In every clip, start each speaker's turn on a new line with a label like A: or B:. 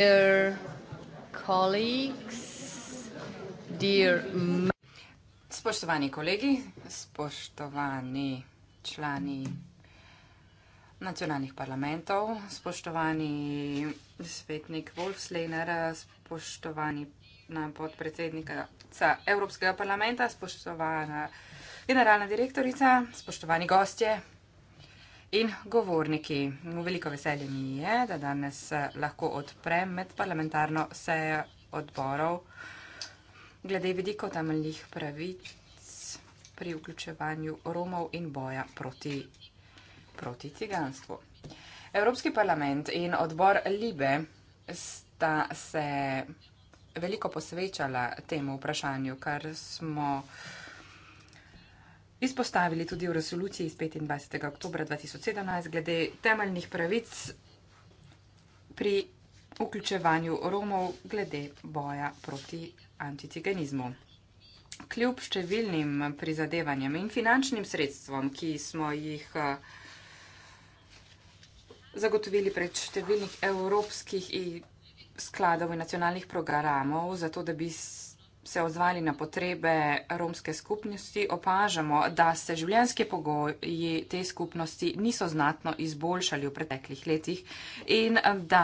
A: Dear colleagues, dear... Spoštovani kolegi, spoštovani člani nacionalnih parlamentov, spoštovani svetnik Wolf Slener, spoštovani podpredsednika Evropskega parlamenta, spoštovana generalna direktorica, spoštovani gostje in govorniki. Veliko veselje mi je, da danes eh, lahko odprem medparlamentarno sejo odborov glede vidikov temeljnih pravic pri vključevanju Romov in boja proti, proti ciganstvu. Evropski parlament in odbor Libe sta se veliko posvečala temu vprašanju, kar smo izpostavili tudi v resoluciji iz 25. oktober 2017 glede temeljnih pravic pri vključevanju Romov glede boja proti anticiganizmu. Kljub številnim prizadevanjem in finančnim sredstvom, ki smo jih eh, zagotovili pred številnih evropskih skladov in nacionalnih programov, zato da bi se odzvali na potrebe romske skupnosti, opažamo, da se življenjski pogoji te skupnosti niso znatno izboljšali v preteklih letih in da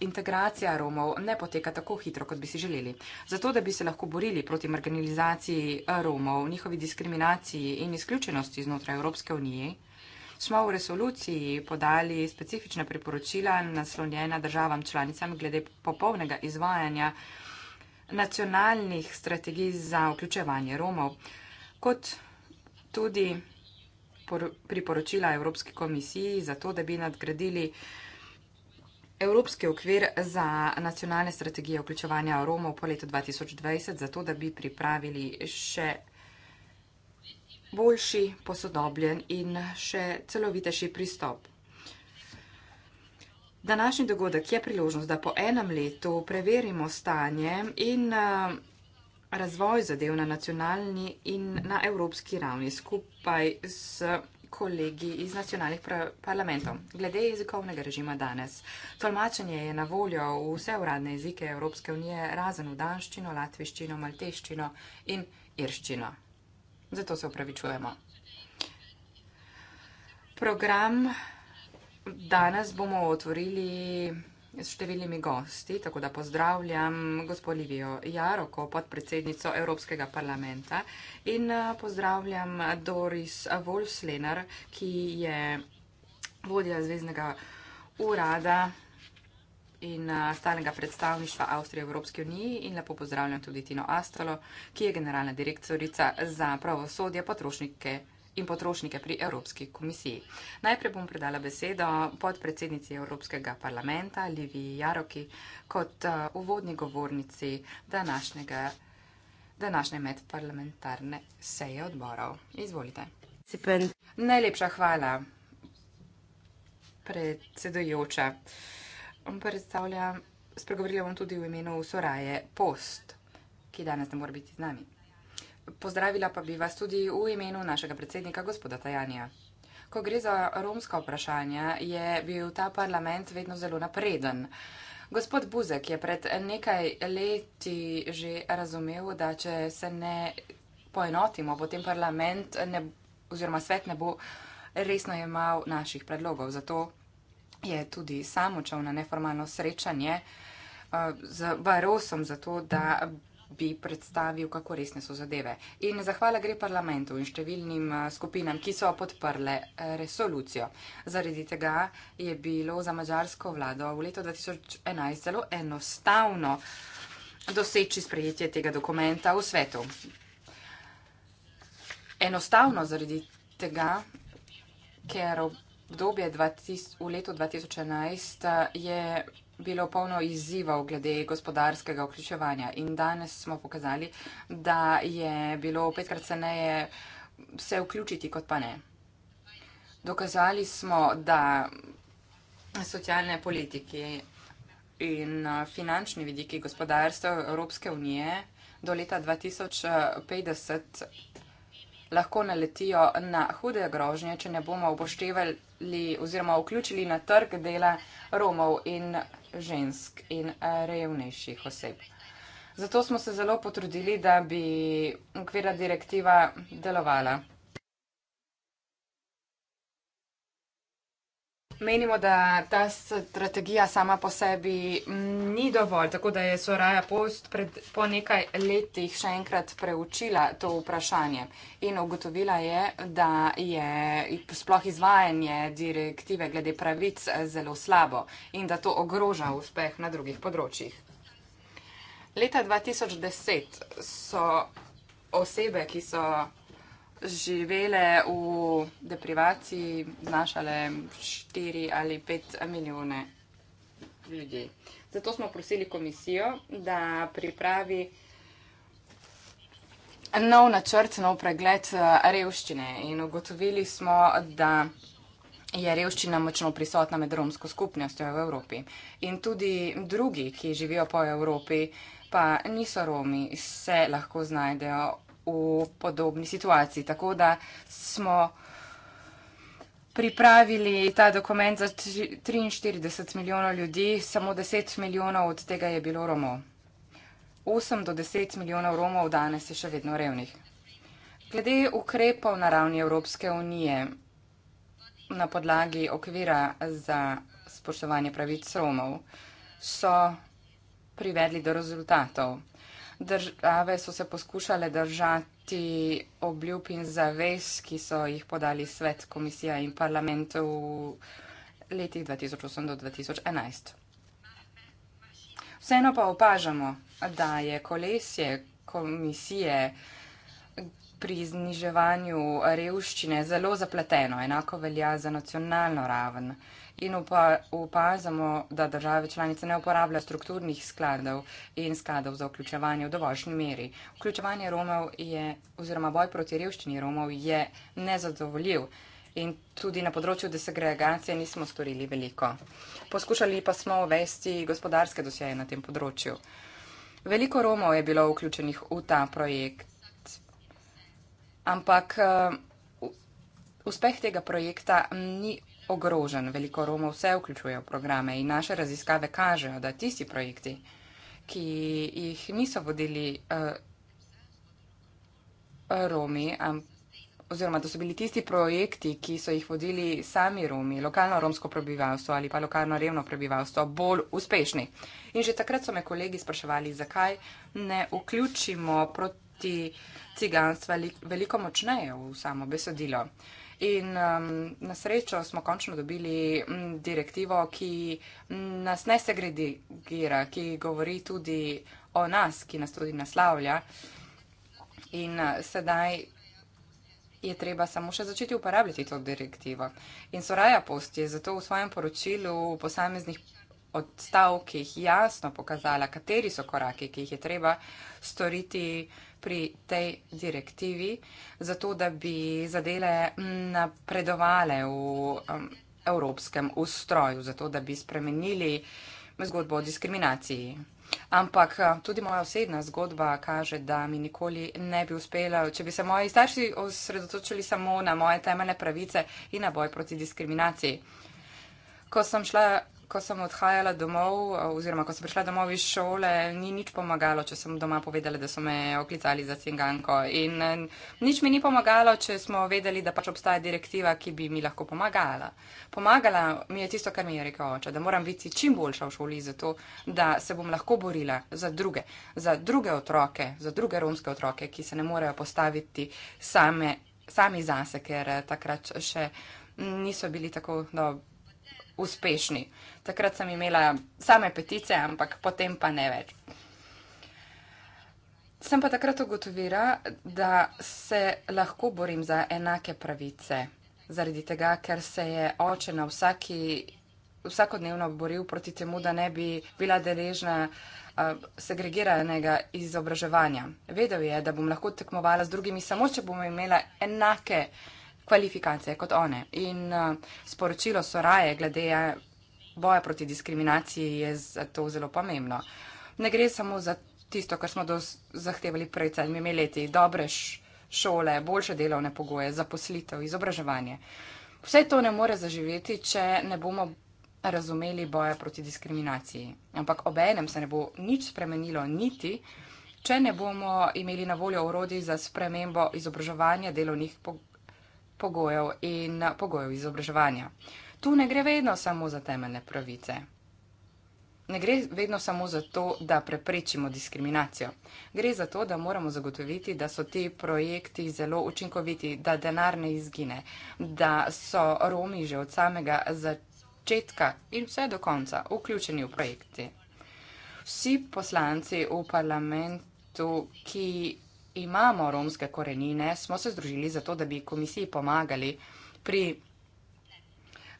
A: integracija Romov ne poteka tako hitro, kot bi si želeli. Zato, da bi se lahko borili proti marginalizaciji Romov, njihovi diskriminaciji in izključenosti znotraj Evropske unije, smo v resoluciji podali specifična priporočila naslonjena državam članicam glede popolnega izvajanja nacionalnih strategij za vključevanje Romov, kot tudi priporočila Evropski komisiji za to, da bi nadgradili Evropski okvir za nacionalne strategije vključevanja Romov po letu 2020, zato da bi pripravili še boljši, posodobljen in še celovitejši pristop današnji dogodek je priložnost, da po enem letu preverimo stanje in eh, razvoj zadev na nacionalni in na evropski ravni skupaj s kolegi iz nacionalnih parlamentov. Glede jezikovnega režima danes. Tolmačenje je na voljo v vse uradne jezike Evropske unije, razen v danščino, latviščino, malteščino in irščino. Zato se upravičujemo. Program Danes bomo otvorili s številnimi gosti, tako da pozdravljam gospod Livijo Jaroko, podpredsednico Evropskega parlamenta in eh, pozdravljam Doris Wolfslener, ki je vodja Zvezdnega urada in eh, stalnega predstavništva Avstrije v Evropski uniji in lepo pozdravljam tudi Tino Astolo, ki je generalna direktorica za pravosodje potrošnike in potrošnike pri Evropski komisiji. Najprej bom predala besedo podpredsednici Evropskega parlamenta Livi Jaroki kot eh, uvodni govornici današnjega, današnje medparlamentarne seje odborov. Izvolite. Cipen. Najlepša hvala, predsedujoča. Predstavljam, spregovorila bom tudi v imenu Soraje Post, ki danes ne mora biti z nami. Pozdravila pa bi vas tudi v imenu našega predsednika, gospoda Tajanja. Ko gre za romska vprašanja, je bil ta parlament vedno zelo napreden. Gospod Buzek je pred nekaj leti že razumel, da če se ne poenotimo, potem parlament ne, oziroma svet ne bo resno imel naših predlogov. Zato je tudi sam očel na neformalno srečanje eh, z Barosom, zato da bi predstavil, kako resne so zadeve. In zahvala gre parlamentu in številnim eh, skupinam, ki so podprle eh, resolucijo. Zaradi tega je bilo za mađarsko vlado v letu 2011 zelo enostavno doseči sprejetje tega dokumenta v svetu. Enostavno zaradi tega, ker obdobje 20, v letu 2011 eh, je bilo polno izzivov glede gospodarskega vključevanja in danes smo pokazali, da je bilo petkrat ceneje se vključiti kot pa ne. Dokazali smo, da socialne politike in uh, finančni vidiki gospodarstva Evropske unije do leta 2050 lahko naletijo na hude grožnje, če ne bomo upoštevali oziroma vključili na trg dela Romov in žensk in eh, revnejših oseb. Zato smo se zelo potrudili, da bi okvira direktiva delovala. Menimo, da ta strategija sama po sebi ni dovolj, tako da je Soraya Post pred, po nekaj letih še enkrat preučila to vprašanje in ugotovila je, da je sploh izvajanje direktive glede pravic zelo slabo in da to ogroža uspeh na drugih področjih. Leta 2010 so osebe, ki so živele v deprivaciji, znašale 4 ali 5 milijone ljudi. Zato smo prosili komisijo, da pripravi nov načrt, nov pregled eh, revščine. In ugotovili smo, da je revščina močno prisotna med romsko skupnostjo v Evropi. In tudi drugi, ki živijo po Evropi, pa niso romi, se lahko znajdejo v podobni situaciji. Tako da smo pripravili ta dokument za 43 milijonov ljudi, samo 10 milijonov od tega je bilo Romov. 8 do 10 milijonov Romov danes je še vedno revnih. Glede ukrepov na ravni Evropske unije na podlagi okvira za spoštovanje pravic Romov so privedli do rezultatov države so se poskušale držati obljub in zavez, ki so jih podali svet, komisija in parlament v letih 2008 do 2011. Vseeno pa opažamo, da je kolesje komisije pri zniževanju revščine zelo zapleteno. Enako velja za nacionalno raven in opazamo, da države članice ne uporabljajo strukturnih skladov in skladov za vključevanje v dovoljšnji meri. Vključevanje Romov je, oziroma boj proti revščini Romov je nezadovoljiv. In tudi na področju desegregacije nismo storili veliko. Poskušali pa smo uvesti gospodarske dosjeje na tem področju. Veliko Romov je bilo vključenih v ta projekt, ampak uh, uspeh tega projekta ni ogrožen. Veliko Romov vse vključuje v programe in naše raziskave kažejo, da tisti projekti, ki jih niso vodili uh, Romi, um, oziroma da so bili tisti projekti, ki so jih vodili sami Romi, lokalno romsko prebivalstvo ali pa lokalno revno prebivalstvo, bolj uspešni. In že takrat so me kolegi spraševali, zakaj ne vključimo proti ciganstva veliko močneje v samo besedilo. Uh, In um, na srečo smo končno dobili m, mm, direktivo, ki nas ne segregira, ki govori tudi o nas, ki nas tudi naslavlja. In uh, sedaj je treba samo še začeti uporabljati to direktivo. In Soraja Post je zato v svojem poročilu posameznih odstavkih jasno pokazala, kateri so koraki, ki jih je treba storiti pri tej direktivi, zato da bi zadele napredovale v um, evropskem ustroju, zato da bi spremenili zgodbo o diskriminaciji. Ampak uh, tudi moja osebna zgodba kaže, da mi nikoli ne bi uspela, če bi se moji starši osredotočili samo na moje temeljne pravice in na boj proti diskriminaciji. Ko sem šla ko sem odhajala domov, oziroma ko sem prišla domov iz šole, ni nič pomagalo, če sem doma povedala, da so me oklicali za cinganko. In eh, nič mi ni pomagalo, če smo vedeli, da pač obstaja direktiva, ki bi mi lahko pomagala. Pomagala mi je tisto, kar mi je rekel oče, da moram biti čim boljša v šoli, zato da se bom lahko borila za druge, za druge otroke, za druge romske otroke, ki se ne morejo postaviti same, sami zase, ker eh, takrat še niso bili tako dobri uspešni. Takrat sem imela same petice, ampak potem pa ne več. Sem pa takrat ugotovila, da se lahko borim za enake pravice, zaradi tega, ker se je oče na vsaki, vsakodnevno boril proti temu, da ne bi bila deležna segregiranega izobraževanja. Vedel je, da bom lahko tekmovala z drugimi, samo če bom imela enake pravice kvalifikacije kot one. In eh, sporočilo Soraje glede eh, boja proti diskriminaciji je zato zelo pomembno. Ne gre samo za tisto, kar smo zahtevali pred sedmimi leti, dobre šole, boljše delovne pogoje, zaposlitev, izobraževanje. Vse to ne more zaživeti, če ne bomo razumeli boja proti diskriminaciji. Ampak obenem se ne bo nič spremenilo niti, če ne bomo imeli na voljo urodi za spremembo izobraževanja, delovnih pogojev in eh, pogojev izobraževanja. Tu ne gre vedno samo za temeljne pravice. Ne gre vedno samo za to, da preprečimo diskriminacijo. Gre za to, da moramo zagotoviti, da so ti projekti zelo učinkoviti, da denar ne izgine, da so Romi že od samega začetka in vse do konca vključeni v projekte. Vsi poslanci v parlamentu, ki imamo romske korenine, smo se združili zato, da bi komisiji pomagali pri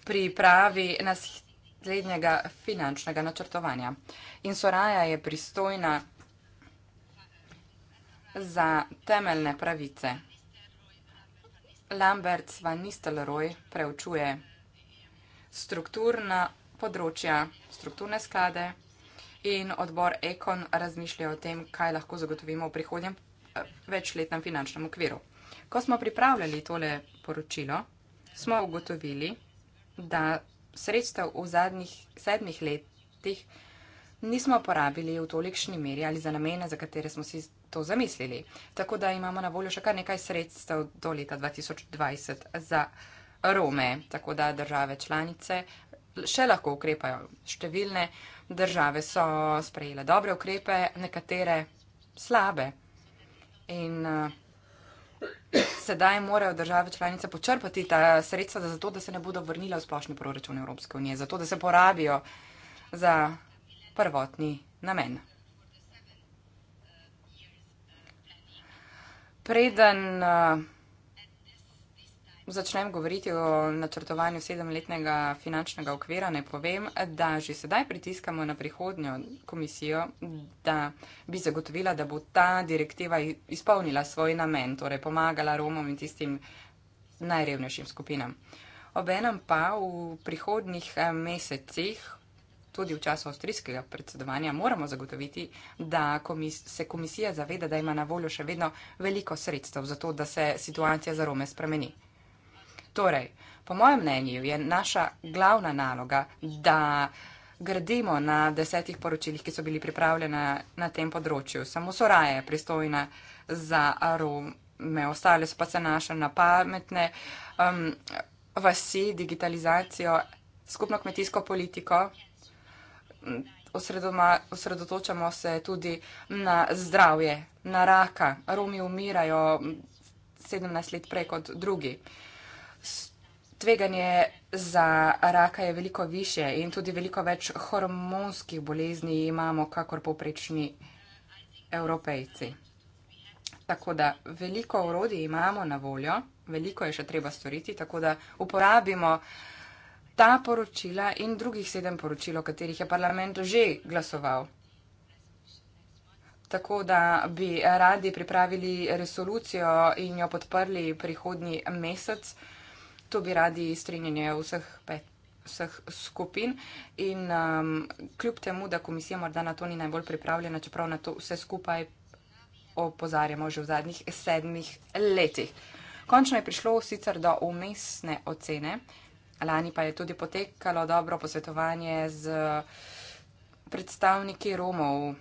A: pripravi naslednjega finančnega načrtovanja. In Soraja je pristojna za temeljne pravice. Lambert van Nistelrooy preučuje strukturna področja, strukturne sklade in odbor Ekon razmišlja o tem, kaj lahko zagotovimo v prihodnjem večletnem finančnem okviru. Ko smo pripravljali tole poročilo, smo ugotovili, da sredstev v zadnjih sedmih letih nismo porabili v tolikšni meri ali za namene, za katere smo si to zamislili. Tako da imamo na voljo še kar nekaj sredstev do leta 2020 za Rome, tako da države članice še lahko ukrepajo. Številne države so sprejele dobre ukrepe, nekatere slabe. In uh, sedaj morajo države članice počrpati ta sredstva za to, da se ne bodo vrnila v splošni proračun Evropske unije, za to, da se porabijo za prvotni namen. Preden uh, začnem govoriti o načrtovanju sedemletnega finančnega okvira, ne povem, da že sedaj pritiskamo na prihodnjo komisijo, da bi zagotovila, da bo ta direktiva izpolnila svoj namen, torej pomagala Romom in tistim najrevnejšim skupinam. Obenem pa v prihodnjih eh, mesecih, tudi v času avstrijskega predsedovanja, moramo zagotoviti, da komis se komisija zaveda, da ima na voljo še vedno veliko sredstev za to, da se situacija za Rome spremeni. Torej, po mojem mnenju je naša glavna naloga, da gradimo na desetih poročilih, ki so bili pripravljena na tem področju. Samo Soraja je pristojna za arome, ostale so pa se naše na pametne um, vasi, digitalizacijo, skupno kmetijsko politiko. Osredotočamo se tudi na zdravje, na raka. Romi umirajo 17 let prej kot drugi. Uh, tveganje za raka je veliko više in tudi veliko več hormonskih bolezni imamo, kakor poprečni evropejci. Tako da veliko urodij imamo na voljo, veliko je še treba storiti, tako da uporabimo ta poročila in drugih sedem poročil, o katerih je parlament že glasoval. Tako da bi radi pripravili resolucijo in jo podprli prihodnji mesec to bi radi strinjanje vseh pet. Vseh skupin, in um, kljub temu, da komisija morda na to ni najbolj pripravljena, čeprav na to vse skupaj opozarjamo že v zadnjih sedmih letih. Končno je prišlo sicer do umestne ocene, lani pa je tudi potekalo dobro posvetovanje z predstavniki Romov,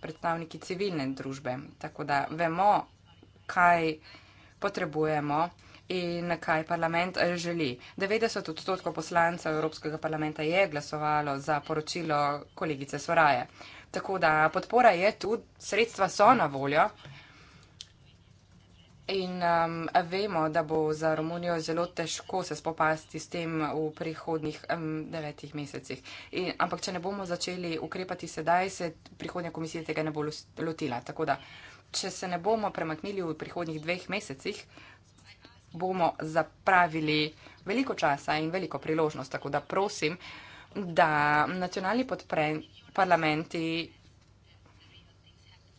A: predstavniki civilne družbe, tako da vemo, kaj potrebujemo in kaj parlament eh, želi. 90 odstotkov poslancev Evropskega parlamenta je glasovalo za poročilo kolegice Soraje. Tako da podpora je tu, sredstva so na voljo in um, vemo, da bo za Romunijo zelo težko se spopasti s tem v prihodnih um, devetih mesecih. In, ampak če ne bomo začeli ukrepati sedaj, se prihodnja komisija tega ne bo lotila. Tako da, če se ne bomo premaknili v prihodnjih dveh mesecih, bomo zapravili veliko časa in veliko priložnost, tako da prosim, da nacionalni podpre, parlamenti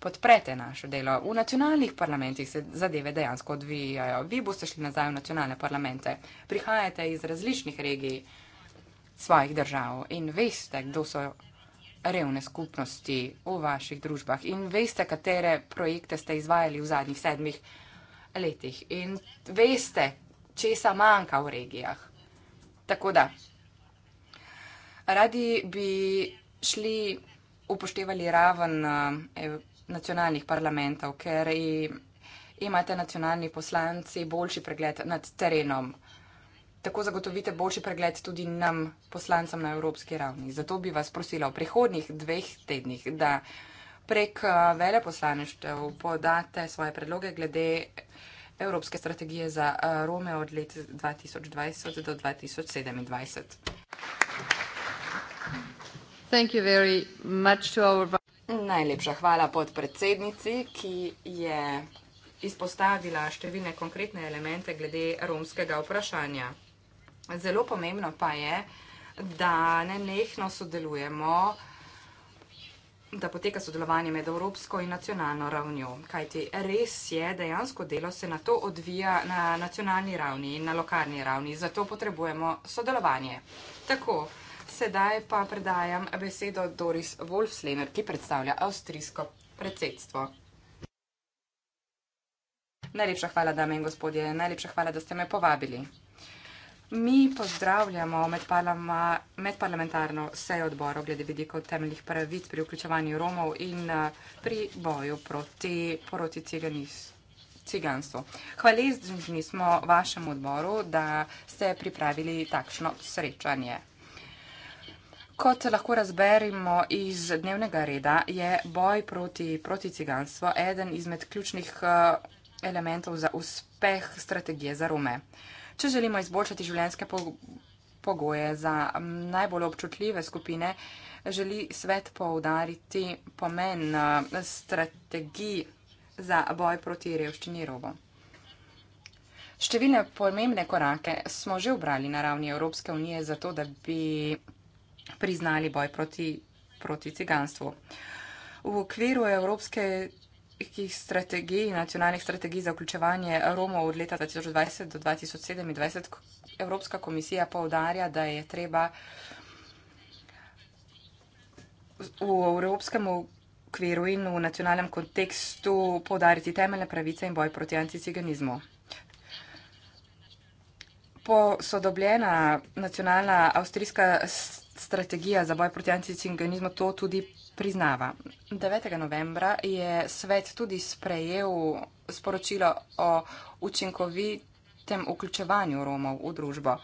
A: podprete našo delo. V nacionalnih parlamentih se zadeve dejansko odvijajo. Vi boste šli nazaj v nacionalne parlamente, prihajate iz različnih regij svojih držav in veste, kdo so revne skupnosti v vaših družbah in veste, katere projekte ste izvajali v zadnjih sedmih letih letih in veste, česa manjka v regijah. Tako da, radi bi šli upoštevali raven eh, nacionalnih parlamentov, ker imate nacionalni poslanci boljši pregled nad terenom. Tako zagotovite boljši pregled tudi nam, poslancem na evropski ravni. Zato bi vas prosila v prihodnih dveh tednih, da prek eh, veleposlaništev podate svoje predloge glede Evropske strategije za eh, Rome od let 2020 do 2027. Our... Najlepša hvala podpredsednici, ki je izpostavila številne konkretne elemente glede romskega vprašanja. Zelo pomembno pa je, da ne nehno sodelujemo uh, da poteka sodelovanje med evropsko in nacionalno ravnjo. Kajti res je, dejansko delo se na to odvija na nacionalni ravni in na lokalni ravni, zato potrebujemo sodelovanje. Tako, sedaj pa predajam besedo Doris Wolfslener, ki predstavlja avstrijsko predsedstvo. Najlepša hvala, dame in gospodje, najlepša hvala, da ste me povabili. Mi pozdravljamo medparlamentarno sejo odboro glede vidikov temeljih pravic pri vključevanju Romov in eh, pri boju proti, proti ciganstvu. Hvaležni smo vašemu odboru, da ste pripravili takšno srečanje. Kot lahko razberimo iz dnevnega reda, je boj proti, proti ciganstvu eden izmed ključnih eh, elementov za uspeh strategije za Rome. Če želimo izboljšati življenjske pogoje za najbolj občutljive skupine, želi svet poudariti pomen strategij za boj proti revščini robo. Številne pomembne korake smo že obrali na ravni Evropske unije za to, da bi priznali boj proti, proti ciganstvu. V okviru Evropske nekih strategij, nacionalnih strategij za vključevanje Romov od leta 2020 do 2027, Evropska komisija poudarja, da je treba v evropskem okviru in v nacionalnem kontekstu poudariti temeljne pravice in boj proti anticiganizmu. Posodobljena nacionalna avstrijska strategija za boj proti anticiganizmu to tudi priznava. 9. novembra je svet tudi sprejel sporočilo o učinkovitem vključevanju Romov v družbo.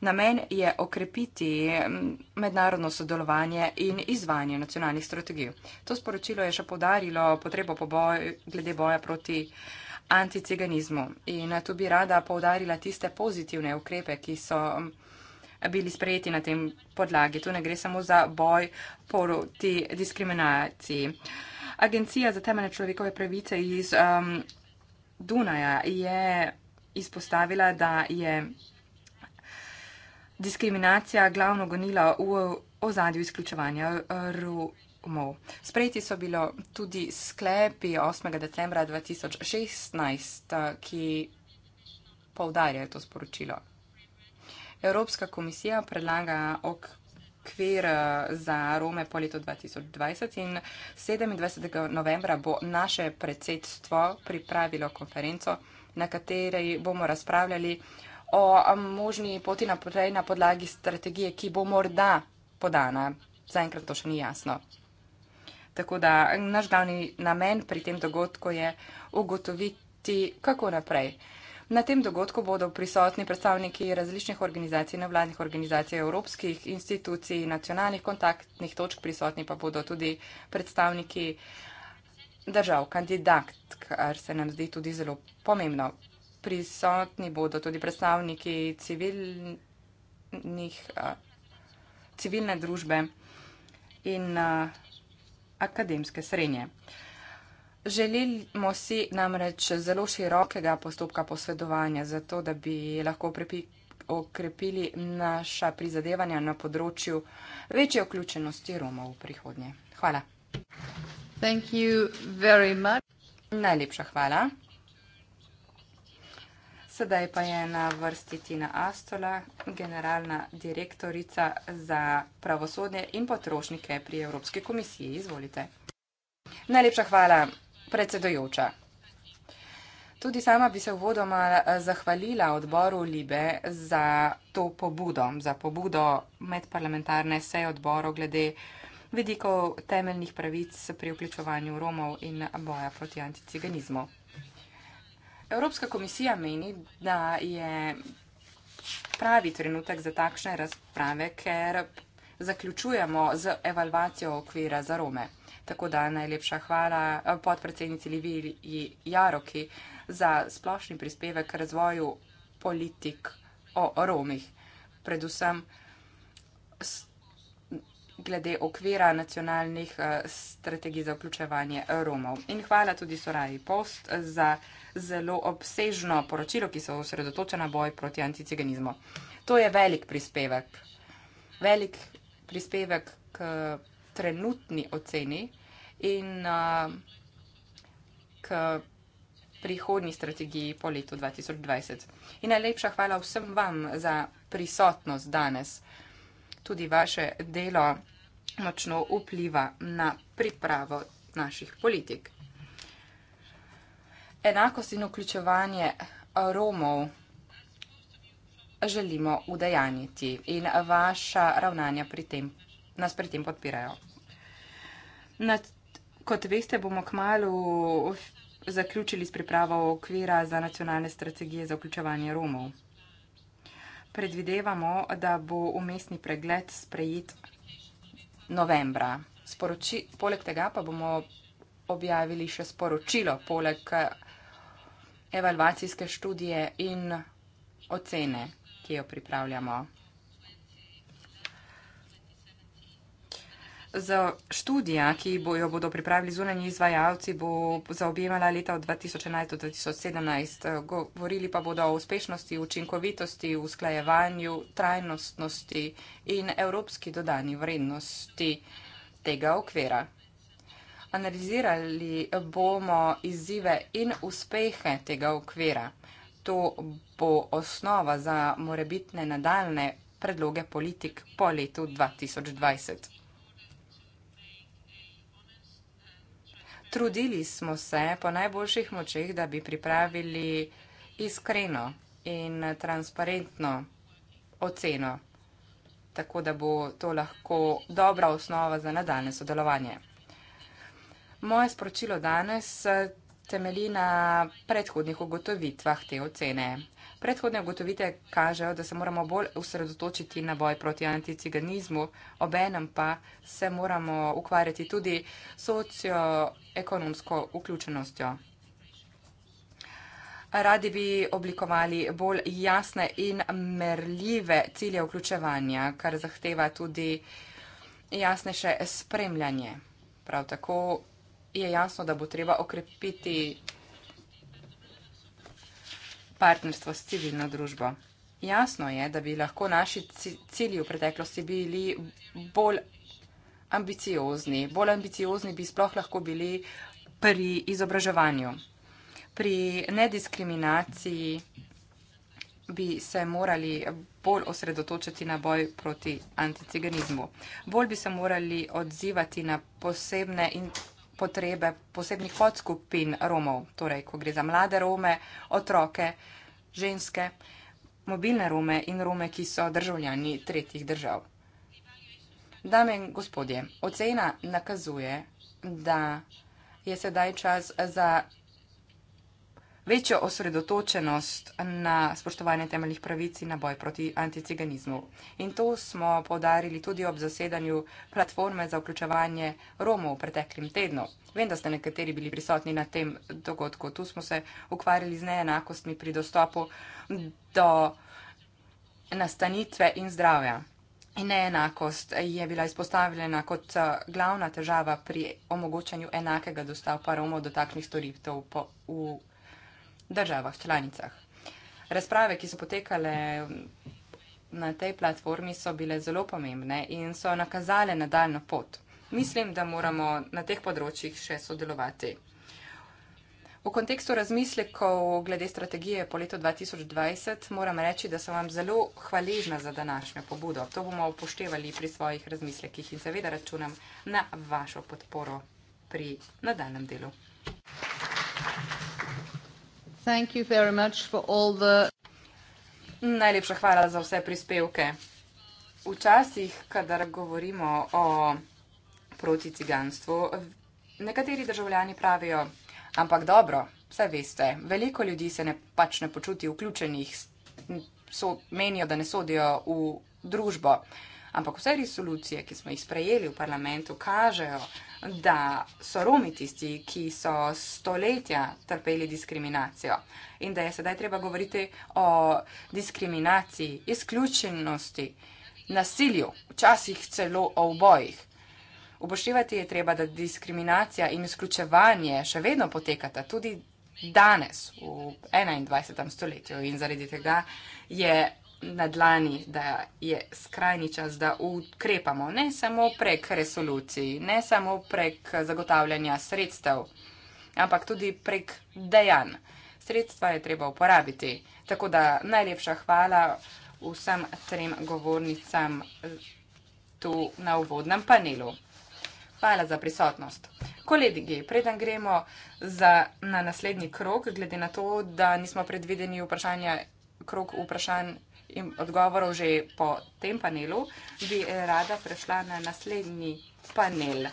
A: Namen je okrepiti mednarodno sodelovanje in izvanje nacionalnih strategij. To sporočilo je še podarilo potrebo po boju glede boja proti anticiganizmu. In tu bi rada povdarila tiste pozitivne ukrepe, ki so bili sprejeti na tem podlagi. Tu ne gre samo za boj proti diskriminaciji. Agencija za temeljne človekove pravice iz um, Dunaja je izpostavila, da je diskriminacija glavno gonila v ozadju izključevanja Romov. Sprejeti so bilo tudi sklepi 8. decembra 2016, ki poudarjajo to sporočilo. Evropska komisija predlaga ok kvir eh, za Rome po letu 2020 in 27. novembra bo naše predsedstvo pripravilo konferenco, na kateri bomo razpravljali o eh, možni poti naprej na podlagi strategije, ki bo morda podana. Zaenkrat to še ni jasno. Tako da eh, naš glavni namen pri tem dogodku je ugotoviti, kako naprej. Na tem dogodku bodo prisotni predstavniki različnih organizacij, nevladnih organizacij, evropskih institucij, nacionalnih kontaktnih točk, prisotni pa bodo tudi predstavniki držav, kandidat, kar se nam zdi tudi zelo pomembno. Prisotni bodo tudi predstavniki civilnih, civilne družbe in akademske srednje. Želimo si namreč zelo širokega postopka posvedovanja, zato da bi lahko okrepili naša prizadevanja na področju večje vključenosti Romov v prihodnje. Hvala. Najlepša hvala. Sedaj pa je na vrsti Tina Astola, generalna direktorica za pravosodne in potrošnike pri Evropski komisiji. Izvolite. Najlepša hvala predsedojoča. Tudi sama bi se vodoma eh, zahvalila odboru Libe za to pobudo, za pobudo medparlamentarne seje odboru glede vidikov temeljnih pravic pri vključovanju Romov in boja proti anticiganizmu. Evropska komisija meni, da je pravi trenutek za takšne razprave, ker zaključujemo z evalvacijo okvira za Rome. Tako da najlepša hvala eh, podpredsednici Liviji Jaroki za splošni prispevek k razvoju politik o Romih, predvsem glede okvira nacionalnih eh, strategij za vključevanje Romov. In hvala tudi Soraji Post za zelo obsežno poročilo, ki se osredotoča na boj proti anticiganizmu. To je velik prispevek. Velik prispevek k trenutni oceni in uh, k prihodni strategiji po letu 2020. In najlepša hvala vsem vam za prisotnost danes. Tudi vaše delo močno vpliva na pripravo naših politik. Enakost in vključevanje Romov želimo udejaniti in vaša ravnanja pri tem, nas pri tem podpirajo. Nad, kot veste, bomo kmalo zaključili s pripravo okvira za nacionalne strategije za vključevanje Romov. Predvidevamo, da bo umestni pregled sprejet novembra. Sporoči, poleg tega pa bomo objavili še sporočilo, poleg evalvacijske študije in ocene, ki jo pripravljamo. Za študija, ki bo, jo bodo pripravili zunanji izvajalci, bo zaobjemala leta od 2011 do 2017. Govorili pa bodo o uspešnosti, učinkovitosti, usklajevanju, trajnostnosti in evropski dodani vrednosti tega okvira. Analizirali bomo izzive in uspehe tega okvira. To bo osnova za morebitne nadaljne predloge politik po letu 2020. trudili smo se po najboljših močeh, da bi pripravili iskreno in transparentno oceno, tako da bo to lahko dobra osnova za nadaljne sodelovanje. Moje sporočilo danes eh, temelji na predhodnih ugotovitvah te ocene. Predhodne ugotovite kažejo, da se moramo bolj usredotočiti na boj proti anticiganizmu, obenem pa se moramo ukvarjati tudi socioekonomsko vključenostjo. Radi bi oblikovali bolj jasne in merljive cilje vključevanja, kar zahteva tudi jasnejše spremljanje. Prav tako je jasno, da bo treba okrepiti partnerstvo s civilno družbo. Jasno je, da bi lahko naši cilji v preteklosti bili bolj ambiciozni. Bolj ambiciozni bi sploh lahko bili pri izobraževanju. Pri nediskriminaciji bi se morali bolj osredotočiti na boj proti anticiganizmu. Bolj bi se morali odzivati na posebne in potrebe posebnih podskupin Romov, torej ko gre za mlade Rome, otroke, ženske, mobilne Rome in Rome, ki so državljani tretjih držav. Dame in gospodje, ocena nakazuje, da je sedaj čas za večjo osredotočenost na spoštovanje temeljnih pravic in na boj proti anticiganizmu. In to smo povdarili tudi ob zasedanju platforme za vključevanje Romov v preteklem tednu. Vem, da ste nekateri bili prisotni na tem dogodku. Tu smo se ukvarjali z neenakostmi pri dostopu do nastanitve in zdravja. In neenakost je bila izpostavljena kot eh, glavna težava pri omogočanju enakega dostopa Romov do takšnih storitev v državah članicah. Razprave, ki so potekale na tej platformi, so bile zelo pomembne in so nakazale nadaljno pot. Mislim, da moramo na teh področjih še sodelovati. V kontekstu razmislekov glede strategije po letu 2020 moram reči, da sem vam zelo hvaležna za današnjo pobudo. To bomo upoštevali pri svojih razmislekih in seveda računam na vašo podporo pri nadaljem delu. Thank you. Thank you very much for all the... Najlepša hvala za vse prispevke. Včasih, kadar govorimo o proticiganstvu, nekateri državljani pravijo, ampak dobro, vse veste, veliko ljudi se ne, pač ne počuti vključenih, so, menijo, da ne sodijo v družbo. Uh, Ampak vse resolucije, ki smo jih sprejeli v parlamentu, kažejo, da so Romi tisti, ki so stoletja trpeli diskriminacijo in da je sedaj treba govoriti o diskriminaciji, izključenosti, nasilju, včasih celo o obojih. Upoštevati je treba, da diskriminacija in izključevanje še vedno potekata tudi danes v 21. stoletju in zaradi tega je na dlani, da je skrajni čas, da ukrepamo ne samo prek resolucij, ne samo prek zagotavljanja sredstev, ampak tudi prek dejanj. Sredstva je treba uporabiti. Tako da najlepša hvala vsem trem govornicam tu na uvodnem panelu. Hvala za prisotnost. Kolegi, preden gremo za, na naslednji krok, glede na to, da nismo predvideni vprašanja, krok vprašanj in odgovorov že po tem panelu, bi rada prešla na naslednji panel.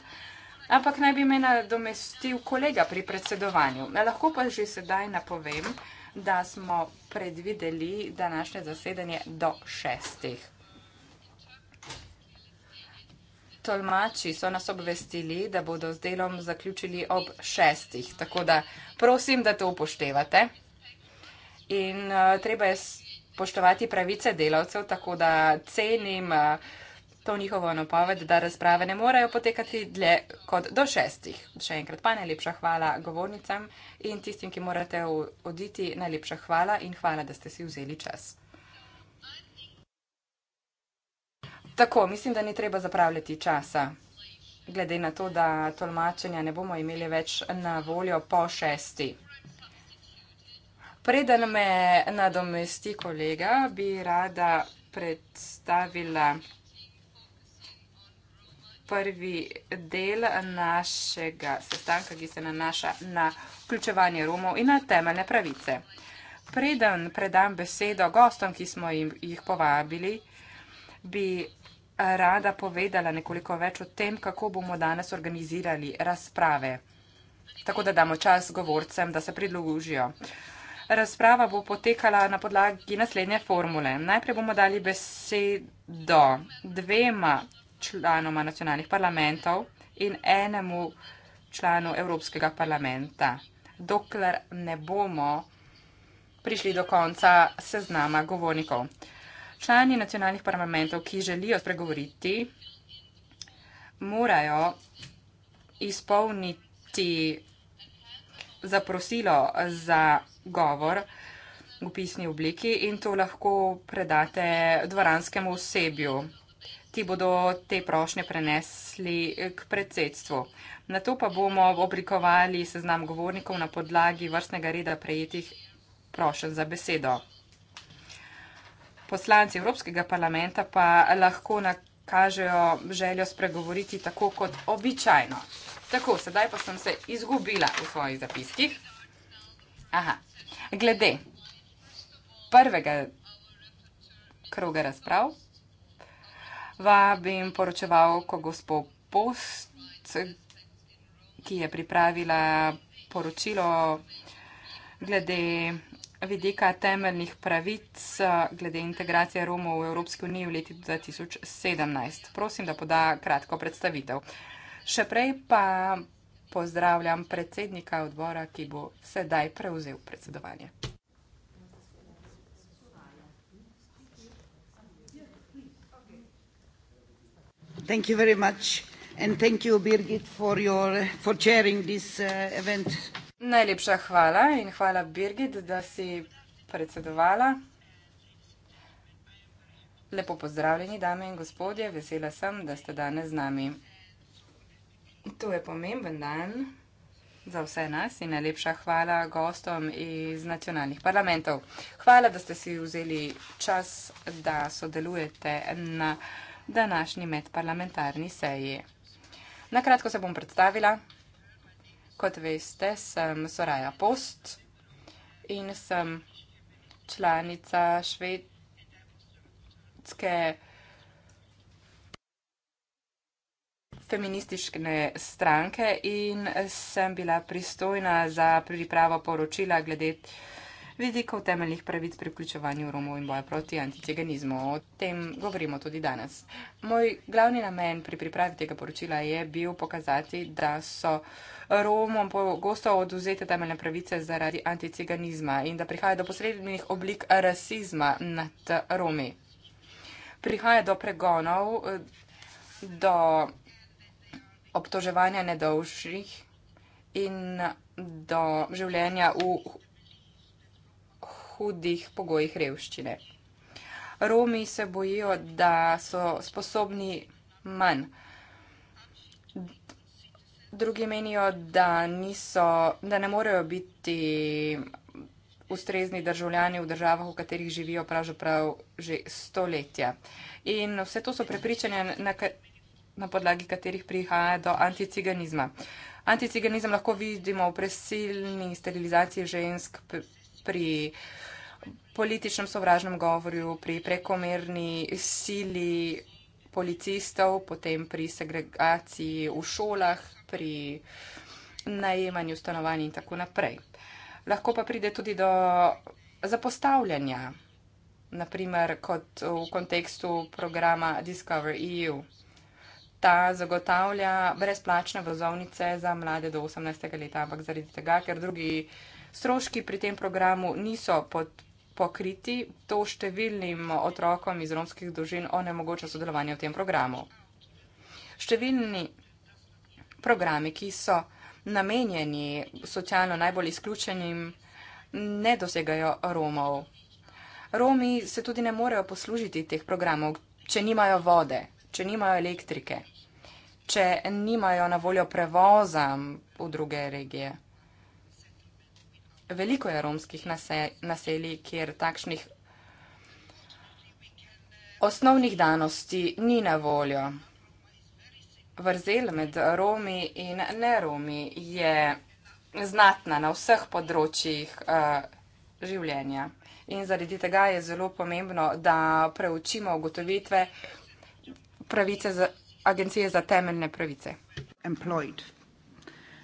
A: Ampak naj bi me nadomestil kolega pri predsedovanju. Ja, lahko pa že sedaj napovem, da smo predvideli današnje zasedanje do šestih. Tolmači so nas obvestili, da bodo z delom zaključili ob šestih, tako da prosim, da to upoštevate. In uh, treba je spoštovati pravice delavcev, tako da cenim eh, to njihovo napoved, da razprave ne morejo potekati dlje kot do šestih. Še enkrat pa najlepša hvala govornicam in tistim, ki morate oditi, najlepša hvala in hvala, da ste si vzeli čas. Tako, mislim, da ni treba zapravljati časa. Glede na to, da tolmačenja ne bomo imeli več na voljo po šestih. Preden me nadomesti kolega, bi rada predstavila prvi del našega sestanka, ki se nanaša na vključevanje Romov in na temeljne pravice. Preden predam besedo gostom, ki smo jih povabili, bi rada povedala nekoliko več o tem, kako bomo danes organizirali razprave, tako da damo čas govorcem, da se pridružijo. Razprava bo potekala na podlagi naslednje formule. Najprej bomo dali besedo dvema članoma nacionalnih parlamentov in enemu članu Evropskega parlamenta, dokler ne bomo prišli do konca seznama govornikov. Člani nacionalnih parlamentov, ki želijo spregovoriti, morajo izpolniti zaprosilo za govor v pisni obliki in to lahko predate dvoranskemu osebju. Ti bodo te prošnje prenesli k predsedstvu. Na to pa bomo oblikovali seznam govornikov na podlagi vrstnega reda prejetih prošen za besedo. Poslanci Evropskega parlamenta pa lahko nakažejo željo spregovoriti tako kot običajno. Tako, sedaj pa sem se izgubila v svojih zapiskih. Aha, Glede prvega kroga razprav vabim poročevalko gospo Post, ki je pripravila poročilo glede vidika temeljnih pravic glede integracije Romov v Evropski uniji v letu 2017. Prosim, da poda kratko predstavitev. Še prej pa pozdravljam predsednika odbora, ki bo sedaj prevzel predsedovanje.
B: Thank you very much and thank you Birgit for your for chairing this uh, event. Najlepša hvala in hvala Birgit, da si
A: predsedovala. Lepo pozdravljeni dame in gospodje, vesela sem, da ste danes z nami. To je pomemben dan za vse nas in najlepša hvala gostom iz nacionalnih parlamentov. Hvala, da ste si vzeli čas, da sodelujete na današnji medparlamentarni seji. Na kratko se bom predstavila. Kot veste, sem Soraja Post in sem članica švedske parlamentarne seje. feministične stranke in sem bila pristojna za pripravo poročila glede vidikov temeljnih pravic pri vključevanju Romov in boja proti anticiganizmu. O tem govorimo tudi danes. Moj glavni namen pri pripravi tega poročila je bil pokazati, da so Romom pogosto oduzete temeljne pravice zaradi anticiganizma in da prihaja do posrednjih oblik rasizma nad Romi. Prihaja do pregonov, do obtoževanja nedolžnih in do življenja v hudih pogojih revščine. Romi se bojijo, da so sposobni manj. Drugi menijo, da, niso, da ne morejo biti ustrezni državljani v državah, v katerih živijo pravzaprav že stoletja. In vse to so prepričanja, na katerih na podlagi katerih prihaja do anticiganizma. Anticiganizem lahko vidimo v presilni sterilizaciji žensk pri političnem sovražnem govorju, pri prekomerni sili policistov, potem pri segregaciji v šolah, pri najemanju stanovanj in tako naprej. Lahko pa pride tudi do zapostavljanja, naprimer kot v kontekstu programa Discover EU ta zagotavlja brezplačne vozovnice za mlade do 18. leta, ampak zaradi tega, ker drugi stroški pri tem programu niso pod. Pokriti to številnim otrokom iz romskih družin onemogoča sodelovanje v tem programu. Številni programi, ki so namenjeni socialno najbolj izključenim, ne dosegajo Romov. Romi se tudi ne morejo poslužiti teh programov, če nimajo vode če nimajo elektrike, če nimajo na voljo prevoza v druge regije. Veliko je romskih naselij, kjer takšnih osnovnih danosti ni na voljo. Vrzel med Romi in neromi je znatna na vseh področjih uh, življenja. In zaradi tega je zelo pomembno, da preučimo ugotovitve,
B: pravice za agencije za temeljne pravice. Employed.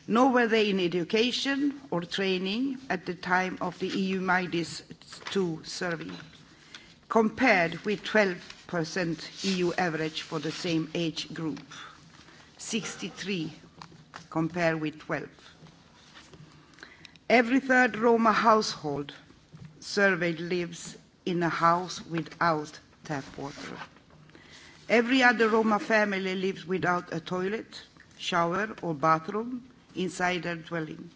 B: Nor were they in education or training at the time of the EU MIDIS 2 survey, compared with 12% EU average for the same age group, 63 compared with 12. Every third Roma household surveyed lives in a house without tap water. Every other Roma family lives without a toilet, shower, or bathroom inside their dwelling.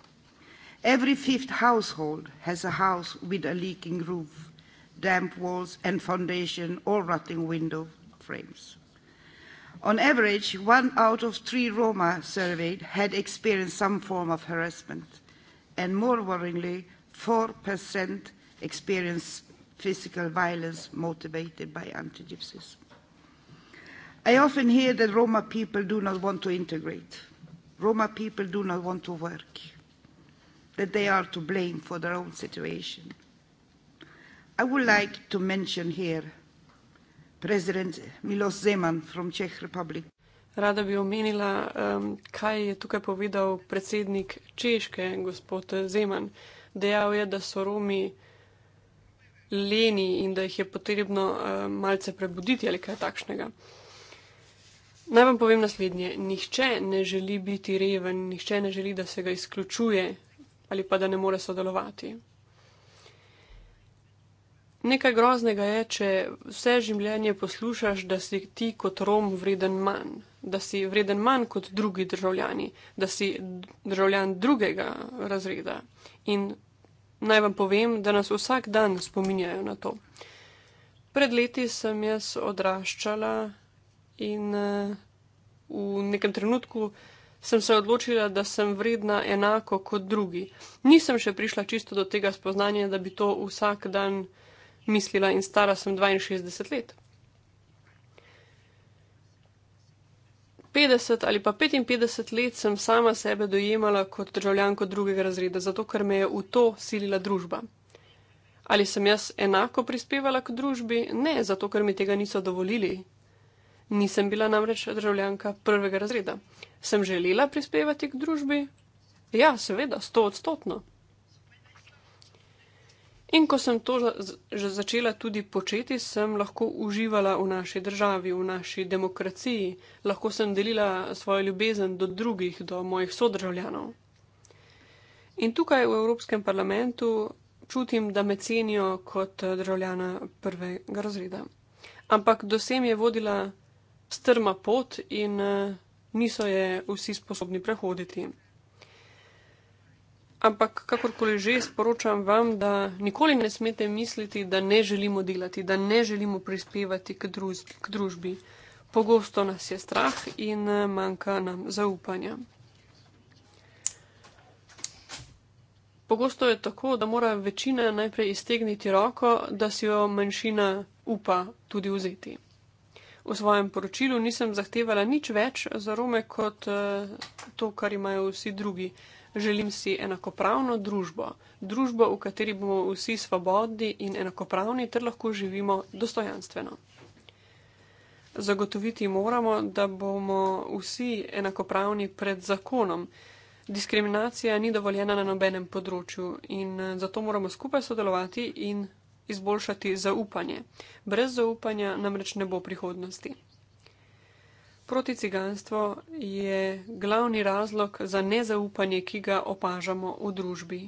B: Every fifth household has a house with a leaking roof, damp walls and foundation, or rotting window frames. On average, one out of three Roma surveyed had experienced some form of harassment, and more worryingly, 4% experienced physical violence motivated by anti-Gypsyism. I often hear that Roma people do not want to integrate. Roma people do not want to work. That they are to blame for their own situation. I would like to mention here President Milos Zeman from Czech Republic.
C: Rada bi omenila, um, kaj je tukaj povedal predsednik Češke, gospod Zeman. Dejal je, da so Romi leni in da jih je potrebno um, malce prebuditi ali kaj takšnega. Naj vam povem naslednje. Nihče ne želi biti reven, nihče ne želi, da se ga izključuje ali pa da ne more sodelovati. Nekaj groznega je, če vse življenje poslušaš, da si ti kot Rom vreden manj, da si vreden manj kot drugi državljani, da si državljan drugega razreda. In naj vam povem, da nas vsak dan spominjajo na to. Pred leti sem jaz odraščala. In uh, v nekem trenutku sem se odločila, da sem vredna enako kot drugi. Nisem še prišla čisto do tega spoznanja, da bi to vsak dan mislila in stara sem 62 let. 50 ali pa 55 let sem sama sebe dojemala kot državljanko drugega razreda, zato ker me je v to silila družba. Ali sem jaz enako prispevala k družbi? Ne, zato ker mi tega niso dovolili, Nisem bila namreč državljanka prvega razreda. Sem želela prispevati k družbi? Ja, seveda, sto odstotno. In ko sem to že začela tudi početi, sem lahko uživala v naši državi, v naši demokraciji, lahko sem delila svojo ljubezen do drugih, do mojih sodržavljanov. In tukaj v Evropskem parlamentu čutim, da me cenijo kot državljana prvega razreda. Ampak do sem je vodila strma pot in eh, niso je vsi sposobni prehoditi. Ampak kakorkoli že sporočam vam, da nikoli ne smete misliti, da ne želimo delati, da ne želimo prispevati k, druž k družbi. Pogosto nas je strah in eh, manjka nam zaupanja. Pogosto je tako, da mora večina najprej iztegniti roko, da si jo manjšina upa tudi vzeti v svojem poročilu nisem zahtevala nič več za Rome kot eh, to, kar imajo vsi drugi. Želim si enakopravno družbo, družbo, v kateri bomo vsi svobodni in enakopravni ter lahko živimo dostojanstveno. Zagotoviti moramo, da bomo vsi enakopravni pred zakonom. Diskriminacija ni dovoljena na nobenem področju in eh, zato moramo skupaj sodelovati in izboljšati zaupanje. Brez zaupanja namreč ne bo prihodnosti. Proticiganstvo je glavni razlog za nezaupanje, ki ga opažamo v družbi.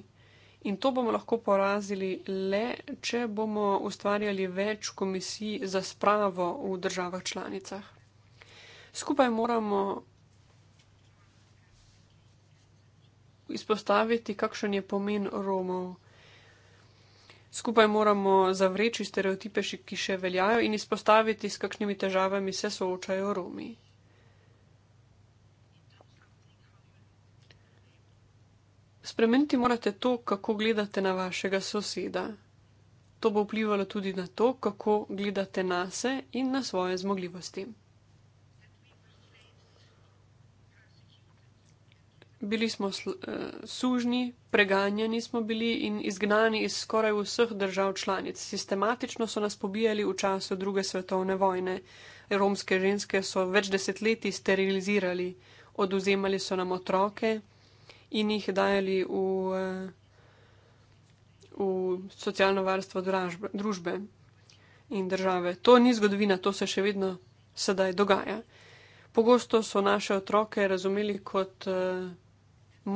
C: In to bomo lahko porazili le, če bomo ustvarjali več komisij za spravo v državah članicah. Skupaj moramo izpostaviti, kakšen je pomen Romov skupaj moramo zavreči stereotipe, ki še veljajo, in izpostaviti, s kakšnimi težavami se soočajo Romi. Spremeniti morate to, kako gledate na vašega soseda. To bo vplivalo tudi na to, kako gledate na sebe in na svoje zmogljivosti. bili smo sl, uh, eh, sužni, preganjani smo bili in izgnani iz skoraj vseh držav članic. Sistematično so nas pobijali v času druge svetovne vojne. Romske ženske so več desetletij sterilizirali, oduzemali so nam otroke in jih dajali v, uh, v socialno varstvo dražbe, družbe in države. To ni zgodovina, to se še vedno sedaj dogaja. Pogosto so naše otroke razumeli kot uh,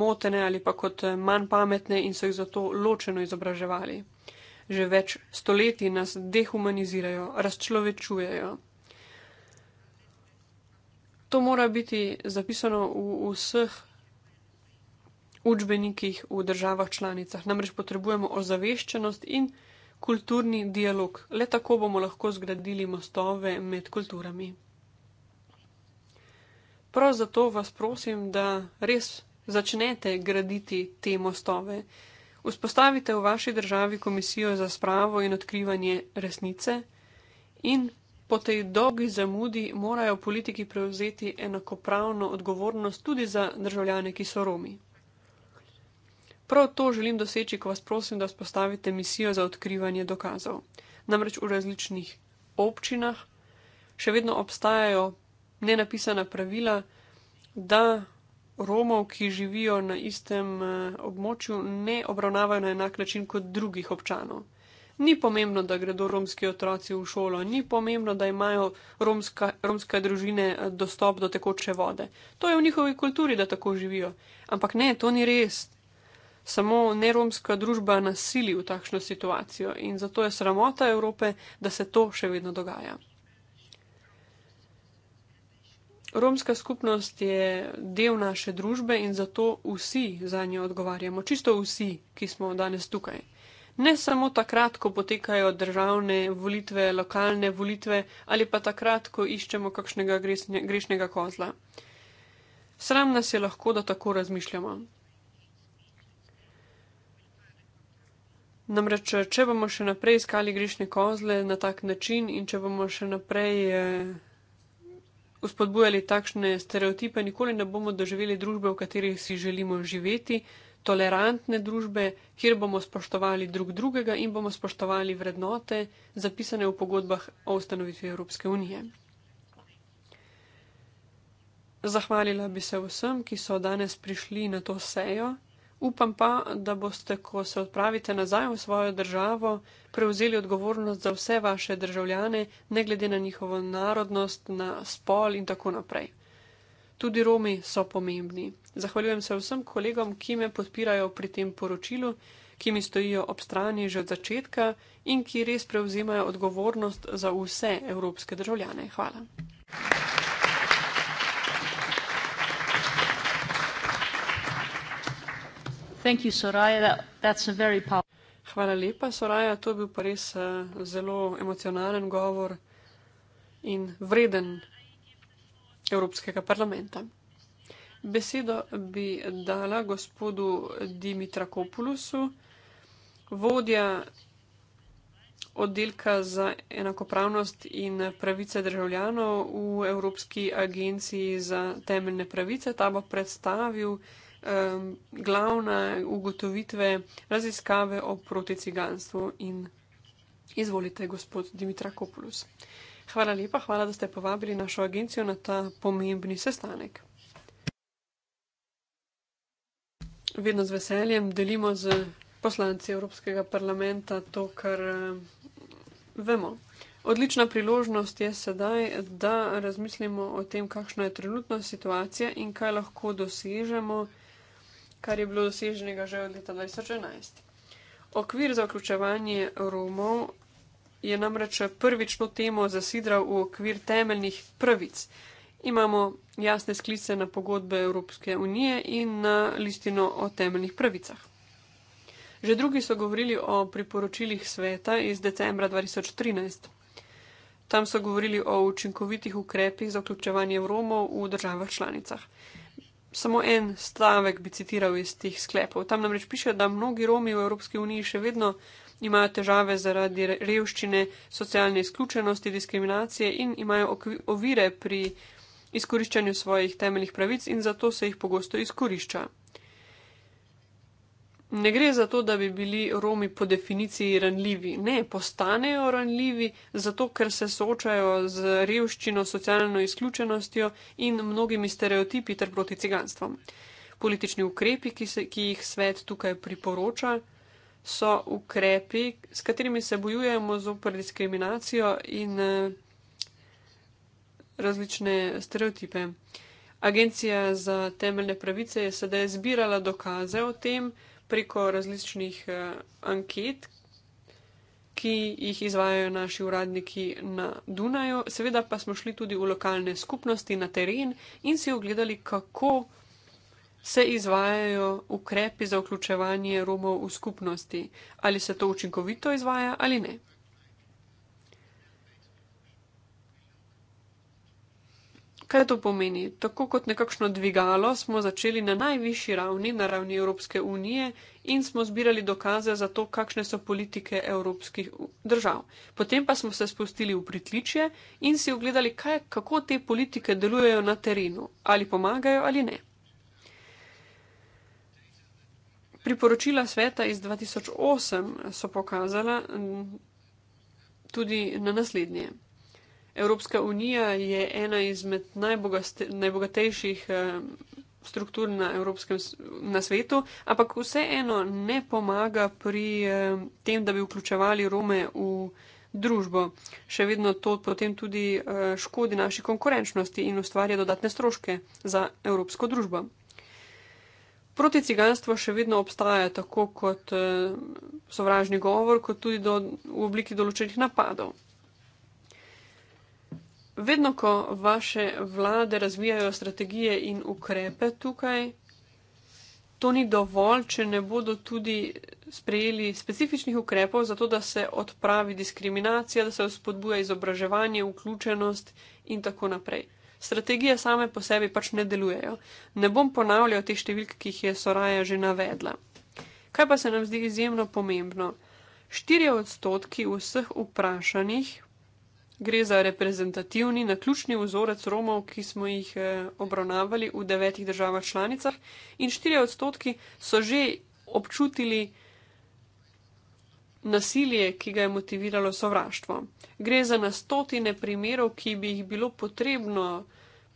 C: motene ali pa kot eh, manj pametne in so jih zato ločeno izobraževali. Že več stoletij nas dehumanizirajo, razčlovečujejo. To mora biti zapisano v vseh učbenikih v državah članicah. Namreč potrebujemo ozaveščenost in kulturni dialog. Le tako bomo lahko zgradili mostove med kulturami. Prav zato vas prosim, da res začnete graditi te mostove. Vzpostavite v vaši državi komisijo za spravo in odkrivanje resnice in po tej dolgi zamudi morajo politiki prevzeti enakopravno odgovornost tudi za državljane, ki so Romi. Prav to želim doseči, ko vas prosim, da vzpostavite misijo za odkrivanje dokazov. Namreč v različnih občinah še vedno obstajajo nenapisana pravila, da Romov, ki živijo na istem eh, območju, ne obravnavajo na enak način kot drugih občanov. Ni pomembno, da gredo romski otroci v šolo, ni pomembno, da imajo romska, romske družine eh, dostop do tekoče vode. To je v njihovi kulturi, da tako živijo. Ampak ne, to ni res. Samo neromska družba nasili v takšno situacijo in zato je sramota Evrope, da se to še vedno dogaja romska skupnost je del naše družbe in zato vsi za njo odgovarjamo, čisto vsi, ki smo danes tukaj. Ne samo takrat, ko potekajo državne volitve, lokalne volitve ali pa takrat, ko iščemo kakšnega grešnega kozla. Sram nas je lahko, da tako razmišljamo. Namreč, če bomo še naprej iskali grešne kozle na tak način in če bomo še naprej. Eh, vzpodbujali takšne stereotipe, nikoli ne bomo doživeli družbe, v kateri si želimo živeti, tolerantne družbe, kjer bomo spoštovali drug drugega in bomo spoštovali vrednote, zapisane v pogodbah o ustanovitvi Evropske unije. Zahvalila bi se vsem, ki so danes prišli na to sejo. Upam pa, da boste, ko se odpravite nazaj v svojo državo, prevzeli odgovornost za vse vaše državljane, ne glede na njihovo narodnost, na spol in tako naprej. Tudi Romi so pomembni. Zahvaljujem se vsem kolegom, ki me podpirajo pri tem poročilu, ki mi stojijo ob strani že od začetka in ki res prevzemajo odgovornost za vse evropske državljane. Hvala. Thank you. Thank you, Soraya. That, that's a very powerful. Hvala lepa, Soraya. To je bil pa res uh, zelo emocionalen govor in vreden Evropskega parlamenta. Besedo bi dala gospodu Dimitra Kopulusu, vodja oddelka za enakopravnost in pravice državljanov v Evropski agenciji za temeljne pravice. Ta bo predstavil um, glavne ugotovitve raziskave o proticiganstvu in izvolite, gospod Dimitra Kopulus. Hvala lepa, hvala, da ste povabili našo agencijo na ta pomembni sestanek. Vedno z veseljem delimo z poslanci Evropskega parlamenta to, kar vemo. Odlična priložnost je sedaj, da razmislimo o tem, kakšna je trenutna situacija in kaj lahko dosežemo kar je bilo doseženega že od leta 2011. Okvir za vključevanje Romov je namreč prvično temo zasidral v okvir temeljnih pravic. Imamo jasne sklice na pogodbe Evropske unije in na listino o temeljnih pravicah. Že drugi so govorili o priporočilih sveta iz decembra 2013. Tam so govorili o učinkovitih ukrepih za vključevanje Romov v državah članicah samo en stavek bi citiral iz teh sklepov. Tam namreč piše, da mnogi Romi v Evropski uniji še vedno imajo težave zaradi revščine, socialne izključenosti, diskriminacije in imajo ovire pri izkoriščanju svojih temeljnih pravic in zato se jih pogosto izkorišča ne gre za to, da bi bili Romi po definiciji ranljivi. Ne, postanejo ranljivi zato, ker se soočajo z revščino, socialno izključenostjo in mnogimi stereotipi ter proti ciganstvom. Politični ukrepi, ki, se, ki jih svet tukaj priporoča, so ukrepi, s katerimi se bojujemo zoper diskriminacijo in eh, različne stereotipe. Agencija za temeljne pravice je sedaj zbirala dokaze o tem, preko različnih uh, anket, ki jih izvajajo naši uradniki na Dunaju. Seveda pa smo šli tudi v lokalne skupnosti na teren in si ogledali, kako se izvajajo ukrepi za vključevanje Romov v skupnosti, ali se to učinkovito izvaja ali ne. Kaj to pomeni? Tako kot nekakšno dvigalo smo začeli na najvišji ravni, na ravni Evropske unije, in smo zbirali dokaze za to, kakšne so politike evropskih držav. Potem pa smo se spustili v pritličje in si ogledali, kaj, kako te politike delujejo na terenu, ali pomagajo ali ne. Priporočila sveta iz 2008 so pokazala tudi na naslednje. Evropska unija je ena izmed najbogatejših eh, struktur na, evropskem, na svetu, ampak vseeno ne pomaga pri eh, tem, da bi vključevali Rome v družbo. Še vedno to potem tudi eh, škodi naši konkurenčnosti in ustvarja dodatne stroške za evropsko družbo. Proti ciganstvu še vedno obstaja tako kot sovražni govor, kot tudi do, v obliki določenih napadov vedno, ko vaše vlade razvijajo strategije in ukrepe tukaj, to ni dovolj, če ne bodo tudi sprejeli specifičnih ukrepov za to, da se odpravi diskriminacija, da se spodbuja izobraževanje, vključenost in tako naprej. Strategije same po sebi pač ne delujejo. Ne bom ponavljal teh številk, ki jih je Soraja že navedla. Kaj pa se nam zdi izjemno pomembno? 4 odstotki vseh vprašanih Gre za reprezentativni, naključni vzorec Romov, ki smo jih eh, obravnavali v devetih državah članicah, in štiri odstotki so že občutili nasilje, ki ga je motiviralo sovraštvo. Gre za na stotine primerov, ki bi jih bilo potrebno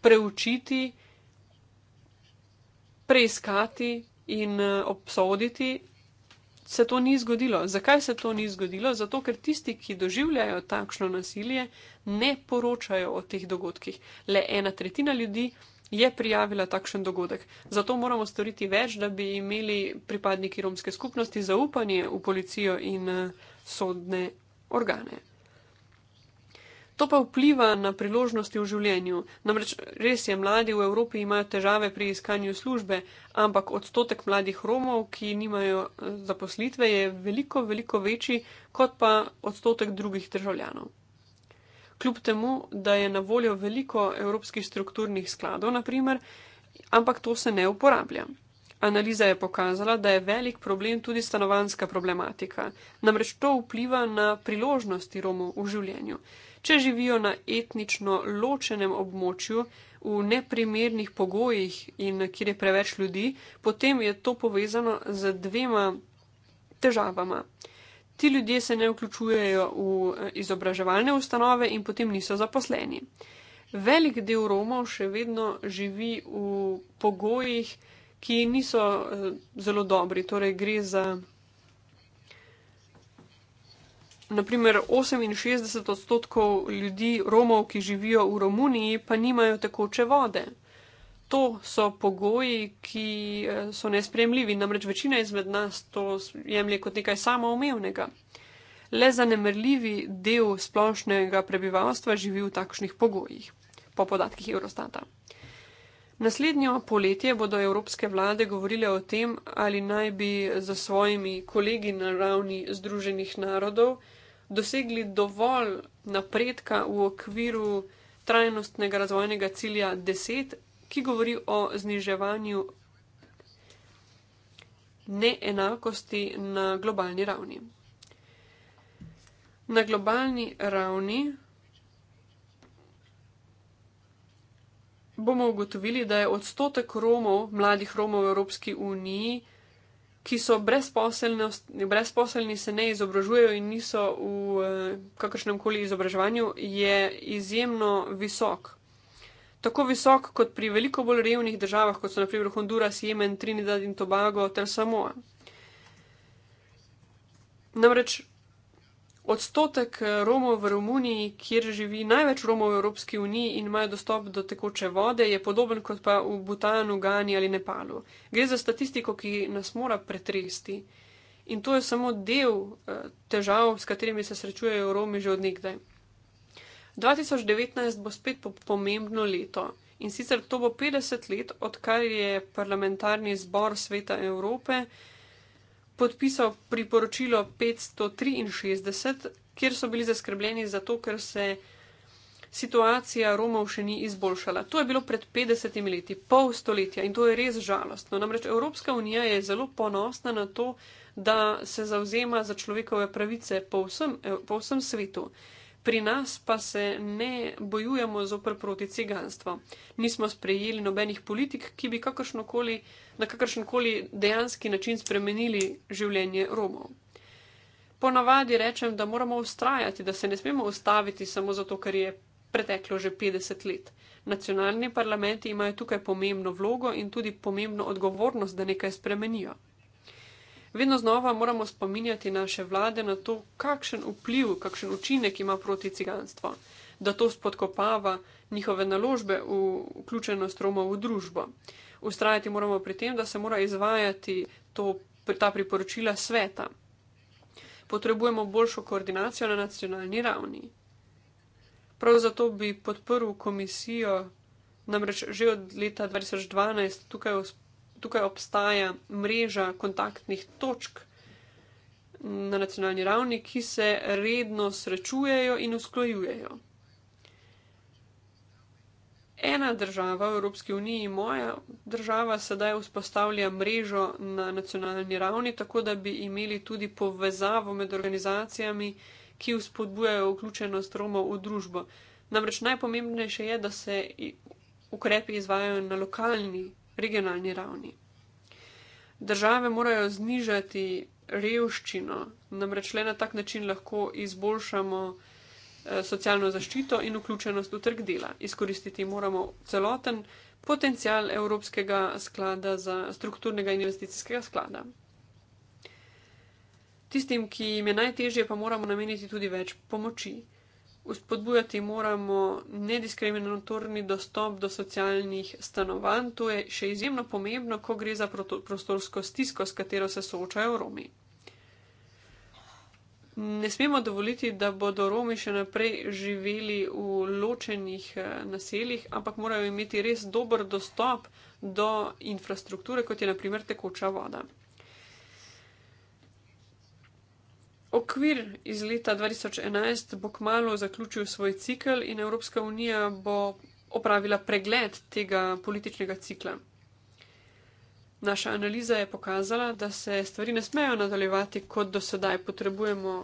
C: preučiti, preiskati in eh, obsoditi, se to ni zgodilo. Zakaj se to ni zgodilo? Zato, ker tisti, ki doživljajo takšno nasilje, ne poročajo o teh dogodkih. Le ena tretjina ljudi je prijavila takšen dogodek. Zato moramo storiti več, da bi imeli pripadniki romske skupnosti zaupanje v policijo in eh, sodne organe. To pa vpliva na priložnosti v življenju. Namreč res je, mladi v Evropi imajo težave pri iskanju službe, ampak odstotek mladih Romov, ki nimajo eh, zaposlitve, je veliko, veliko večji kot pa odstotek drugih državljanov. Kljub temu, da je na voljo veliko evropskih strukturnih skladov, naprimer, ampak to se ne uporablja. Analiza je pokazala, da je velik problem tudi stanovanska problematika. Namreč to vpliva na priložnosti Romov v življenju če živijo na etnično ločenem območju, v neprimernih pogojih in kjer je preveč ljudi, potem je to povezano z dvema težavama. Ti ljudje se ne vključujejo v eh, izobraževalne ustanove in potem niso zaposleni. Velik del Romov še vedno živi v pogojih, ki niso eh, zelo dobri, torej gre za naprimer 68 odstotkov ljudi, Romov, ki živijo v Romuniji, pa nimajo tekoče vode. To so pogoji, ki eh, so nespremljivi, namreč večina izmed nas to jemlje kot nekaj samoumevnega. Le zanemrljivi del splošnega prebivalstva živi v takšnih pogojih, po podatkih Eurostata. Naslednjo poletje bodo evropske vlade govorile o tem, ali naj bi za svojimi kolegi na ravni Združenih narodov dosegli dovolj napredka v okviru trajnostnega razvojnega cilja 10, ki govori o zniževanju neenakosti na globalni ravni. Na globalni ravni bomo ugotovili, da je odstotek Romov, mladih Romov v Evropski uniji, ki so brezposelni, se ne izobražujejo in niso v eh, kakršnem koli izobraževanju, je izjemno visok. Tako visok kot pri veliko bolj revnih državah, kot so naprimer Honduras, Jemen, Trinidad in Tobago ter Samoa. Namreč odstotek eh, Romov v Romuniji, kjer živi največ Romov v Evropski uniji in imajo dostop do tekoče vode, je podoben kot pa v Butanu, Gani ali Nepalu. Gre za statistiko, ki nas mora pretresti. In to je samo del eh, težav, s katerimi se srečujejo Romi že odnegdaj. 2019 bo spet pomembno leto. In sicer to bo 50 let, odkar je parlamentarni zbor sveta Evrope podpisal priporočilo 563, kjer so bili zaskrbljeni zato, ker se situacija Romov še ni izboljšala. To je bilo pred 50 leti, pol stoletja in to je res žalostno. Namreč Evropska unija je zelo ponosna na to, da se zauzema za človekove pravice po vsem, po vsem svetu. Pri nas pa se ne bojujemo zopr proti ciganstvu. Nismo sprejeli nobenih politik, ki bi na kakršenkoli dejanski način spremenili življenje Romov. Ponavadi rečem, da moramo ustrajati, da se ne smemo ustaviti samo zato, ker je preteklo že 50 let. Nacionalni parlamenti imajo tukaj pomembno vlogo in tudi pomembno odgovornost, da nekaj spremenijo vedno znova moramo spominjati naše vlade na to, kakšen vpliv, kakšen učinek ima proti ciganstvo, da to spodkopava njihove naložbe v vključenost Romov v družbo. Ustrajati moramo pri tem, da se mora izvajati to, ta priporočila sveta. Potrebujemo boljšo koordinacijo na nacionalni ravni. Prav zato bi podprl komisijo, namreč že od leta 2012 tukaj uspravljamo tukaj obstaja mreža kontaktnih točk na nacionalni ravni, ki se redno srečujejo in usklajujejo. Ena država v Evropski uniji, moja država, sedaj vzpostavlja mrežo na nacionalni ravni, tako da bi imeli tudi povezavo med organizacijami, ki vzpodbujajo vključenost Romov v družbo. Namreč najpomembnejše je, da se ukrepi izvajo na lokalni regionalni ravni. Države morajo znižati revščino, namreč le na tak način lahko izboljšamo eh, socialno zaščito in vključenost v trg dela. Izkoristiti moramo celoten potencial Evropskega sklada za strukturnega investicijskega sklada. Tistim, ki jim je najtežje, pa moramo nameniti tudi več pomoči. Vzpodbujati moramo nediskriminatorni dostop do socialnih stanovanj, to je še izjemno pomembno, ko gre za prostorsko stisko, s katero se soočajo Romi. Ne smemo dovoliti, da bodo Romi še naprej živeli v ločenih eh, naseljih, ampak morajo imeti res dober dostop do infrastrukture, kot je naprimer tekoča voda. Okvir iz leta 2011 bo kmalo zaključil svoj cikl in Evropska unija bo opravila pregled tega političnega cikla. Naša analiza je pokazala, da se stvari ne smejo nadaljevati kot do sedaj. Potrebujemo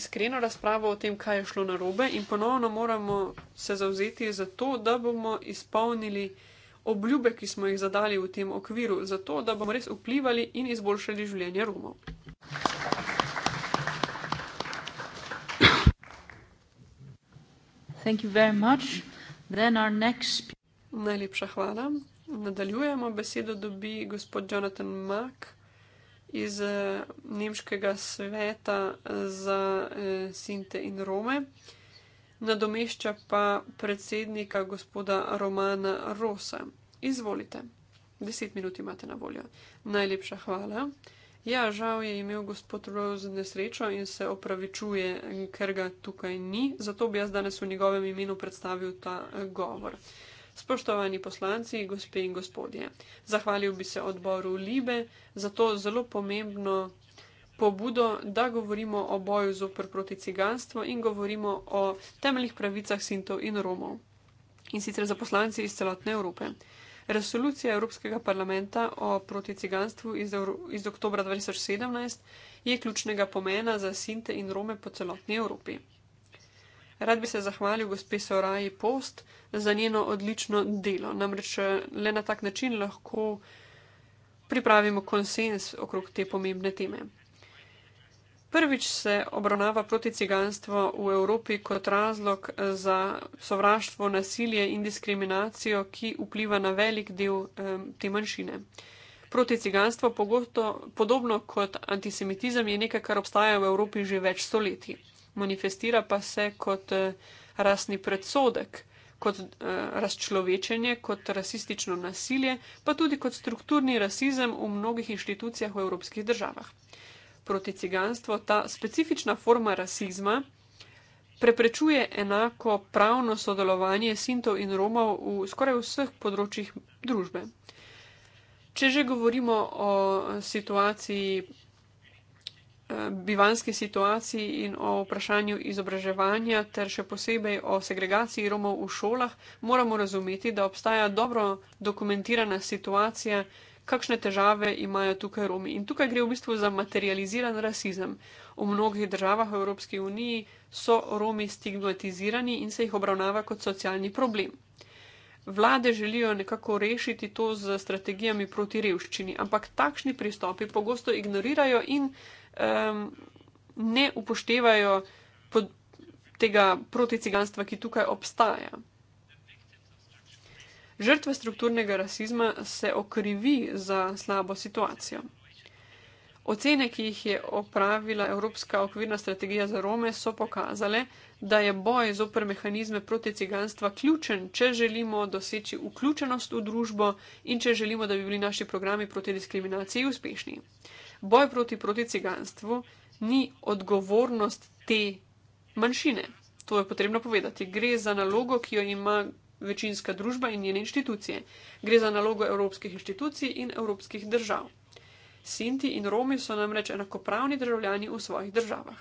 C: iskreno razpravo o tem, kaj je šlo narobe in ponovno moramo se zauzeti za to, da bomo izpolnili obljube, ki smo jih zadali v tem okviru, zato da bomo res vplivali in izboljšali življenje Romov. Thank you very much. Then our next. Najlepša hvala. Nadaljujemo. Besedo dobi gospod Jonathan Mack iz eh, Nemškega sveta za eh, Sinte in Rome. Nadomešča pa predsednika gospoda Romana Rosa. Izvolite. Deset minut imate na voljo. Najlepša hvala. Uh, Ja, žal je imel gospod Rose nesrečo in se opravičuje, ker ga tukaj ni, zato bi jaz danes v njegovem imenu predstavil ta eh, govor. Spoštovani poslanci, gospe in gospodje, zahvalil bi se odboru Libe za to zelo pomembno pobudo, da govorimo o boju zopr proti ciganstvu in govorimo o temeljnih pravicah sintov in romov. In sicer za poslanci iz celotne Evrope. Resolucija Evropskega parlamenta o proticiganstvu iz, iz oktobra 2017 je ključnega pomena za sinte in rome po celotni Evropi. Rad bi se zahvalil gospe Soraji Post za njeno odlično delo. Namreč le na tak način lahko pripravimo konsens okrog te pomembne teme prvič se obravnava proti ciganstvu v Evropi kot razlog za sovraštvo, nasilje in diskriminacijo, ki vpliva na velik del eh, te manjšine. Proti ciganstvu, podobno kot antisemitizem, je nekaj, kar obstaja v Evropi že več stoletij. Manifestira pa se kot eh, rasni predsodek, kot eh, razčlovečenje, kot rasistično nasilje, pa tudi kot strukturni rasizem v mnogih inštitucijah v evropskih državah proti ciganstvu, ta specifična forma rasizma preprečuje enako pravno sodelovanje sintov in romov v skoraj vseh področjih družbe. Če že govorimo o situaciji, eh, bivanski situaciji in o vprašanju izobraževanja, ter še posebej o segregaciji romov v šolah, moramo razumeti, da obstaja dobro dokumentirana situacija, kakšne težave imajo tukaj Romi. In tukaj gre v bistvu za materializiran rasizem. V mnogih državah Evropske unije so Romi stigmatizirani in se jih obravnava kot socialni problem. Vlade želijo nekako rešiti to z strategijami proti revščini, ampak takšni pristopi pogosto ignorirajo in um, ne upoštevajo pod, tega proticiganstva, ki tukaj obstaja. Žrtve strukturnega rasizma se okrivi za slabo situacijo. Ocene, ki jih je opravila Evropska okvirna strategija za Rome, so pokazale, da je boj zoper mehanizme proti ciganstva ključen, če želimo doseči vključenost v družbo in če želimo, da bi bili naši programi proti diskriminaciji uspešni. Boj proti proti ciganstvu ni odgovornost te manjšine. To je potrebno povedati. Gre za nalogo, ki jo ima večinska družba in njene inštitucije. Gre za nalogo evropskih inštitucij in evropskih držav. Sinti in Romi so namreč enakopravni državljani v svojih državah.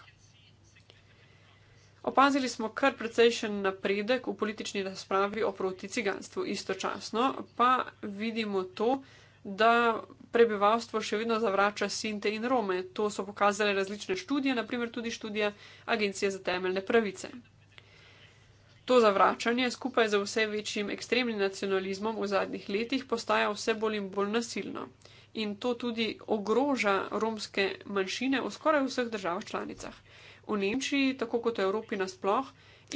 C: Opazili smo kar precejšen napredek v politični razpravi o proticiganstvu, istočasno pa vidimo to, da prebivalstvo še vedno zavrača Sinte in Rome. To so pokazale različne študije, naprimer tudi študija Agencije za temeljne pravice. To zavračanje, skupaj z vse večjim ekstremnim nacionalizmom v zadnjih letih, postaja vse bolj in bolj nasilno. In to tudi ogroža romske manjšine v skoraj vseh državah članicah. V Nemčiji, tako kot v Evropi nasploh,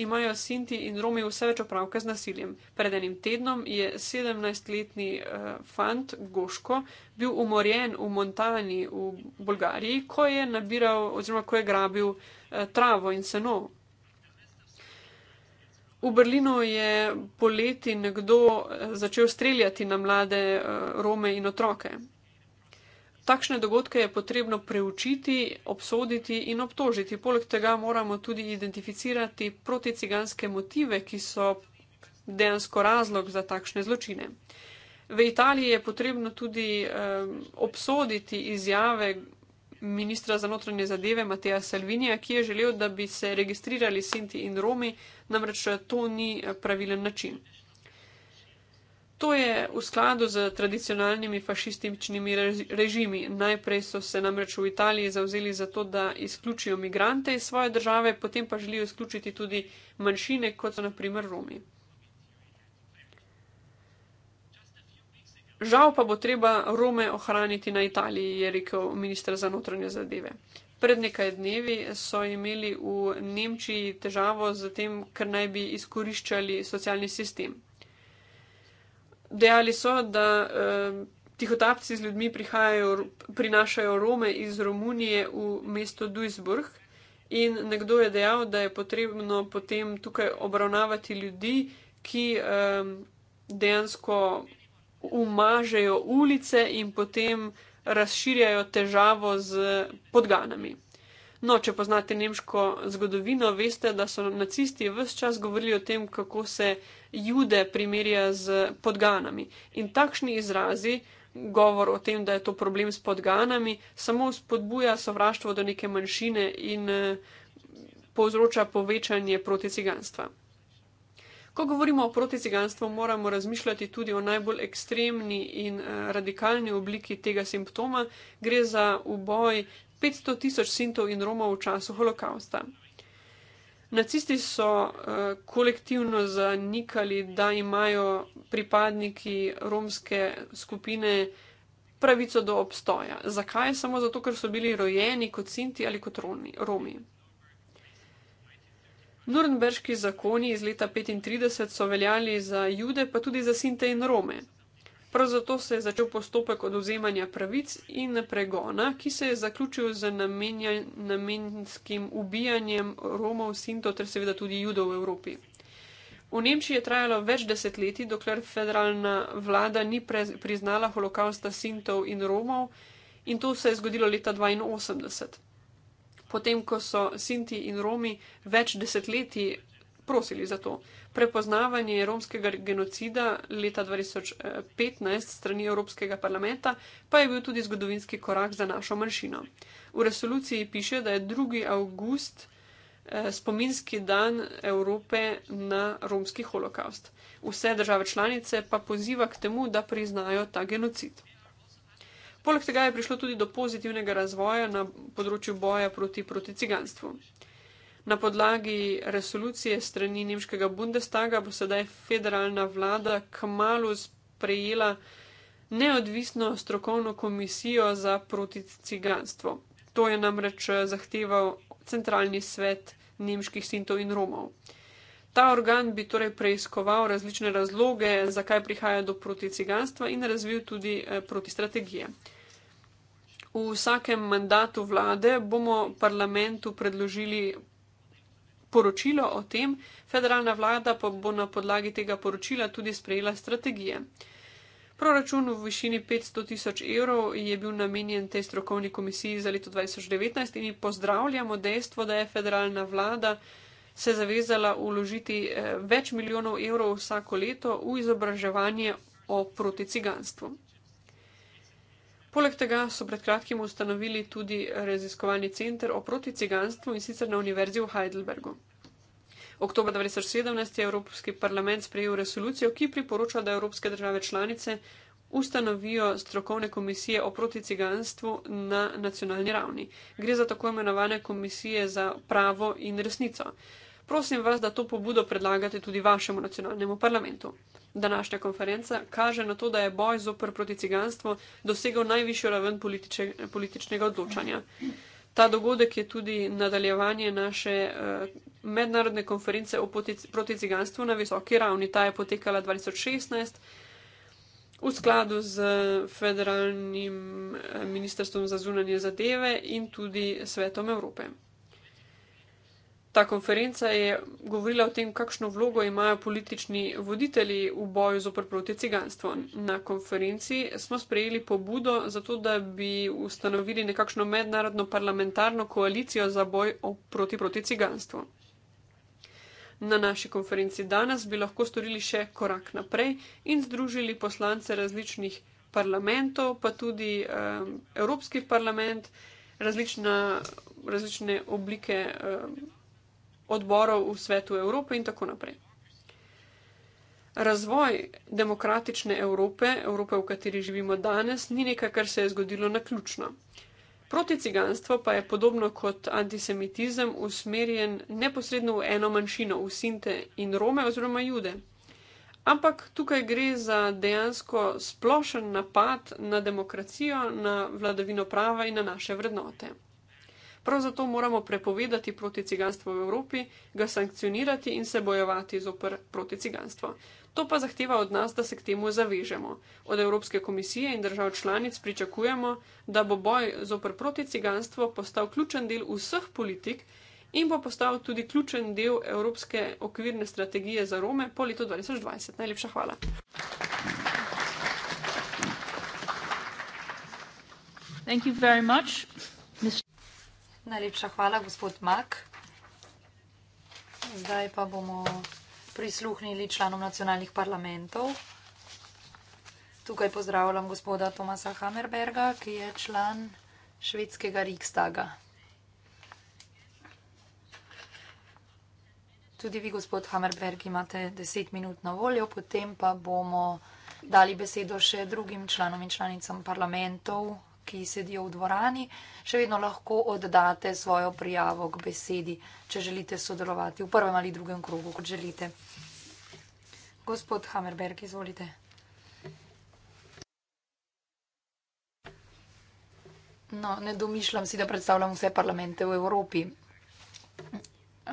C: imajo Sinti in Romi vse več opravka z nasiljem. Pred enim tednom je 17-letni uh, eh, fant Goško bil umorjen v Montani v Bolgariji, ko je nabiral oziroma ko je grabil uh, travo in seno V Berlinu je poleti nekdo eh, začel streljati na mlade eh, Rome in otroke. Takšne dogodke je potrebno preučiti, obsoditi in obtožiti. Poleg tega moramo tudi identificirati proticiganske motive, ki so dejansko razlog za takšne zločine. V Italiji je potrebno tudi um, obsoditi izjave ministra za notranje zadeve Mateja Salvinija, ki je želel, da bi se registrirali Sinti in Romi, namreč to ni eh, pravilen način. To je v skladu z tradicionalnimi fašističnimi režimi. Najprej so se namreč v Italiji zauzeli za to, da izključijo migrante iz svoje države, potem pa želijo izključiti tudi manjšine, kot so naprimer Romi. Žal pa bo treba Rome ohraniti na Italiji, je rekel ministr za notranje zadeve. Pred nekaj dnevi so imeli v Nemčiji težavo z tem, ker naj bi izkoriščali socialni sistem. Dejali so, da eh, tihotapci z ljudmi prinašajo Rome iz Romunije v mesto Duisburg. In nekdo je dejal, da je potrebno potem tukaj obravnavati ljudi, ki um, dejansko umažejo ulice in potem razširjajo težavo z podganami. No, če poznate nemško zgodovino, veste, da so nacisti vse čas govorili o tem, kako se jude primerja z podganami. In takšni izrazi, govor o tem, da je to problem s podganami, samo spodbuja sovraštvo do neke manjšine in eh, povzroča povečanje proticiganstva. Ko govorimo o proticiganstvu, moramo razmišljati tudi o najbolj ekstremni in eh, radikalni obliki tega simptoma. Gre za uboj 500 tisoč sintov in romov v času holokausta. Nacisti so eh, kolektivno zanikali, da imajo pripadniki romske skupine pravico do obstoja. Zakaj? Samo zato, ker so bili rojeni kot sinti ali kot romi. Nurnberški zakoni iz leta 1935 so veljali za jude, pa tudi za sinte in rome. Prav zato se je začel postopek oduzemanja pravic in pregona, ki se je zaključil z namenja, namenskim ubijanjem romov, sinto ter seveda tudi judov v Evropi. V Nemčiji je trajalo več desetletij, dokler federalna vlada ni prez, priznala holokausta sintov in romov in to se je zgodilo leta 1982 potem ko so Sinti in Romi več desetletij prosili za to. Prepoznavanje romskega genocida leta 2015 strani Evropskega parlamenta pa je bil tudi zgodovinski korak za našo manjšino. V resoluciji piše, da je 2. august eh, spominski dan Evrope na romski holokaust. Vse države članice pa poziva k temu, da priznajo ta genocid. Poleg tega je prišlo tudi do pozitivnega razvoja na področju boja proti, proti ciganstvu. Na podlagi resolucije strani nemškega Bundestaga bo sedaj federalna vlada kmalo sprejela neodvisno strokovno komisijo za proti ciganstvo. To je namreč eh, zahteval centralni svet nemških sintov in romov. Ta organ bi torej preiskoval različne razloge, zakaj prihaja do proti ciganstva in razvil tudi eh, protistrategije. strategije v vsakem mandatu vlade bomo parlamentu predložili poročilo o tem, federalna vlada pa bo na podlagi tega poročila tudi sprejela strategije. Proračun v višini 500 tisoč evrov je bil namenjen tej strokovni komisiji za leto 2019 in mi pozdravljamo dejstvo, da je federalna vlada se zavezala uložiti eh, več milijonov evrov vsako leto v izobraževanje o proticiganstvu. Poleg tega so pred kratkim ustanovili tudi raziskovalni center o proticiganstvu in sicer na Univerzi v Heidelbergu. Oktober 2017 je Evropski parlament sprejel resolucijo, ki priporoča, da evropske države članice ustanovijo strokovne komisije o proticiganstvu na nacionalni ravni. Gre za tako imenovane komisije za pravo in resnico prosim vas, da to pobudo predlagate tudi vašemu nacionalnemu parlamentu. Današnja konferenca kaže na to, da je boj zopr proti ciganstvu dosegel najvišjo raven politične, političnega odločanja. Ta dogodek je tudi nadaljevanje naše eh, mednarodne konference o proti ciganstvu na visoki ravni. Ta je potekala 2016 v skladu z federalnim eh, ministrstvom za zunanje zadeve in tudi svetom Evrope ta konferenca je govorila o tem, kakšno vlogo imajo politični voditelji v boju zopr proti ciganstvu. Na konferenci smo sprejeli pobudo za to, da bi ustanovili nekakšno mednarodno parlamentarno koalicijo za boj proti proti ciganstvu. Na naši konferenci danes bi lahko storili še korak naprej in združili poslance različnih parlamentov, pa tudi um, Evropski parlament, različna, različne oblike. Um, odborov v svetu Evrope in tako naprej. Razvoj demokratične Evrope, Evrope, v kateri živimo danes, ni nekaj, kar se je zgodilo na ključno. Proticiganstvo pa je podobno kot antisemitizem usmerjen neposredno v eno manjšino, v Sinte in Rome oziroma Jude. Ampak tukaj gre za dejansko splošen napad na demokracijo, na vladavino prava in na naše vrednote. Prav zato moramo prepovedati proticiganstvo v Evropi, ga sankcionirati in se bojevati zoper proticiganstvo. To pa zahteva od nas, da se k temu zavežemo. Od Evropske komisije in držav članic pričakujemo, da bo boj zoper proticiganstvo postal ključen del vseh politik in bo postal tudi ključen del Evropske okvirne strategije za Rome po letu 2020. Najlepša hvala.
D: Thank you very much. Najlepša hvala, gospod Mak. Zdaj pa bomo prisluhnili članom nacionalnih parlamentov. Tukaj pozdravljam gospoda Tomasa Hammerberga, ki je član švedskega Rikstaga. Tudi vi, gospod Hammerberg, imate deset minut na voljo, potem pa bomo dali besedo še drugim članom in članicam parlamentov ki sedijo v dvorani, še vedno lahko oddate svojo prijavo k besedi, če želite sodelovati v prvem ali drugem krogu, kot želite. Gospod Hammerberg, izvolite. No, ne domišljam si, da predstavljam vse parlamente v Evropi,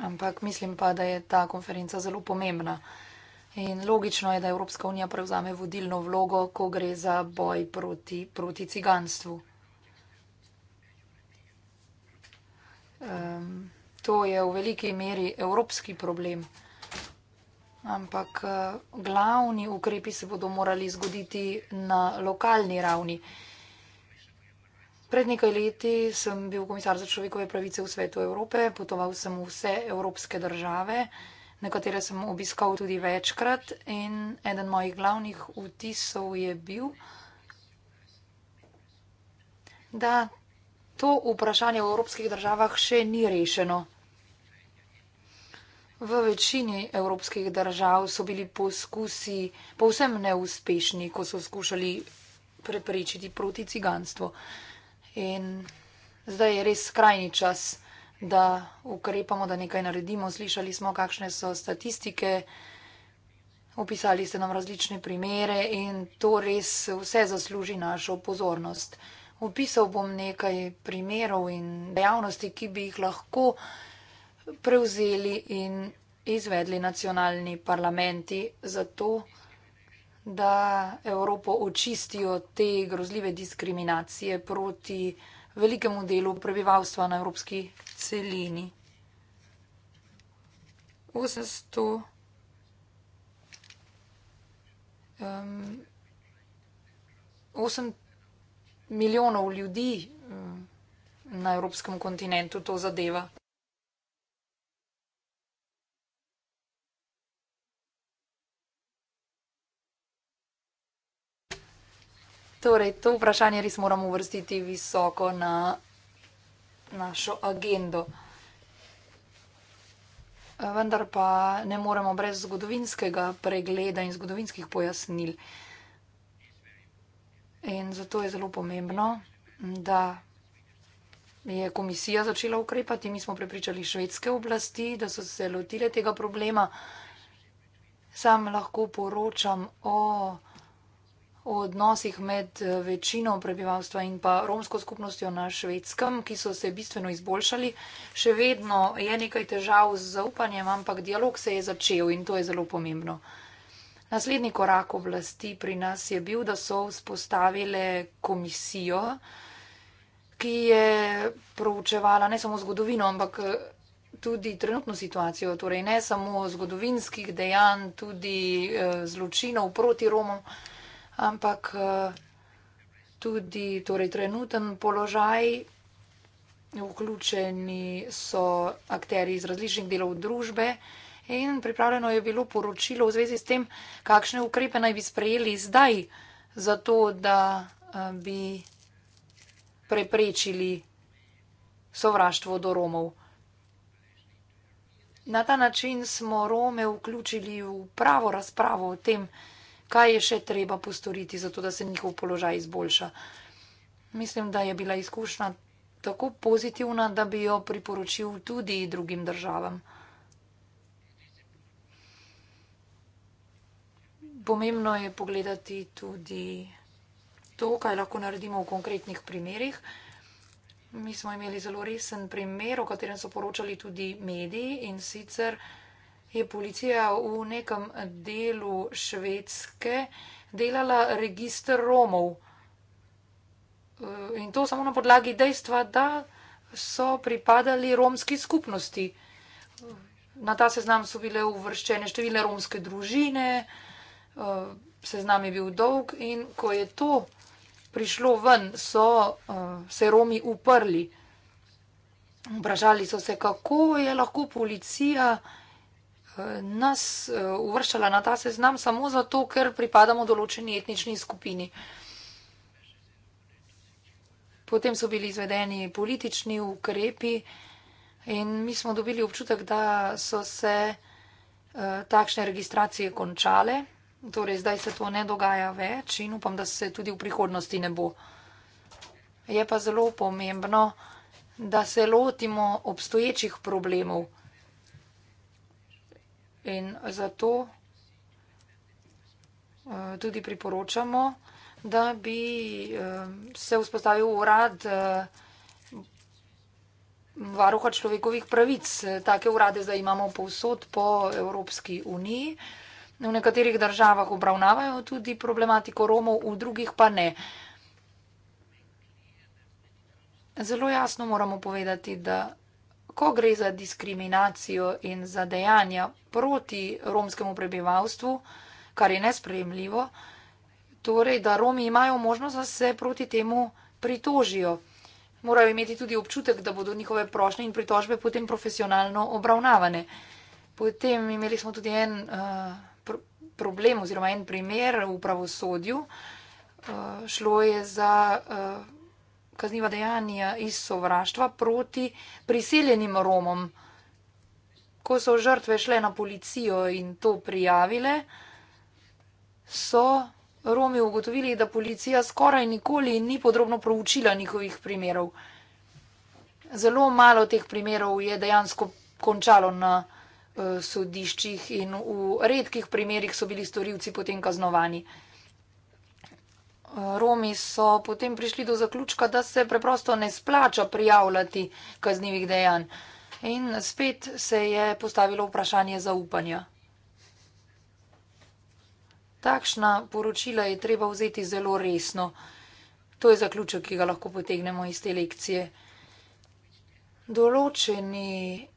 D: ampak mislim pa, da je ta konferenca zelo pomembna. In logično je, da Evropska unija prevzame vodilno vlogo, ko gre za boj proti, proti ciganstvu. Um, to je v veliki meri evropski problem. Ampak eh, glavni ukrepi se bodo morali zgoditi na lokalni ravni. Pred nekaj leti sem bil komisar za človekove pravice v svetu Evrope, potoval sem v vse evropske države. Uh, nekatere sem obiskal tudi večkrat in eden mojih glavnih vtisov je bil, da to vprašanje v evropskih državah še ni rešeno. V večini evropskih držav so bili poskusi povsem neuspešni, ko so skušali preprečiti proti ciganstvo. In zdaj je res skrajni čas, da da ukrepamo, da nekaj naredimo. Slišali smo, kakšne so statistike, opisali ste nam različne primere in to res vse zasluži našo pozornost. Opisal bom nekaj primerov in dejavnosti, ki bi jih lahko prevzeli in izvedli nacionalni parlamenti za to, da Evropo očistijo te grozljive diskriminacije proti velikemu delu prebivalstva na evropski celini. 800 um, 8 milijonov ljudi um, na evropskem kontinentu to zadeva. Torej, to vprašanje res moramo uvrstiti visoko na našo agendo. Vendar pa ne moremo brez zgodovinskega pregleda in zgodovinskih pojasnil. In zato je zelo pomembno, da je komisija začela ukrepati. Mi smo prepričali švedske oblasti, da so se lotile tega problema. Sam lahko poročam o v odnosih med eh, večino prebivalstva in pa romsko skupnostjo na švedskem, ki so se bistveno izboljšali. Še vedno je nekaj težav z zaupanjem, ampak dialog se je začel in to je zelo pomembno. Naslednji korak oblasti pri nas je bil, da so vzpostavile komisijo, ki je proučevala ne samo zgodovino, ampak eh, tudi trenutno situacijo, torej ne samo zgodovinskih dejanj, tudi eh, zločinov proti Romom ampak eh, tudi torej, trenuten položaj. Vključeni so akteri iz različnih delov družbe in pripravljeno je bilo poročilo v zvezi s tem, kakšne ukrepe naj bi sprejeli zdaj, zato da eh, bi preprečili sovraštvo do Romov. Na ta način smo Rome vključili v pravo razpravo o tem, kaj je še treba postoriti, zato da se njihov položaj izboljša. Mislim, da je bila izkušnja tako pozitivna, da bi jo priporočil tudi drugim državam. Pomembno je pogledati tudi to, kaj lahko naredimo v konkretnih primerih. Mi smo imeli zelo resen primer, o katerem so poročali tudi mediji in sicer je policija v nekem delu Švedske delala registr Romov. Eh, in to samo na podlagi dejstva, da so pripadali romski skupnosti. Na ta seznam so bile uvrščene številne romske družine, eh, seznam je bil dolg in ko je to prišlo ven, so eh, se Romi uprli. Vprašali so se, kako je lahko policija nas eh, uvrščala na ta seznam samo zato, ker pripadamo določeni etnični skupini. Potem so bili izvedeni politični ukrepi in mi smo dobili občutek, da so se eh, takšne registracije končale. Torej, zdaj se to ne dogaja več in upam, da se tudi v prihodnosti ne bo. Je pa zelo pomembno, da se lotimo obstoječih problemov. In zato eh, tudi priporočamo, da bi eh, se vzpostavil urad eh, varuha človekovih pravic. Take urade zdaj imamo povsod po Evropski uniji. V nekaterih državah obravnavajo tudi problematiko Romov, v drugih pa ne. Zelo jasno moramo povedati, da ko gre za diskriminacijo in za dejanja proti romskemu prebivalstvu, kar je nesprejemljivo, torej, da Romi imajo možnost, da se proti temu pritožijo. Morajo imeti tudi občutek, da bodo njihove prošnje in pritožbe potem profesionalno obravnavane. Potem imeli smo tudi en uh, pr problem oziroma en primer v pravosodju. Uh, šlo je za. Uh, kazniva dejanja iz sovraštva proti priseljenim Romom. Ko so žrtve šle na policijo in to prijavile, so Romi ugotovili, da policija skoraj nikoli ni podrobno proučila njihovih primerov. Zelo malo teh primerov je dejansko končalo na uh, sodiščih in v redkih primerjih so bili storilci potem kaznovani. Romi so potem prišli do zaključka, da se preprosto ne splača prijavljati kaznjivih dejanj. In spet se je postavilo vprašanje zaupanja. Takšna poročila je treba vzeti zelo resno. To je zaključek, ki ga lahko potegnemo iz te lekcije. Določeni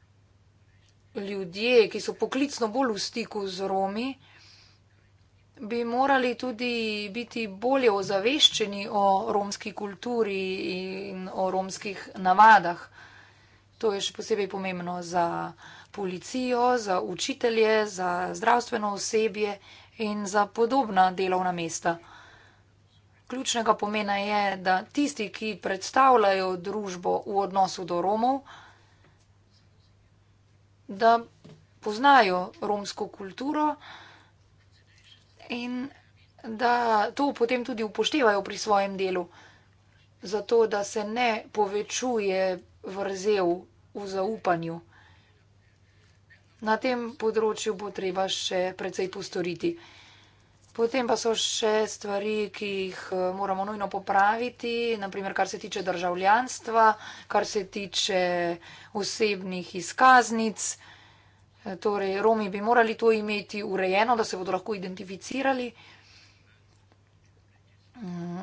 D: ljudje, ki so poklicno bolj v stiku z Romi, bi morali tudi biti bolje ozaveščeni o romski kulturi in o romskih navadah. To je še posebej pomembno za policijo, za učitelje, za zdravstveno osebje in za podobna delovna mesta. Ključnega pomena je, da tisti, ki predstavljajo družbo v odnosu do Romov, da poznajo romsko kulturo, in da to potem tudi upoštevajo pri svojem delu, zato da se ne povečuje vrzel v zaupanju. Na tem področju bo treba še precej postoriti. Potem pa so še stvari, ki jih eh, moramo nujno popraviti, naprimer kar se tiče državljanstva, kar se tiče osebnih izkaznic. Torej, Romi bi morali to imeti urejeno, da se bodo lahko identificirali. Mm,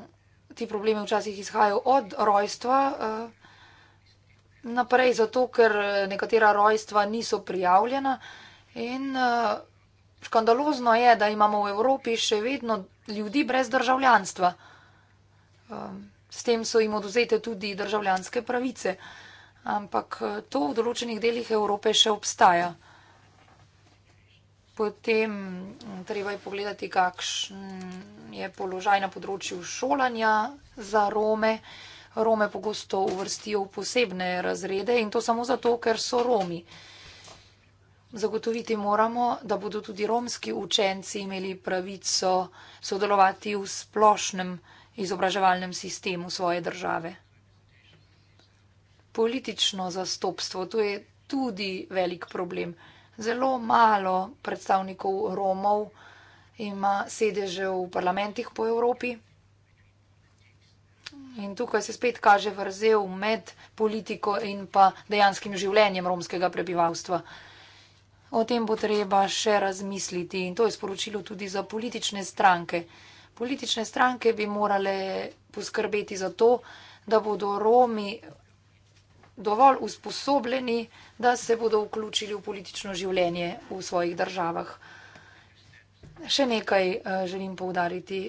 D: ti problemi včasih izhajajo od rojstva eh, naprej, zato ker nekatera rojstva niso prijavljena. In eh, škandalozno je, da imamo v Evropi še vedno ljudi brez državljanstva. Eh, s tem so jim oduzete tudi državljanske pravice. Ampak to v določenih delih Evrope še obstaja. Potem mm, treba je pogledati, kakšen je položaj na področju šolanja za Rome. Rome pogosto uvrstijo v posebne razrede in to samo zato, ker so Romi. Zagotoviti moramo, da bodo tudi romski učenci imeli pravico sodelovati v splošnem izobraževalnem sistemu svoje države. Politično zastopstvo, to je tudi velik problem. Zelo malo predstavnikov Romov ima sedeže v parlamentih po Evropi. In tukaj se spet kaže vrzel med politiko in pa dejanskim življenjem romskega prebivalstva. O tem bo treba še razmisliti in to je sporočilo tudi za politične stranke. Politične stranke bi morale poskrbeti za to, da bodo Romi dovolj usposobljeni, da se bodo vključili v politično življenje v svojih državah. Še nekaj eh, želim povdariti.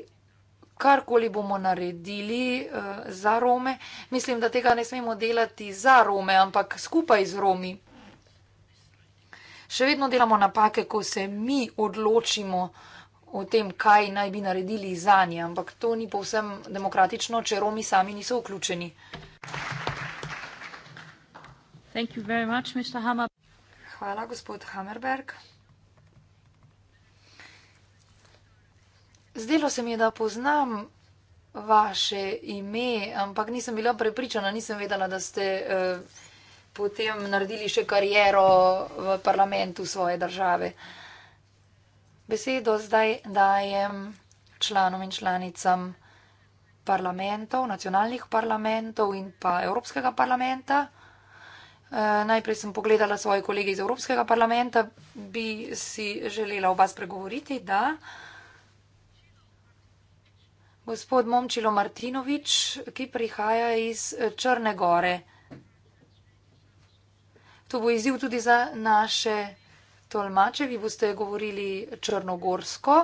D: Karkoli bomo naredili eh, za Rome, mislim, da tega ne smemo delati za Rome, ampak skupaj z Romi. Še vedno delamo napake, ko se mi odločimo o tem, kaj naj bi naredili za nje, ampak to ni povsem demokratično, če Romi sami niso vključeni. Hvala, gospod Hammerberg. Zdelo se mi je, da poznam vaše ime, ampak nisem bila prepričana, nisem vedela, da ste eh, potem naredili še kariero v parlamentu svoje države. Besedo zdaj dajem članom in članicam parlamentov, nacionalnih parlamentov in pa Evropskega parlamenta. Eh, najprej sem pogledala svoje kolege iz Evropskega parlamenta, bi si želela o vas pregovoriti, da gospod Momčilo Martinovič, ki prihaja iz Črne gore. To bo izziv tudi za naše tolmače. Vi boste govorili črnogorsko,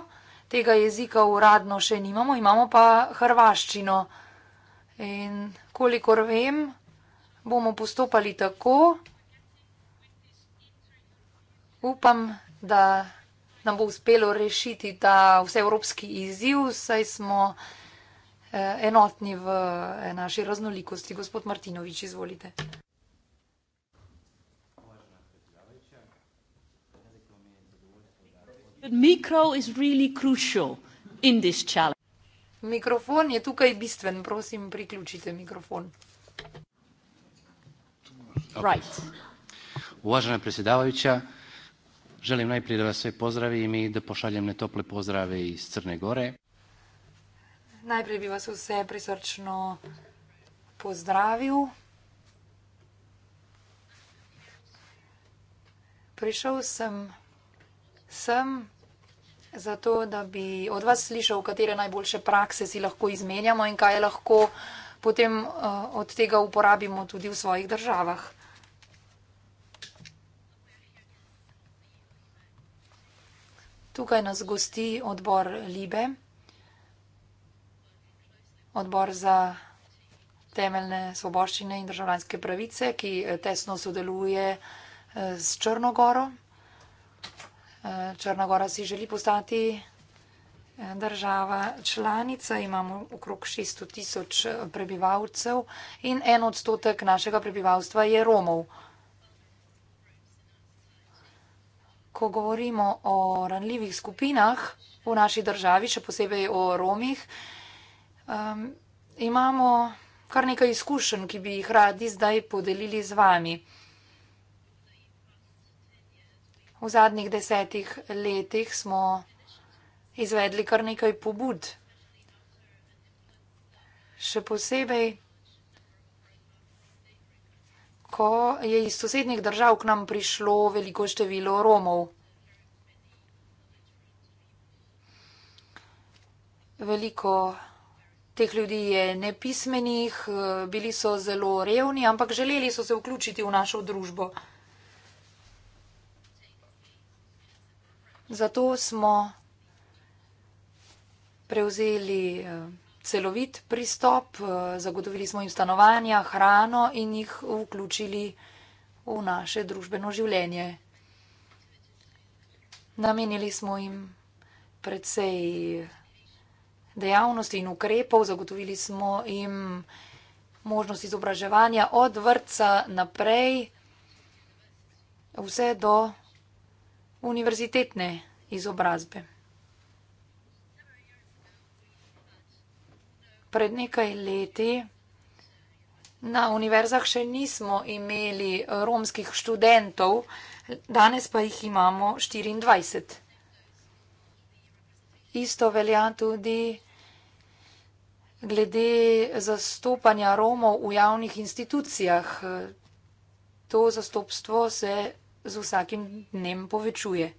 D: tega jezika uradno še nimamo, imamo pa hrvaščino. In kolikor vem, bomo postopali tako. Upam, da nam bo uspelo rešiti ta vseevropski izziv, saj smo eh, enotni v eh, naši raznolikosti. Gospod Martinovič, izvolite. Mikrofon je tukaj bistven. Prosim, priključite mikrofon
E: right. Uvažena predsjedavajuća, želim najprije
C: da vas sve pozdravim i da pošaljem netople pozdrave iz Crne Gore.
D: Najprije bi vas vse prisrčno pozdravil. Prišel sem sem zato, da bi od vas slišal, katere najboljše prakse si lahko izmenjamo in kaj lahko potem eh, od tega uporabimo tudi v svojih državah. Tukaj nas gosti odbor Libe, odbor za temeljne svoboščine in državljanske pravice, ki eh, tesno sodeluje eh, s Črnogoro. Eh, Črnogora si želi postati država članica, imamo okrog 600 tisoč prebivalcev in en odstotek našega prebivalstva je Romov. ko govorimo o ranljivih skupinah v naši državi, še posebej o Romih, um, imamo kar nekaj izkušenj, ki bi jih radi zdaj podelili z vami. V zadnjih desetih letih smo izvedli kar nekaj pobud. Še posebej ko je iz sosednjih držav k nam prišlo veliko število Romov. Veliko teh ljudi je nepismenih, bili so zelo revni, ampak želeli so se vključiti v našo družbo. Zato smo prevzeli. Eh, celovit pristop, eh, zagotovili smo jim stanovanja, hrano in jih vključili v naše družbeno življenje. Namenili smo jim predvsej dejavnosti in ukrepov, zagotovili smo jim možnost izobraževanja od vrtca naprej vse do univerzitetne izobrazbe. pred nekaj leti na univerzah še nismo imeli romskih študentov, danes pa jih imamo 24. Isto velja tudi glede zastopanja Romov v javnih institucijah. To zastopstvo se z vsakim dnem povečuje.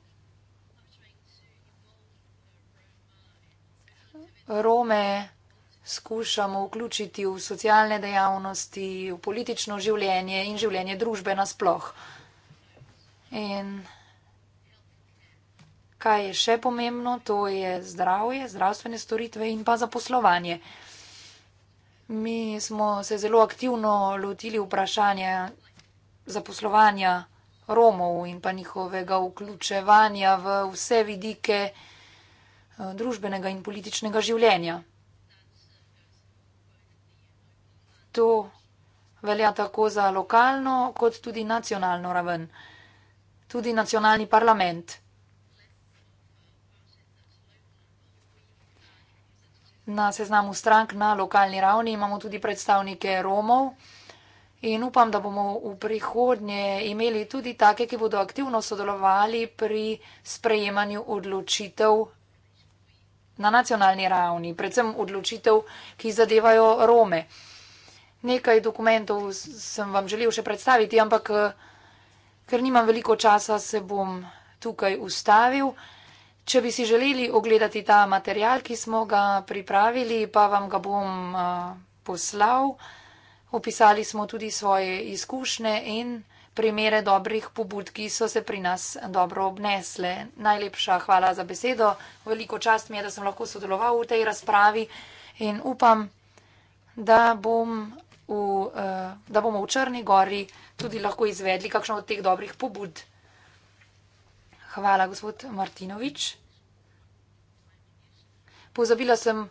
D: Rome skušamo vključiti v socialne dejavnosti, v politično življenje in življenje družbe nasploh. In kaj je še pomembno, to je zdravje, zdravstvene storitve in pa zaposlovanje. Mi smo se zelo aktivno lotili vprašanja zaposlovanja Romov in pa njihovega vključevanja v vse vidike eh, družbenega in političnega življenja. to velja tako za lokalno, kot tudi nacionalno raven, tudi nacionalni parlament. Na seznamu strank na lokalni ravni imamo tudi predstavnike Romov in upam, da bomo v prihodnje imeli tudi take, ki bodo aktivno sodelovali pri sprejemanju odločitev na nacionalni ravni, predvsem odločitev, ki zadevajo Rome. Nekaj dokumentov sem vam želel še predstaviti, ampak eh, ker nimam veliko časa, se bom tukaj ustavil. Če bi si želeli ogledati ta material, ki smo ga pripravili, pa vam ga bom eh, poslal. Opisali smo tudi svoje izkušnje in primere dobrih pobud, ki so se pri nas dobro obnesle. Najlepša hvala za besedo. Veliko čast mi je, da sem lahko sodeloval v tej razpravi in upam, da bom v, eh, da bomo v Črni gori tudi lahko izvedli kakšno od teh dobrih pobud. Hvala, gospod Martinovič. Pozabila sem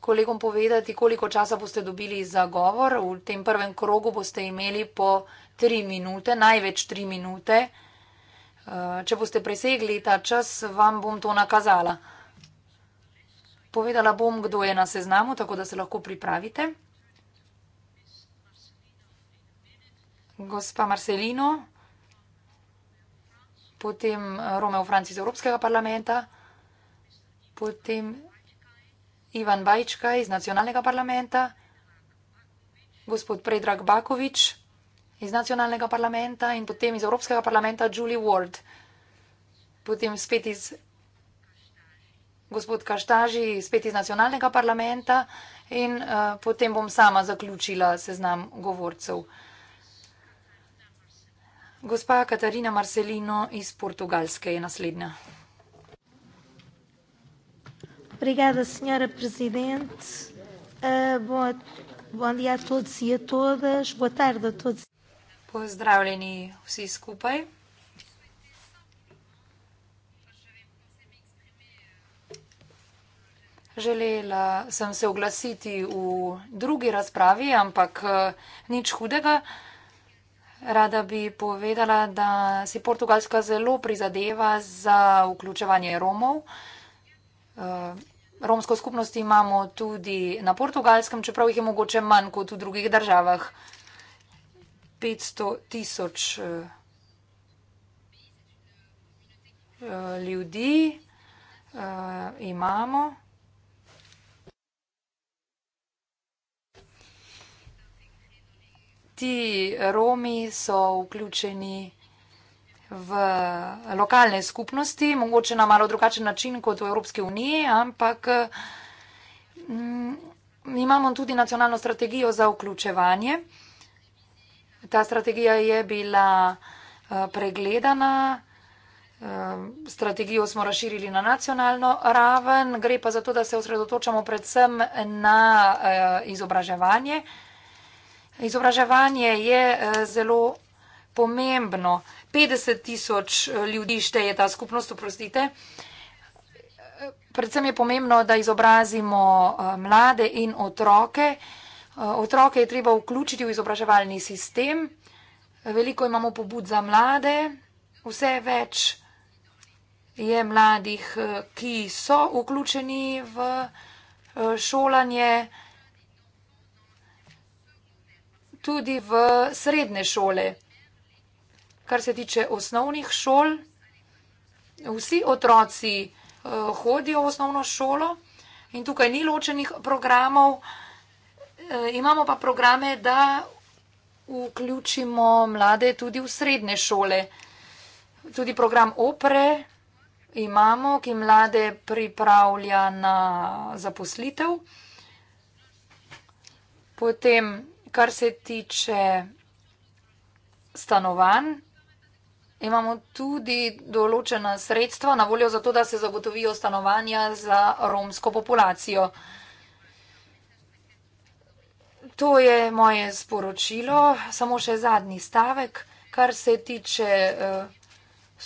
D: kolegom povedati, koliko časa boste dobili za govor. V tem prvem krogu boste imeli po tri minute, največ tri minute. Eh, če boste presegli ta čas, vam bom to nakazala. Povedala bom, kdo je na seznamu, tako da se lahko pripravite. gospa Marcelino, potem eh, Romeo Franci iz Evropskega parlamenta, potem Ivan Bajčka iz Nacionalnega parlamenta, gospod Predrag Bakovič iz Nacionalnega parlamenta in potem iz Evropskega parlamenta Julie Ward. Potem spet iz gospod Kaštaži, spet iz Nacionalnega parlamenta in uh, potem bom sama zaključila seznam govorcev. Gospa Katarina Marcelino iz Portugalske je naslednja. Obrigada, senhora presidente.
B: Uh, ah, bo, bom dia a todos e a todas. Boa tarde a todos.
D: Pozdravljeni vsi skupaj. Želela sem se oglasiti v drugi razpravi, ampak ah, nič hudega. Uh, Rada bi povedala, da si Portugalska zelo prizadeva za vključevanje Romov. Eh, romsko skupnost imamo tudi na portugalskem, čeprav jih je mogoče manj kot v drugih državah. 500 tisoč eh, eh, ljudi imamo. ti Romi so vključeni v lokalne skupnosti, mogoče na malo drugačen način kot v Evropski uniji, ampak mm, imamo tudi nacionalno strategijo za vključevanje. Ta strategija je bila uh, pregledana, uh, strategijo smo razširili na nacionalno raven, gre pa za to, da se osredotočamo predvsem na uh, izobraževanje. Uh, Izobraževanje je eh, zelo pomembno. 50 tisoč eh, ljudi šteje ta skupnost, oprostite. Eh, predvsem je pomembno, da izobrazimo mlade in otroke. Otroke je treba vključiti v izobraževalni sistem. Veliko imamo pobud za mlade, vse več je mladih, ki so vključeni v šolanje tudi v srednje šole. Kar se tiče osnovnih šol, vsi otroci eh, hodijo v osnovno šolo in tukaj ni ločenih programov. Eh, imamo pa programe, da vključimo mlade tudi v srednje šole. Tudi program opre imamo, ki mlade pripravlja na zaposlitev. Potem kar se tiče stanovanj, imamo tudi določena sredstva na voljo za to, da se zagotovijo stanovanja za romsko populacijo. To je moje sporočilo, samo še zadnji stavek, kar se tiče eh,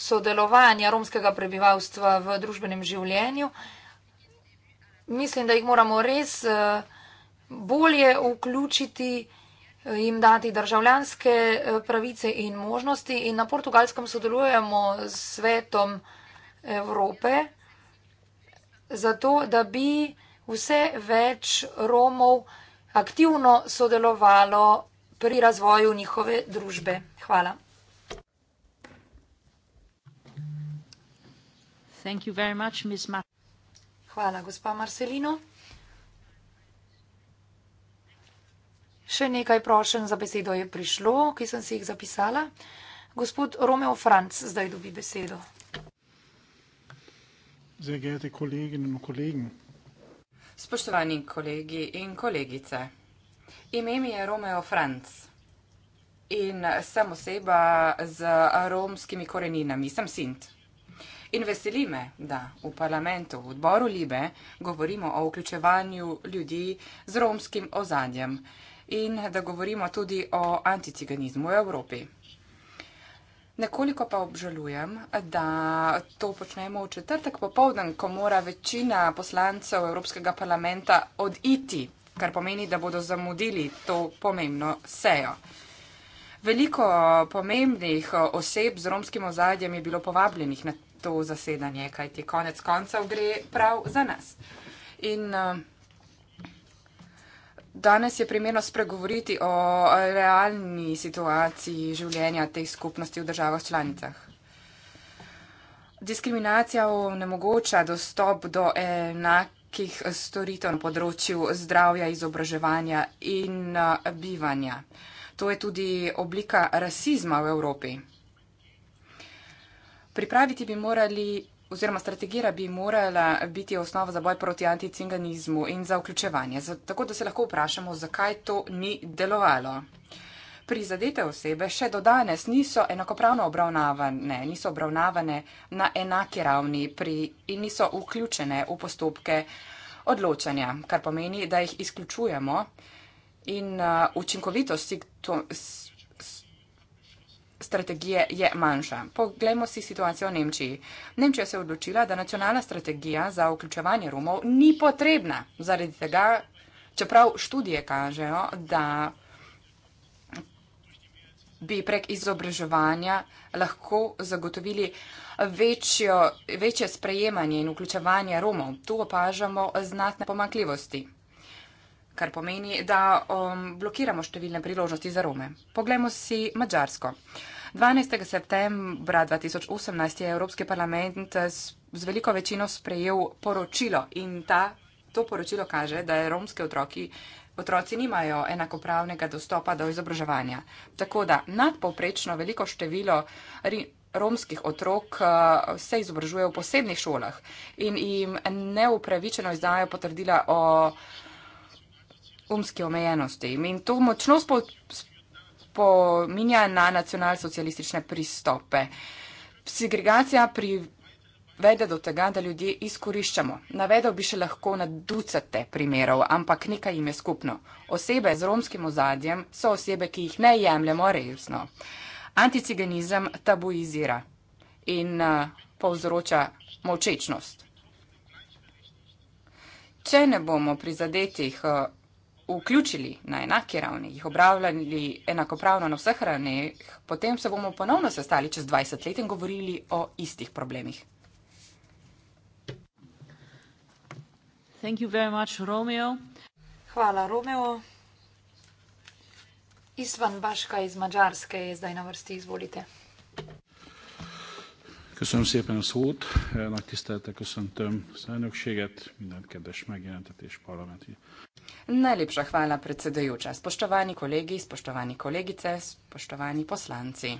D: sodelovanja romskega prebivalstva v družbenem življenju. Mislim, da jih moramo res. Eh, bolje vključiti, eh, jim dati državljanske eh, pravice in možnosti. In na portugalskem sodelujemo s svetom Evrope, zato da bi vse več Romov aktivno sodelovalo pri razvoju njihove družbe. Hvala. Hvala, gospa Marcelino. Še nekaj prošen za besedo je prišlo, ki sem si jih zapisala. Gospod Romeo Franc zdaj dobi besedo.
E: Zagete kolegi in kolegi.
D: Spoštovani
A: kolegi in kolegice, ime mi je Romeo Franc in sem oseba z romskimi koreninami, sem sint. In veseli me, da v parlamentu, v odboru Libe, govorimo o vključevanju ljudi z romskim ozadjem in da govorimo tudi o anticiganizmu v Evropi. Nekoliko pa obžalujem, da to počnemo v četrtek popovdan, ko mora večina poslancev Evropskega parlamenta oditi, kar pomeni, da bodo zamudili to pomembno sejo. Veliko pomembnih oseb z romskim ozadjem je bilo povabljenih na to zasedanje, kajti konec koncev gre prav za nas. In uh, Danes je primerno spregovoriti o realni situaciji življenja teh skupnosti v državah članicah. Diskriminacija onemogoča dostop do enakih storitev na področju zdravja, izobraževanja in bivanja. To je tudi oblika rasizma v Evropi. Pripraviti bi morali oziroma strategija bi morala biti osnova za boj proti anticinganizmu in za vključevanje. Tako da se lahko vprašamo, zakaj to ni delovalo. Prizadete osebe še do danes niso enakopravno obravnavane, niso obravnavane na enaki ravni pri, in niso vključene v postopke odločanja, kar pomeni, da jih izključujemo in uh, učinkovitost strategije je manjša. Poglejmo si situacijo v Nemčiji. Nemčija se je odločila, da nacionalna strategija za vključevanje Romov ni potrebna. Zaradi tega, čeprav študije kažejo, da bi prek izobraževanja lahko zagotovili večjo, večje sprejemanje in vključevanje Romov. Tu opažamo znatne pomankljivosti kar pomeni, da um, blokiramo številne priložnosti za Rome. Poglejmo si Mačarsko. 12. septembra 2018 je Evropski parlament z, z veliko večino sprejel poročilo in ta, to poročilo kaže, da je romske otroki. Otroci nimajo enakopravnega dostopa do izobraževanja. Tako da nadpovprečno veliko število romskih otrok uh, se izobražuje v posebnih šolah in jim neupravičeno izdajo potrdila o umske omejenosti. In to močno spominja na nacionalsocialistične pristope. Segregacija privede do tega, da ljudje izkoriščamo. Navedel bi še lahko na ducate primerov, ampak nekaj jim je skupno. Osebe z romskim ozadjem so osebe, ki jih ne jemljemo resno. Anticiganizem tabuizira in uh, povzroča molčečnost. Če ne bomo prizadetih uh, vključili na enaki ravni, jih obravljali enakopravno na vseh ravneh, potem se bomo ponovno sestali čez 20 let in govorili o istih problemih.
D: Much, Romeo. Hvala, Romeo. Istvan Baška iz Mačarske je zdaj na vrsti, izvolite.
B: Köszönöm szépen a szót, nagy tisztelettel köszöntöm az elnökséget, minden kedves megjelentetés parlamenti.
A: Najlepša hvala, predsedujoča. Spoštovani kolegi, spoštovani kolegice, spoštovani poslanci.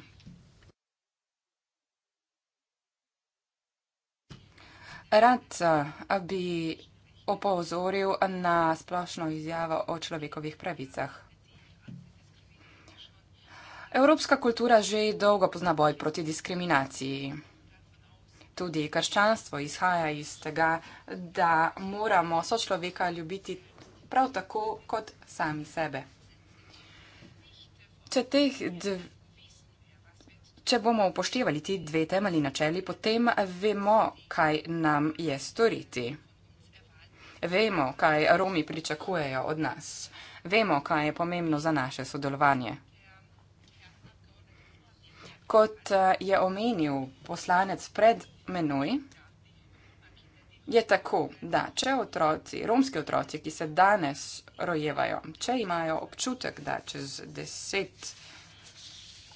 A: Rad eh, bi opozoril na splošno izjavo o človekovih pravicah. Evropska kultura že dolgo pozna boj proti diskriminaciji. Tudi krščanstvo izhaja iz tega, da moramo sočloveka ljubiti prav tako kot sami sebe. Če, dv... Če bomo upoštevali ti dve temeljni načeli, potem vemo, kaj nam je storiti. Vemo, kaj Romi pričakujejo od nas. Vemo, kaj je pomembno za naše sodelovanje. Kot eh, je omenil poslanec pred menoj, Je tako, da če otroci, romski otroci, ki se danes rojevajo, če imajo občutek, da čez deset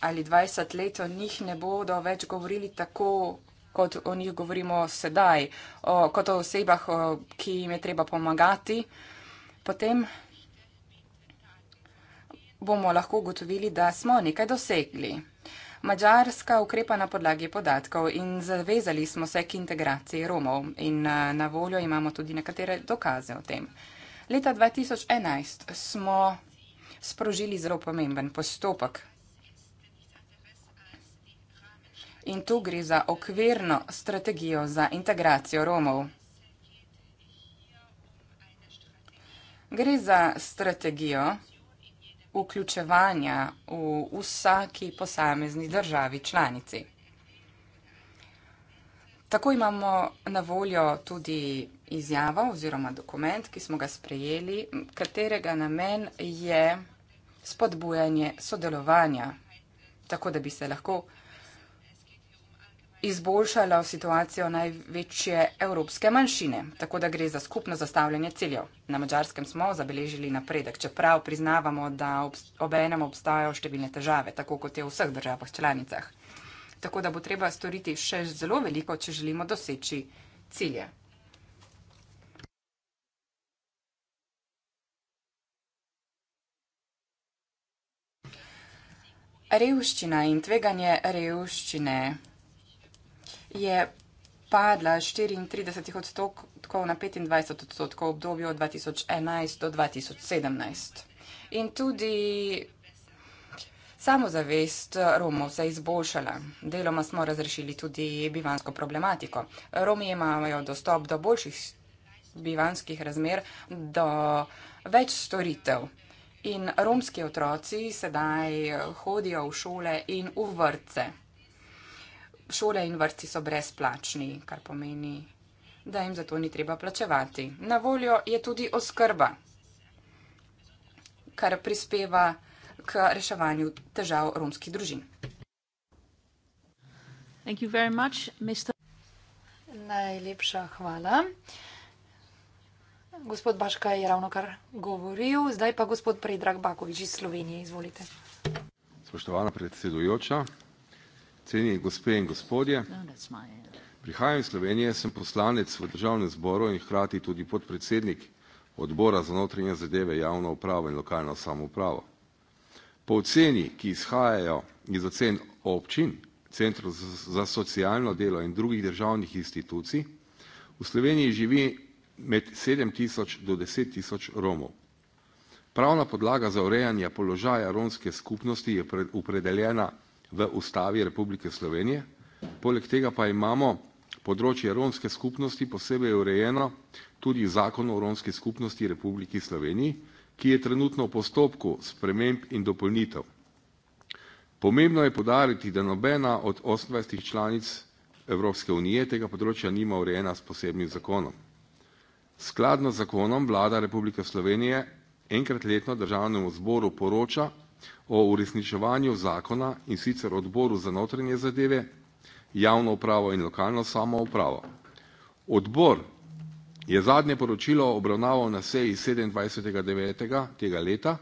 A: ali dvajset let o njih ne bodo več govorili tako, kot o njih govorimo sedaj, o, kot o osebah, o, ki jim je treba pomagati, potem bomo lahko ugotovili, da smo nekaj dosegli. Mačarska ukrepa na podlagi podatkov in zavezali smo se k integraciji Romov in eh, na voljo imamo tudi nekatere dokaze o tem. Leta 2011 smo sprožili zelo pomemben postopek in tu gre za okvirno strategijo za integracijo Romov. Gre za strategijo, ki je vsega, vključevanja v vsaki posamezni državi članici. Tako imamo na voljo tudi izjavo oziroma dokument, ki smo ga sprejeli, katerega namen je spodbujanje sodelovanja, tako da bi se lahko izboljšalo situacijo največje evropske manjšine, tako da gre za skupno zastavljanje ciljev. Na mačarskem smo zabeležili napredek, čeprav priznavamo, da obenem obstajajo številne težave, tako kot je v vseh državah članicah. Tako da bo treba storiti še zelo veliko, če želimo doseči cilje. Revščina in tveganje revščine je padla 34 odstotkov na 25 odstotkov v obdobju od 2011 do 2017. In tudi samozavest Romov se je izboljšala. Deloma smo razrešili tudi bivansko problematiko. Romi imajo dostop do boljših bivanskih razmer, do več storitev. In romski otroci sedaj hodijo v šole in v vrtce šole in vrtci so brezplačni, kar pomeni, da jim za to ni treba plačevati. Na voljo je tudi oskrba, kar prispeva k reševanju težav romskih
D: družin. Much, Mr... Najlepša hvala. Gospod Baška je ravno kar govoril, zdaj pa gospod Predrag Bakovič iz Slovenije. Izvolite.
E: Spoštovana predsedujoča, Cenjeni gospe in gospodje, no, uh, prihajam iz Slovenije, sem poslanec v državnem zboru in hkrati tudi podpredsednik odbora za notranje zadeve, javno upravo in lokalno samoupravo. Po oceni, ki izhajajo iz ocen občin, centrov za socialno delo in drugih državnih institucij, v Sloveniji živi med sedem tisoč do deset tisoč Romov. Pravna podlaga za urejanje položaja romske skupnosti je opredeljena v Ustavi Republike Slovenije. Poleg tega pa imamo področje romske skupnosti posebej urejeno tudi Zakon o romski skupnosti Republiki Sloveniji, ki je trenutno v postopku sprememb in dopolnitev. Pomembno je podariti, da nobena od 28 članic Evropske unije tega področja nima urejena s posebnim zakonom. Skladno z zakonom vlada Republike Slovenije enkrat letno državnemu zboru poroča o uresničevanju zakona in sicer odboru za notranje zadeve, javno upravo in lokalno samoupravo. Odbor je zadnje poročilo obravnaval na seji 27. 9. tega leta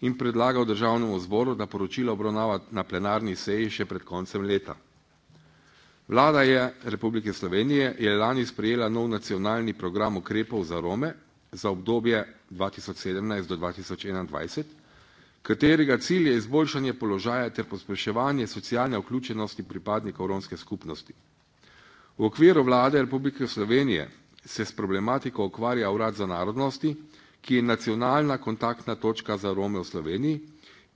E: in predlagal državnemu zboru, da poročilo obravnava na plenarni seji še pred koncem leta. Vlada je Republike Slovenije je lani sprejela nov nacionalni program ukrepov za Rome za obdobje 2017 do 2021, katerega cilj je izboljšanje položaja ter pospeševanje socialne vključenosti pripadnikov romske skupnosti. V okviru Vlade Republike Slovenije se s problematiko ukvarja Urad za narodnosti, ki je nacionalna kontaktna točka za Rome v Sloveniji,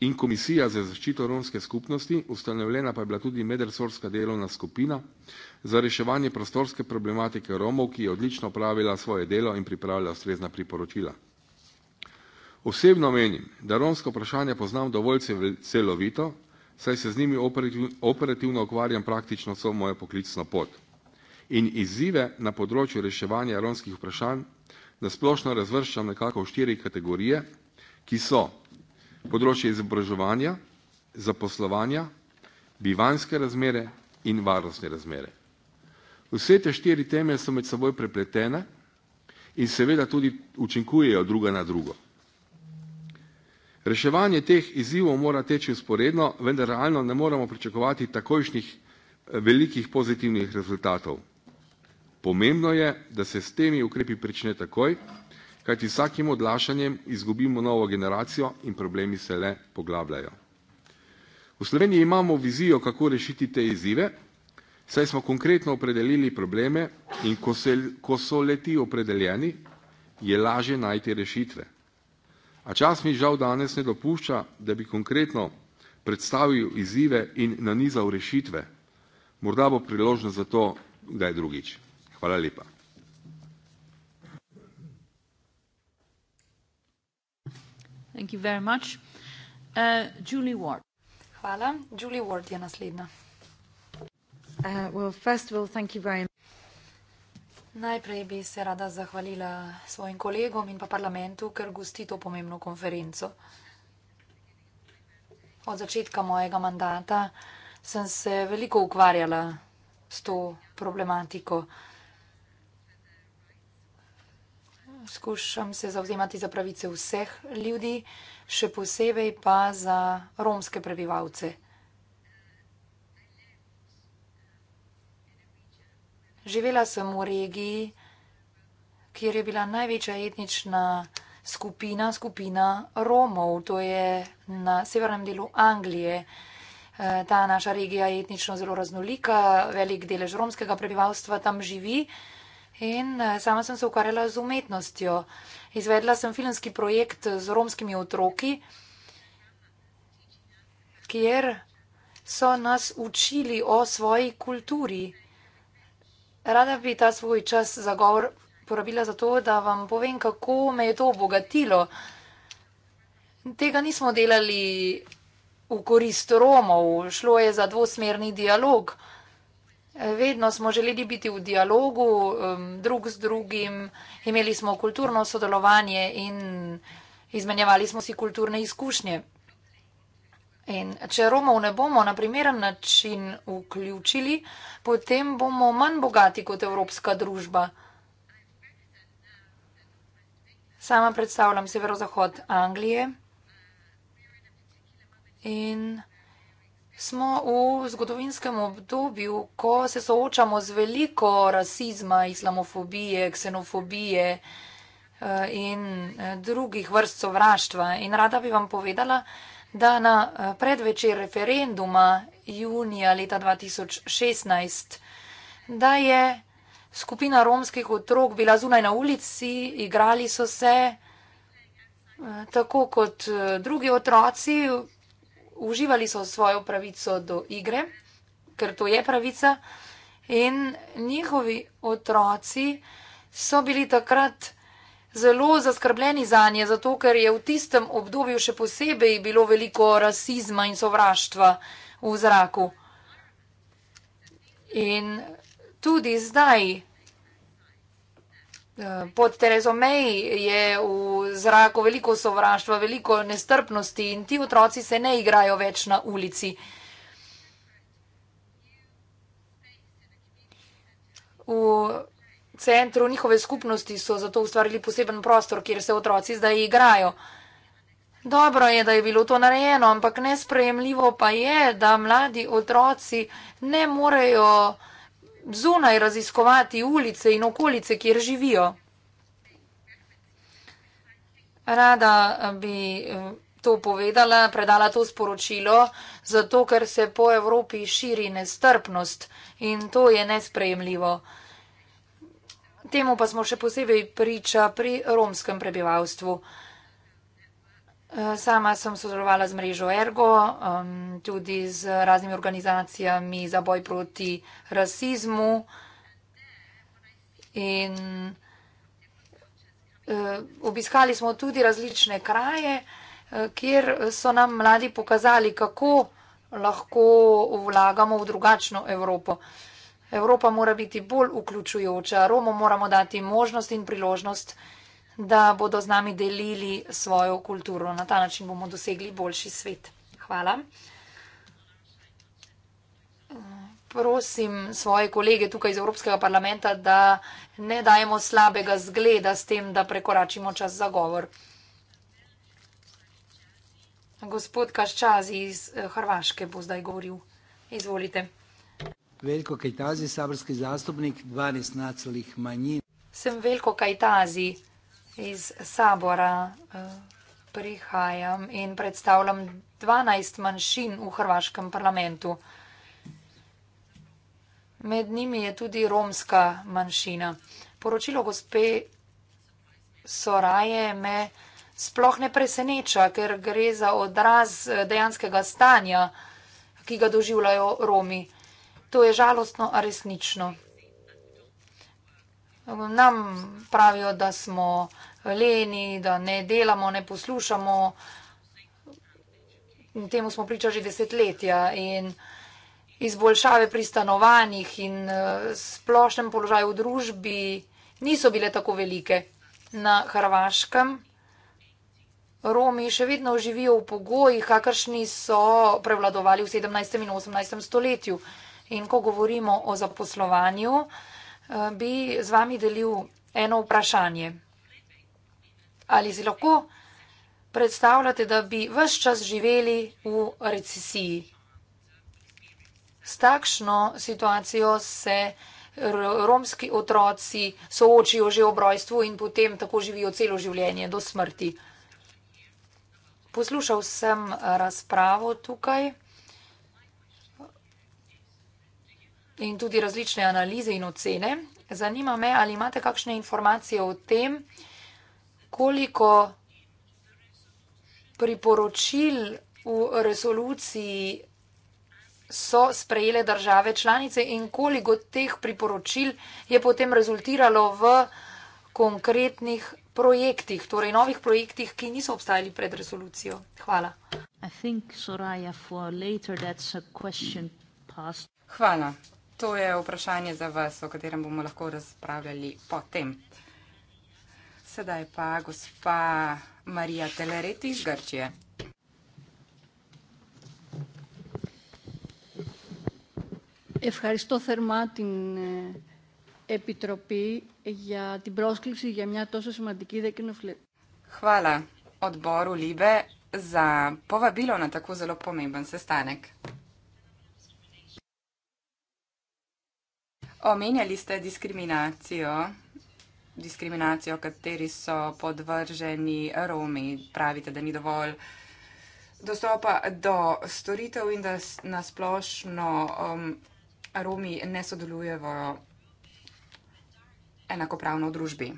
E: in Komisija za zaščito romske skupnosti, ustanovljena pa je bila tudi medresorska delovna skupina za reševanje prostorske problematike Romov, ki je odlično opravila svoje delo in pripravila ustrezna priporočila. Osebno menim, da romsko vprašanje poznam dovolj celovito, saj se z njimi operativno ukvarjam praktično vso mojo poklicno pot. In izzive na področju reševanja romskih vprašanj nasplošno razvrščam nekako v štiri kategorije, ki so področje izobraževanja, zaposlovanja, bivanske razmere in varnostne razmere. Vse te štiri teme so med seboj prepletene in seveda tudi učinkujejo druga na drugo. Reševanje teh izzivov mora teči usporedno, vendar realno ne moremo pričakovati takojšnjih eh, velikih pozitivnih rezultatov. Pomembno je, da se s temi ukrepi prične takoj, kajti vsakim odlašanjem izgubimo novo generacijo in problemi se le poglabljajo. V Sloveniji imamo vizijo, kako rešiti te izzive, saj smo konkretno opredelili probleme in ko, se, ko so leti opredeljeni, je lažje najti rešitve. A čas mi žal danes ne dopušča, da bi konkretno predstavil izzive in nanizal rešitve. Morda bo priložnost za to, da je drugič. Hvala lepa.
D: Thank you very much. Uh, Julie Ward. Hvala. Julie Ward je naslednja. Uh, well, first of all, thank you very Najprej bi se rada zahvalila svojim kolegom in pa parlamentu, ker gosti to pomembno konferenco. Od začetka mojega mandata sem se veliko ukvarjala s to problematiko. Skušam se zavzemati za pravice vseh ljudi, še posebej pa za romske prebivalce. Živela sem v regiji, kjer je bila največja etnična skupina, skupina Romov, to je na severnem delu Anglije. Eh, ta naša regija je etnično zelo raznolika, velik delež romskega prebivalstva tam živi in eh, sama sem se ukvarjala z umetnostjo. Izvedla sem filmski projekt z romskimi otroki, kjer so nas učili o svoji kulturi. Rada bi ta svoj čas za govor porabila za to, da vam povem, kako me je to obogatilo. Tega nismo delali v korist Romov, šlo je za dvosmerni dialog. Vedno smo želeli biti v dialogu um, drug z drugim, imeli smo kulturno sodelovanje in izmenjevali smo si kulturne izkušnje. In če Romov ne bomo na primeren način vključili, potem bomo manj bogati kot evropska družba. Sama predstavljam severozahod Anglije in smo v zgodovinskem obdobju, ko se soočamo z veliko rasizma, islamofobije, ksenofobije eh, in eh, drugih vrst sovraštva. In rada bi vam povedala, da da na eh, predvečer referenduma junija leta 2016, da je skupina romskih otrok bila zunaj na ulici, igrali so se eh, tako kot eh, drugi otroci, uživali so svojo pravico do igre, ker to je pravica, in njihovi otroci so bili takrat zelo zaskrbljeni za nje, zato ker je v tistem obdobju še posebej bilo veliko rasizma in sovraštva v zraku. In tudi zdaj, eh, pod Terezo Mej, je v zraku veliko sovraštva, veliko nestrpnosti in ti otroci se ne igrajo več na ulici. V centru njihove skupnosti so zato ustvarili poseben prostor, kjer se otroci zdaj igrajo. Dobro je, da je bilo to narejeno, ampak nesprejemljivo pa je, da mladi otroci ne morejo zunaj raziskovati ulice in okolice, kjer živijo. Rada bi eh, to povedala, predala to sporočilo, zato ker se po Evropi širi nestrpnost in to je nesprejemljivo. Temu pa smo še posebej priča pri romskem prebivalstvu. Eh, sama sem sodelovala z mrežo Ergo, tudi z raznimi organizacijami za boj proti rasizmu in eh, obiskali smo tudi različne kraje, eh, kjer so nam mladi pokazali, kako lahko vlagamo v drugačno Evropo. Evropa mora biti bolj vključujoča, Romom moramo dati možnost in priložnost, da bodo z nami delili svojo kulturo. Na ta način bomo dosegli boljši svet. Hvala. Prosim svoje kolege tukaj iz Evropskega parlamenta, da ne dajemo slabega zgleda s tem, da prekoračimo čas za govor. Gospod Kaščazi iz eh, Hrvaške bo zdaj govoril. Izvolite.
E: Veljko Kajtazi, saborski zastupnik 12 nacionalnih manjin.
D: Sem Veljko Kajtazi iz sabora. Eh, prihajam in predstavljam 12 manjšin v hrvaškem parlamentu. Med njimi je tudi romska manjšina. Poročilo gospe Soraje me sploh ne preseneča, ker gre za odraz eh, dejanskega stanja, ki ga doživljajo Romi. To je žalostno, a resnično. Nam pravijo, da smo leni, da ne delamo, ne poslušamo. Temu smo priča že desetletja in izboljšave pri stanovanjih in eh, splošnem položaju v družbi niso bile tako velike. Na Hrvaškem Romi še vedno živijo v pogojih, kakršni so prevladovali v 17. in 18. stoletju. In ko govorimo o zaposlovanju, eh, bi z vami delil eno vprašanje. Ali si lahko predstavljate, da bi vse čas živeli v recesiji? S takšno situacijo se eh, romski otroci soočijo že ob rojstvu in potem tako živijo celo življenje do smrti. Poslušal sem eh, razpravo tukaj. in tudi različne analize in ocene. Zanima me, ali imate kakšne informacije o tem, koliko priporočil v resoluciji so sprejele države članice in koliko teh priporočil je potem rezultiralo v konkretnih projektih, torej novih projektih, ki niso obstajali pred resolucijo.
B: Hvala. Think, Soraya,
A: Hvala. To je vprašanje za vas, o katerem bomo lahko razpravljali potem. Sedaj pa gospa Marija Telereti iz Grčije.
D: Ευχαριστώ θερμά την Επιτροπή για την πρόσκληση για μια τόσο σημαντική δεκνοφλετή.
A: Χαλά, οδπόρου Λίβε, για να τακού ζελό πόμιμπαν σε στάνεκ. Omenjali ste diskriminacijo, diskriminacijo, kateri so podvrženi Romi. Pravite, da ni dovolj dostopa do storitev in da nasplošno um, Romi ne sodelujejo enakopravno v družbi.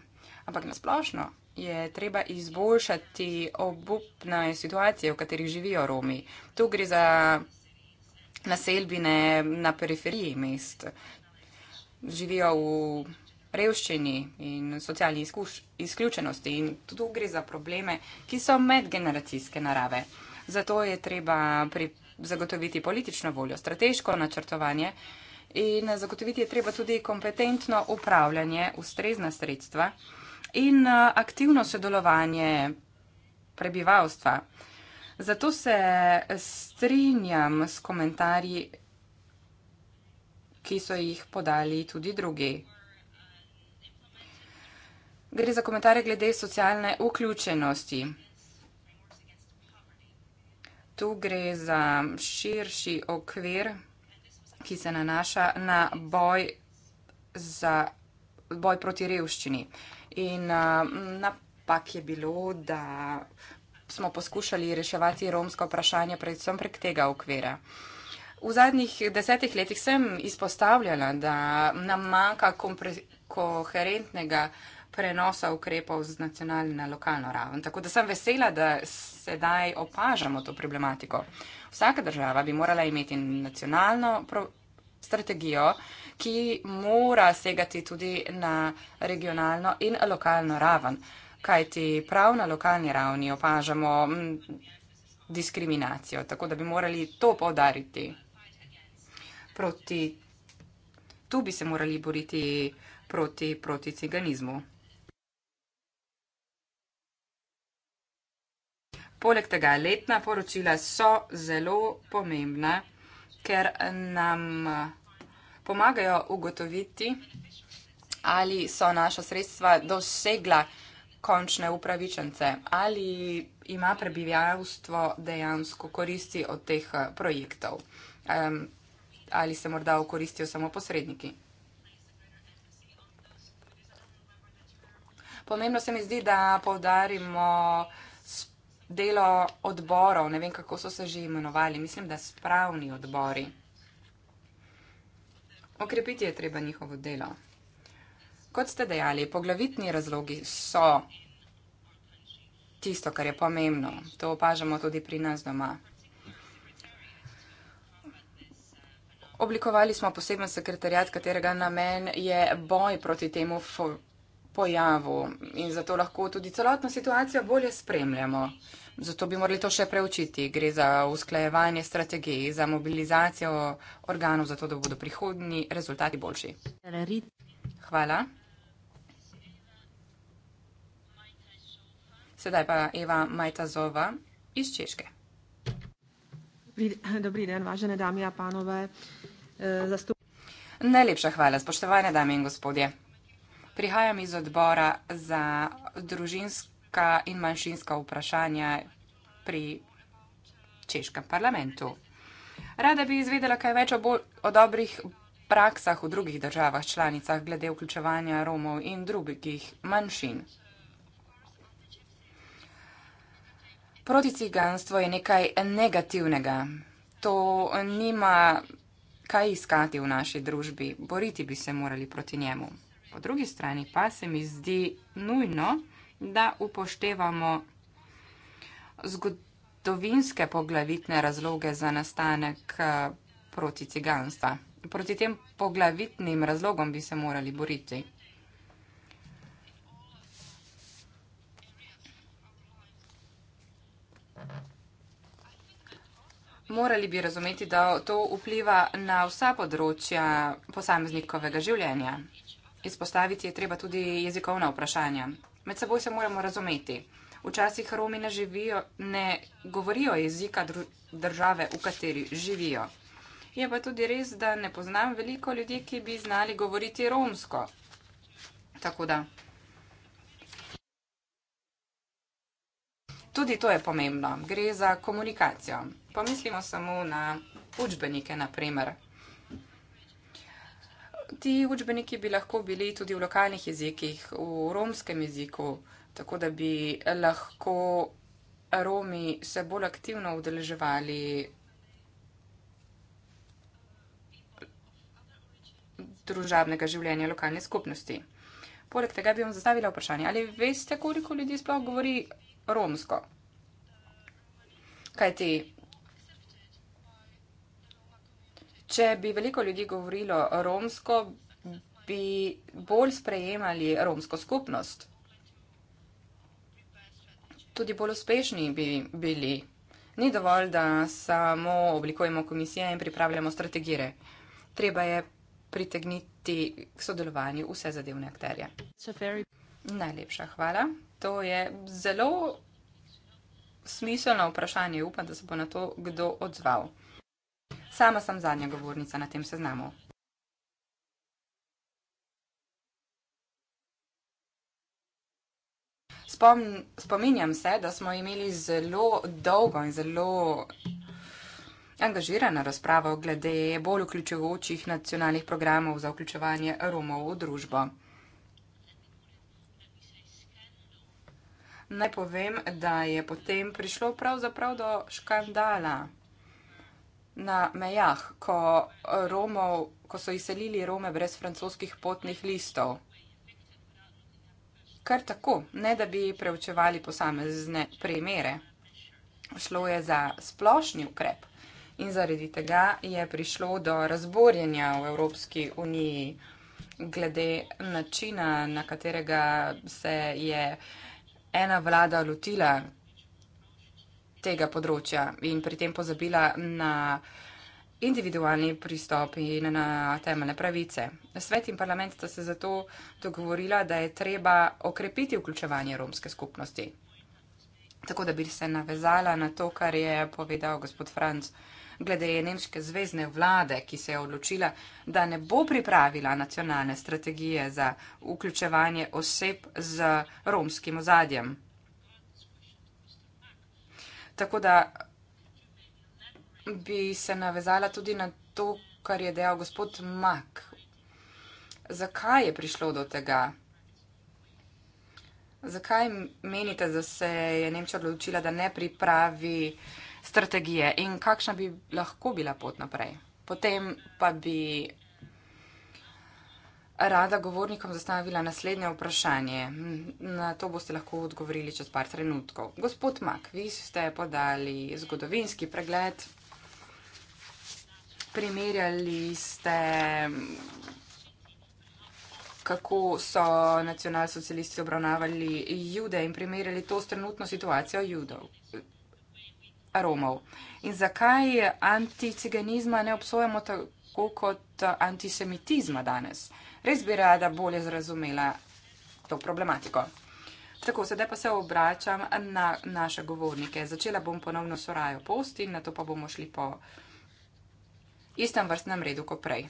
A: Ampak nasplošno je treba izboljšati obupne situacije, v katerih živijo Romi. Tu gre za naselbine na periferiji mest živijo v revščini in socialni izkuš, izključenosti. In tu gre za probleme, ki so medgeneracijske narave. Zato je treba pri, zagotoviti politično voljo, strateško načrtovanje in zagotoviti je treba tudi kompetentno upravljanje, ustrezna sredstva in aktivno sodelovanje prebivalstva. Zato se strinjam s komentarji ki so jih podali tudi drugi. Gre za komentarje glede socialne vključenosti. Tu gre za širši okvir, ki se nanaša na boj, za, boj proti revščini. In napak je bilo, da smo poskušali reševati romsko vprašanje predvsem prek tega okvira. V zadnjih desetih letih sem izpostavljala, da nam manjka koherentnega prenosa ukrepov z nacionalne na lokalno raven. Tako da sem vesela, da sedaj opažamo to problematiko. Vsaka država bi morala imeti nacionalno strategijo, ki mora segati tudi na regionalno in lokalno raven, kajti prav na lokalni ravni opažamo mm, diskriminacijo, tako da bi morali to podariti proti, tu bi se morali boriti proti, proti ciganizmu. Poleg tega letna poročila so zelo pomembna, ker nam pomagajo ugotoviti, ali so naša sredstva dosegla končne upravičence, ali ima prebivalstvo dejansko koristi od teh eh, projektov ali se morda okoristijo samo posredniki. Pomembno se mi zdi, da povdarimo delo odborov, ne vem, kako so se že imenovali, mislim, da spravni odbori. Okrepiti je treba njihovo delo. Kot ste dejali, poglavitni razlogi so tisto, kar je pomembno. To opažamo tudi pri nas doma. Oblikovali smo poseben sekretarjat, katerega namen je boj proti temu pojavu in zato lahko tudi celotno situacijo bolje spremljamo. Zato bi morali to še preučiti. Gre za usklajevanje strategij, za mobilizacijo organov, zato da bodo prihodni rezultati boljši. Hvala. Sedaj pa Eva Majtazova iz Češke. Dobri den, važene dame in panove. Najlepša hvala, spoštovane dame in gospodje. Prihajam iz odbora za družinska in manjšinska vprašanja pri Češkem parlamentu. Rada bi izvedela kaj več o, o dobrih praksah v drugih državah članicah glede vključevanja Romov in drugih manjšin. Proticiganstvo je nekaj negativnega. To nima kaj iskati v naši družbi, boriti bi se morali proti njemu. Po drugi strani pa se mi zdi nujno, da upoštevamo zgodovinske poglavitne razloge za nastanek eh, proti ciganstva. Proti tem poglavitnim razlogom bi se morali boriti. morali bi razumeti, da to vpliva na vsa področja posameznikovega življenja. Izpostaviti je treba tudi jezikovna vprašanja. Med seboj se moramo razumeti. Včasih Romi ne, živijo, ne govorijo jezika države, v kateri živijo. Je pa tudi res, da ne poznam veliko ljudi, ki bi znali govoriti romsko. Tako da. Tudi to je pomembno. Gre za komunikacijo. Pomislimo samo na učbenike, naprimer. Ti učbeniki bi lahko bili tudi v lokalnih jezikih, v romskem jeziku, tako da bi lahko Romi se bolj aktivno udeleževali družabnega življenja lokalne skupnosti. Poleg tega bi vam zastavila vprašanje, ali veste, koliko ljudi sploh govori romsko? Kajti Če bi veliko ljudi govorilo romsko, bi bolj sprejemali romsko skupnost. Tudi bolj uspešni bi bili. Ni dovolj, da samo oblikujemo komisije in pripravljamo strategije. Treba je pritegniti k sodelovanju vse zadevne akterje. Very... Najlepša hvala. To je zelo smiselno vprašanje. Upam, da se bo na to kdo odzval. Sama sem zadnja govornica na tem seznamu. Spom, spominjam se, da smo imeli zelo dolgo in zelo angažirano razpravo glede bolj vključujočih nacionalnih programov za vključevanje Romov v družbo. Naj povem, da je potem prišlo pravzaprav do škandala na mejah, ko, Romov, ko so izselili Rome brez francoskih potnih listov. Kar tako, ne da bi preučevali posamezne primere. Šlo je za splošni ukrep in zaradi tega je prišlo do razborjenja v Evropski uniji glede načina, na katerega se je ena vlada lotila tega področja in pri tem pozabila na individualni pristop in na temeljne pravice. Svet in parlament sta se zato dogovorila, da je treba okrepiti vključevanje romske skupnosti. Tako da bi se navezala na to, kar je povedal gospod Franc glede nemške zvezdne vlade, ki se je odločila, da ne bo pripravila nacionalne strategije za vključevanje oseb z romskim ozadjem. Tako da bi se navezala tudi na to, kar je dejal gospod Mak. Zakaj je prišlo do tega? Zakaj menite, da se je Nemčija odločila, da ne pripravi strategije in kakšna bi lahko bila pot naprej? Potem pa bi rada govornikom zastavila naslednje vprašanje. Hm, na to boste lahko odgovorili čez par trenutkov. Gospod Mak, vi ste podali zgodovinski pregled, primerjali ste, kako so nacionalsocialisti obravnavali jude in primerjali to s trenutno situacijo judov. Romov. In zakaj anticiganizma ne obsojamo tako kot antisemitizma danes? Uh, res bi rada bolje razumela to problematiko. Tako, sedaj pa se obračam na naše govornike. Začela bom ponovno s Rajo Post in na to pa bomo šli po istem vrstnem redu kot prej.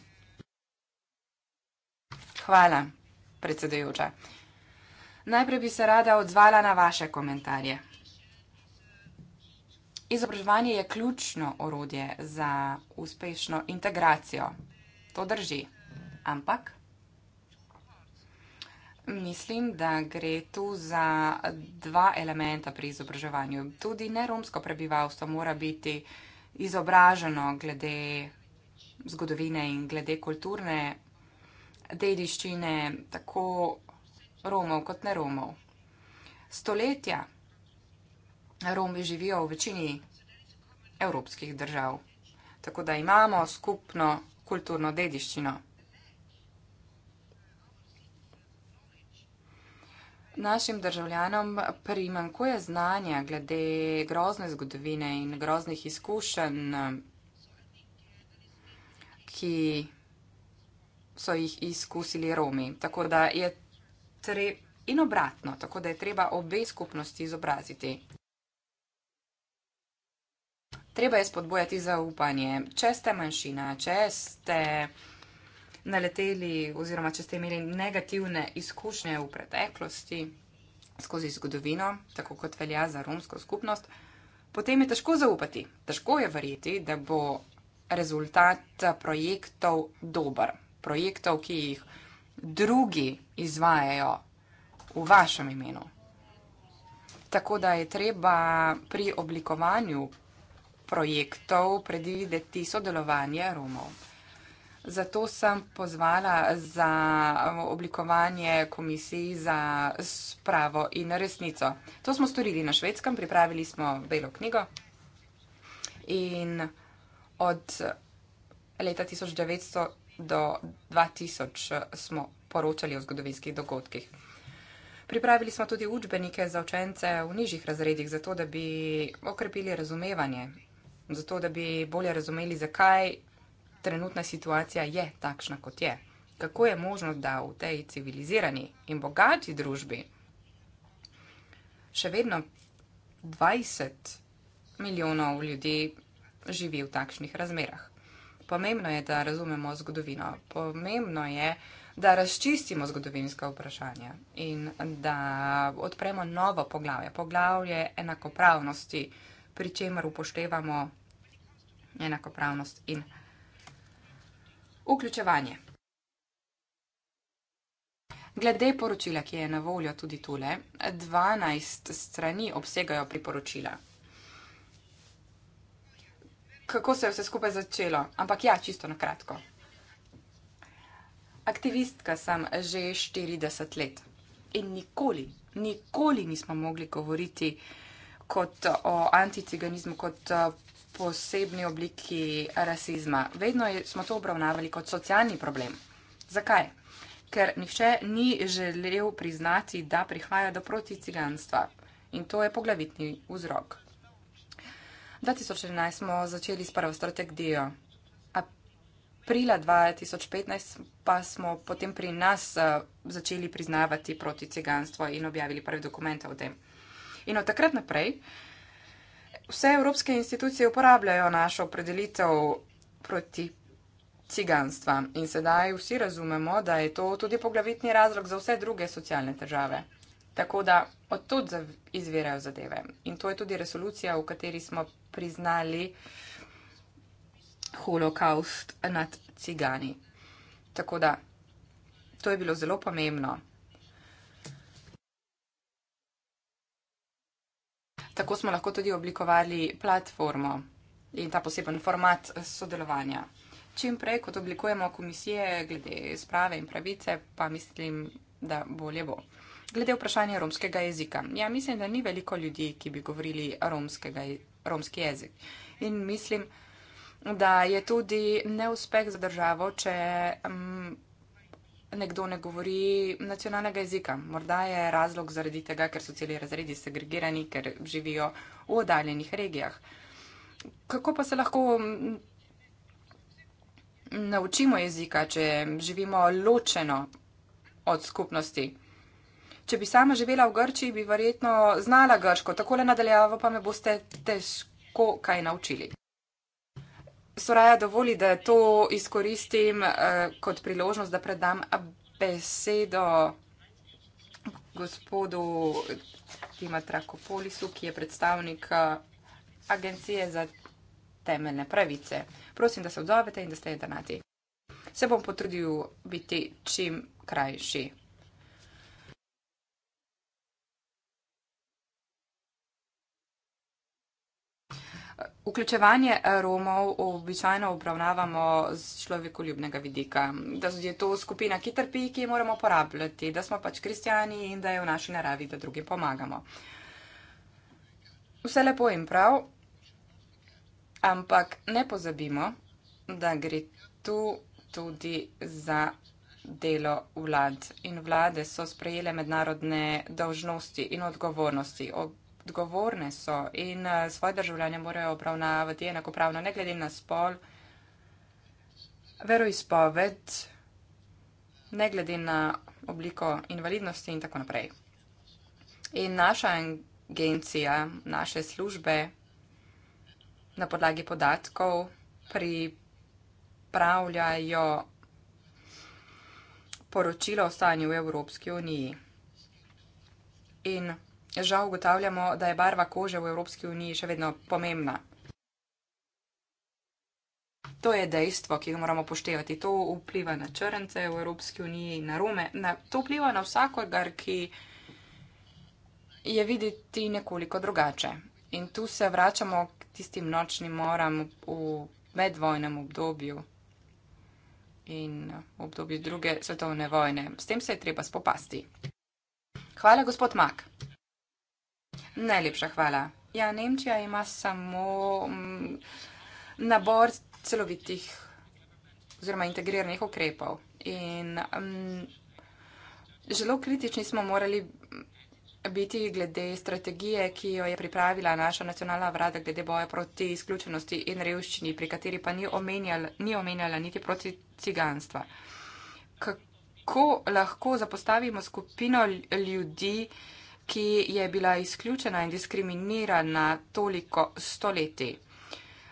A: Hvala, predsedujoča. Najprej bi se rada odzvala na vaše komentarje. Izobraževanje je ključno orodje za uspešno integracijo. To drži. Ampak mislim, da gre tu za dva elementa pri izobraževanju. Tudi neromsko prebivalstvo mora biti izobraženo glede zgodovine in glede kulturne dediščine tako Romov kot neromov. Stoletja Romi živijo v večini evropskih držav, tako da imamo skupno kulturno dediščino. Našim državljanom primankuje znanja glede grozne zgodovine in groznih izkušenj, ki so jih izkusili Romi. Tako da je treba in obratno, tako da je treba obe skupnosti izobraziti. Treba je spodbojati zaupanje. Če ste manjšina, če ste naleteli, oziroma če ste imeli negativne izkušnje v preteklosti skozi zgodovino, tako kot velja za romsko skupnost, potem je težko zaupati, težko je verjeti, da bo rezultat projektov dober, projektov, ki jih drugi izvajajo v vašem imenu. Tako da je treba pri oblikovanju projektov predvideti sodelovanje Romov. Zato sem pozvala za oblikovanje komisij za spravo in resnico. To smo storili na švedskem, pripravili smo belo knjigo in od leta 1900 do 2000 smo poročali o zgodovinskih dogodkih. Pripravili smo tudi učbenike za učence v nižjih razredih, zato da bi okrepili razumevanje, zato da bi bolje razumeli, zakaj trenutna situacija je takšna, kot je. Kako je možno, da v tej civilizirani in bogati družbi še vedno 20 milijonov ljudi živi v takšnih razmerah? Pomembno je, da razumemo zgodovino, pomembno je, da razčistimo zgodovinska vprašanja in da odpremo novo poglavje, poglavje enakopravnosti, pri čemer upoštevamo enakopravnost in Vključevanje. Glede poročila, ki je na voljo tudi tole, 12 strani obsegajo priporočila. Kako se je vse skupaj začelo? Ampak ja, čisto na kratko. Aktivistka sem že 40 let in nikoli, nikoli nismo mogli govoriti kot o anticiganizmu, kot posebni obliki rasizma. Vedno je, smo to obravnavali kot socialni problem. Zakaj? Ker nihče ni želel priznati, da prihaja do proticiganstva in to je poglavitni vzrok. 2014 smo začeli s prvo strategijo. Aprila 2015 pa smo potem pri nas eh, začeli priznavati proticiganstvo in objavili prve dokumente o tem. In od takrat naprej uh, vse evropske institucije uporabljajo našo opredelitev proti ciganstva in sedaj vsi razumemo, da je to tudi poglavitni razlog za vse druge socialne težave. Tako da od tu izvirajo zadeve. In to je tudi resolucija, v kateri smo priznali holokaust nad cigani. Tako da to je bilo zelo pomembno. tako smo lahko tudi oblikovali platformo in ta poseben format sodelovanja. Čim prej, kot oblikujemo komisije glede sprave in pravice, pa mislim, da bolje bo. Glede vprašanja romskega jezika. Ja, mislim, da ni veliko ljudi, ki bi govorili romski jezik. In mislim, da je tudi neuspeh za državo, če um, nekdo ne govori nacionalnega jezika. Morda je razlog zaradi tega, ker so celi razredi segregirani, ker živijo v oddaljenih regijah. Kako pa se lahko naučimo jezika, če živimo ločeno od skupnosti? Če bi sama živela v Grčiji, bi verjetno znala grško. Takole nadaljavo pa me boste težko kaj naučili. Soraja dovoli, da to izkoristim uh, kot priložnost, da predam besedo gospodu Tima Trakopolisu, ki je predstavnik eh, Agencije za temeljne pravice. Prosim, da se odzovete in da ste jedanati. Se bom potrudil biti čim krajši. Vključevanje eh, Romov običajno obravnavamo z človekoljubnega vidika, da je to skupina, ki trpi, ki moramo uporabljati, da smo pač kristijani in da je v naši naravi, da drugim pomagamo. Vse lepo in prav, ampak ne pozabimo, da gre tu tudi za delo vlad. In vlade so sprejele mednarodne dolžnosti in odgovornosti. Ob odgovorne so in eh, svoje državljanje morajo obravnavati enakopravno, ne glede na spol, veroizpoved, ne glede na obliko invalidnosti in tako naprej. In naša agencija, naše službe na podlagi podatkov pripravljajo poročilo o stanju v Evropski uniji. In žal ugotavljamo, da je barva kože v Evropski uniji še vedno pomembna. To je dejstvo, ki ga moramo poštevati. To vpliva na črnce v Evropski uniji, na Rome. Na, to vpliva na vsakogar, ki je videti nekoliko drugače. In tu se vračamo k tistim nočnim moram v medvojnem obdobju in v obdobju druge svetovne vojne. S tem se je treba spopasti. Hvala, gospod Mak. Najlepša hvala. Ja, Nemčija ima samo mm, nabor celovitih oziroma integriranih ukrepov. In mm, zelo kritični smo morali biti glede strategije, ki jo je pripravila naša nacionalna vrada glede boja proti izključenosti in revščini, pri kateri pa ni omenjala, ni omenjala niti proti ciganstva. Kako lahko zapostavimo skupino ljudi, ki je bila izključena in diskriminirana toliko stoletij.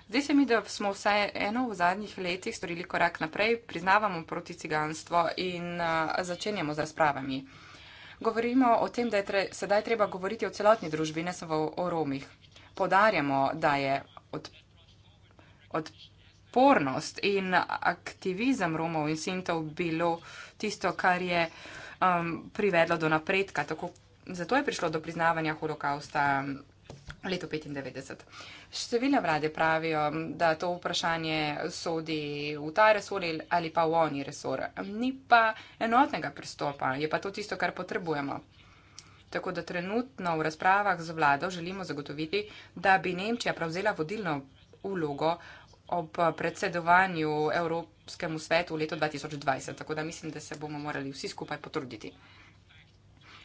A: Zdaj se mi, da smo vse eno v zadnjih letih storili korak naprej, priznavamo proti ciganstvo in uh, začenjamo z razpravami. Govorimo o tem, da je tre, sedaj treba govoriti o celotni družbi, ne samo o Romih. Podarjamo, da je od, odpornost in aktivizem Romov in Sintov bilo tisto, kar je um, privedlo do napredka, tako zato je prišlo do priznavanja holokausta leta 1995. Številne vlade pravijo, da to vprašanje sodi v ta resor ali pa v oni resor. Ni pa enotnega pristopa, je pa to tisto, kar potrebujemo. Tako da trenutno v razpravah z vlado želimo zagotoviti, da bi Nemčija prevzela vodilno ulogo ob predsedovanju Evropskemu svetu v letu 2020. Tako da mislim, da se bomo morali vsi skupaj potruditi.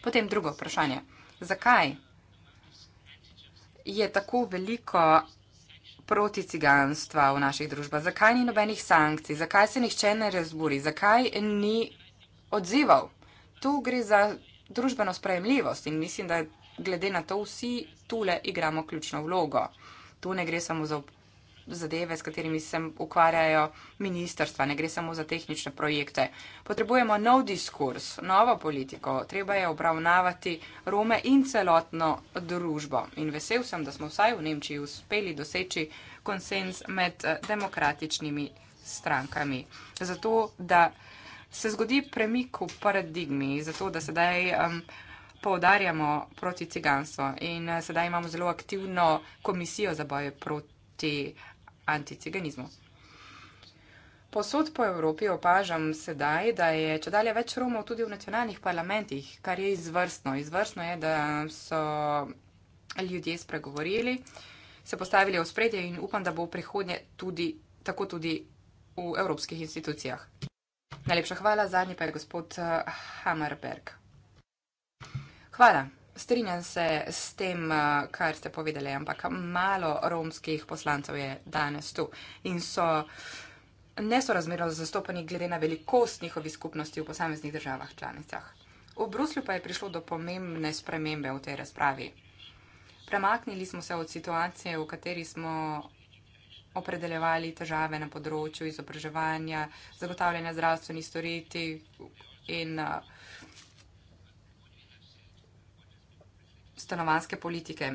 A: Potem drugo vprašanje. Zakaj je tako veliko proti ciganstva v naših družbah? Zakaj ni nobenih sankcij? Zakaj se nihče ne razburi? Zakaj ni odzival? Tu gre za družbeno sprejemljivost in mislim, da glede na to vsi tule igramo ključno vlogo. Tu ne gre samo za zadeve, s katerimi se ukvarjajo ministerstva, ne gre samo za tehnične projekte. Potrebujemo nov diskurs, novo politiko, treba je obravnavati Rome in celotno družbo. In vesel sem, da smo vsaj v Nemčiji uspeli doseči konsens med eh, demokratičnimi strankami. Zato, da se zgodi premik v paradigmi, zato, da sedaj. Um, Poudarjamo proti ciganstvo in eh, sedaj imamo zelo aktivno komisijo za boje proti uh, anticiganizmu. Posod po Evropi opažam sedaj, da je čedalje več Romov tudi v nacionalnih parlamentih, kar je izvrstno. Izvrstno je, da so ljudje spregovorili, se postavili v spredje in upam, da bo v prihodnje tudi, tako tudi v evropskih institucijah. Najlepša hvala, zadnji pa je gospod Hammerberg. Hvala strinjam se s tem, eh, kar ste povedali, ampak malo romskih poslancev je danes tu in so nesorazmerno zastopani glede na velikost njihovih skupnosti v posameznih državah članicah. V Bruslju pa je prišlo do pomembne spremembe v tej razpravi. Premaknili smo se od situacije, v kateri smo opredeljevali težave na področju izobraževanja, zagotavljanja zdravstvenih storitev in eh, stanovanske politike.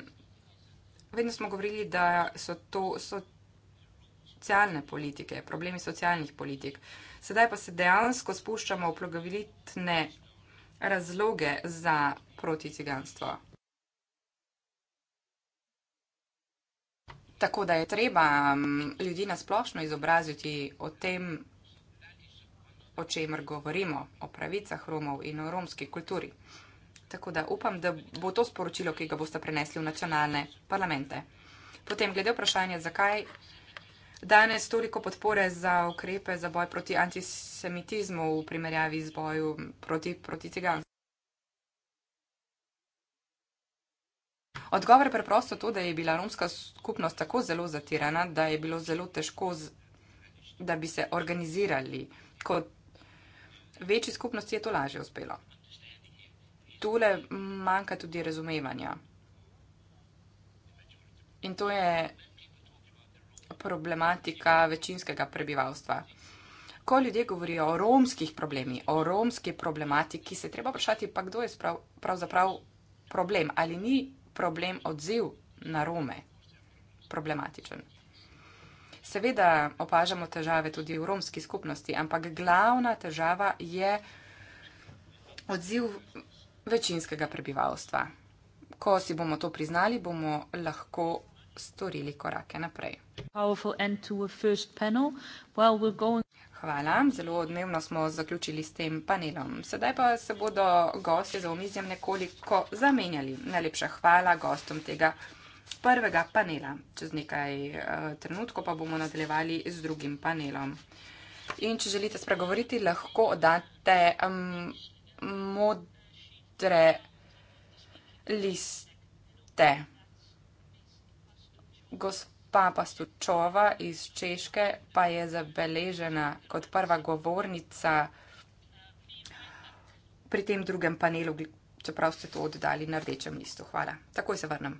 A: Vedno smo govorili, da so to socialne politike, problemi socialnih politik. Sedaj pa se dejansko spuščamo v plogovitne razloge za proticiganstvo. Tako da je treba ljudi nasplošno izobraziti o tem, o čemer govorimo, o pravicah Romov in o romski kulturi. Tako da upam, da bo to sporočilo, ki ga boste prenesli v nacionalne parlamente. Potem glede vprašanja, zakaj danes toliko podpore za ukrepe za boj proti antisemitizmu v primerjavi z boju proti, proti ciganstvu. Odgovor je preprosto to, da je bila romska skupnost tako zelo zatirana, da je bilo zelo težko, z, da bi se organizirali. Kot večji skupnosti je to lažje uspelo tole manjka tudi razumevanja. In to je problematika večinskega prebivalstva. Ko ljudje govorijo o romskih problemih, o romski problematiki, se treba vprašati, pa kdo je pravzaprav problem. Ali ni problem odziv na Rome problematičen? Seveda opažamo težave tudi v romski skupnosti, ampak glavna težava je odziv večinskega prebivalstva. Ko si bomo to priznali, bomo lahko storili korake naprej.
B: Well, going...
A: Hvala, zelo odmevno smo zaključili s tem panelom. Sedaj pa se bodo gostje za omizjem nekoliko zamenjali. Najlepša hvala gostom tega prvega panela. Čez nekaj uh, trenutkov pa bomo nadaljevali z drugim panelom. In če želite spregovoriti, lahko date um, mod tre liste. Gospa Pastučova iz Češke pa je zabeležena kot prva govornica pri tem drugem panelu, čeprav ste to oddali na rdečem listu. Hvala. Takoj se vrnem.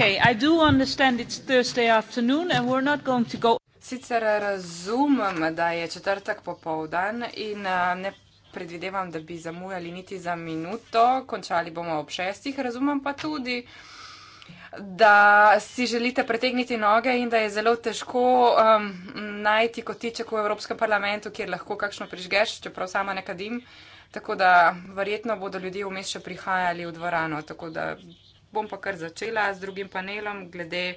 B: Okay, I do understand it's Thursday afternoon and we're not going to go.
A: Sicer razumem, da je četrtek popovdan in eh, ne predvidevam, da bi zamujali niti za minuto, končali bomo ob šestih, razumem pa tudi, da si želite pretegniti noge in da je zelo težko um, najti kotiček v Evropskem parlamentu, kjer lahko kakšno prižgeš, čeprav sama ne kadim. Tako da verjetno bodo ljudje vmes še prihajali v dvorano bom pa kar začela z drugim panelom glede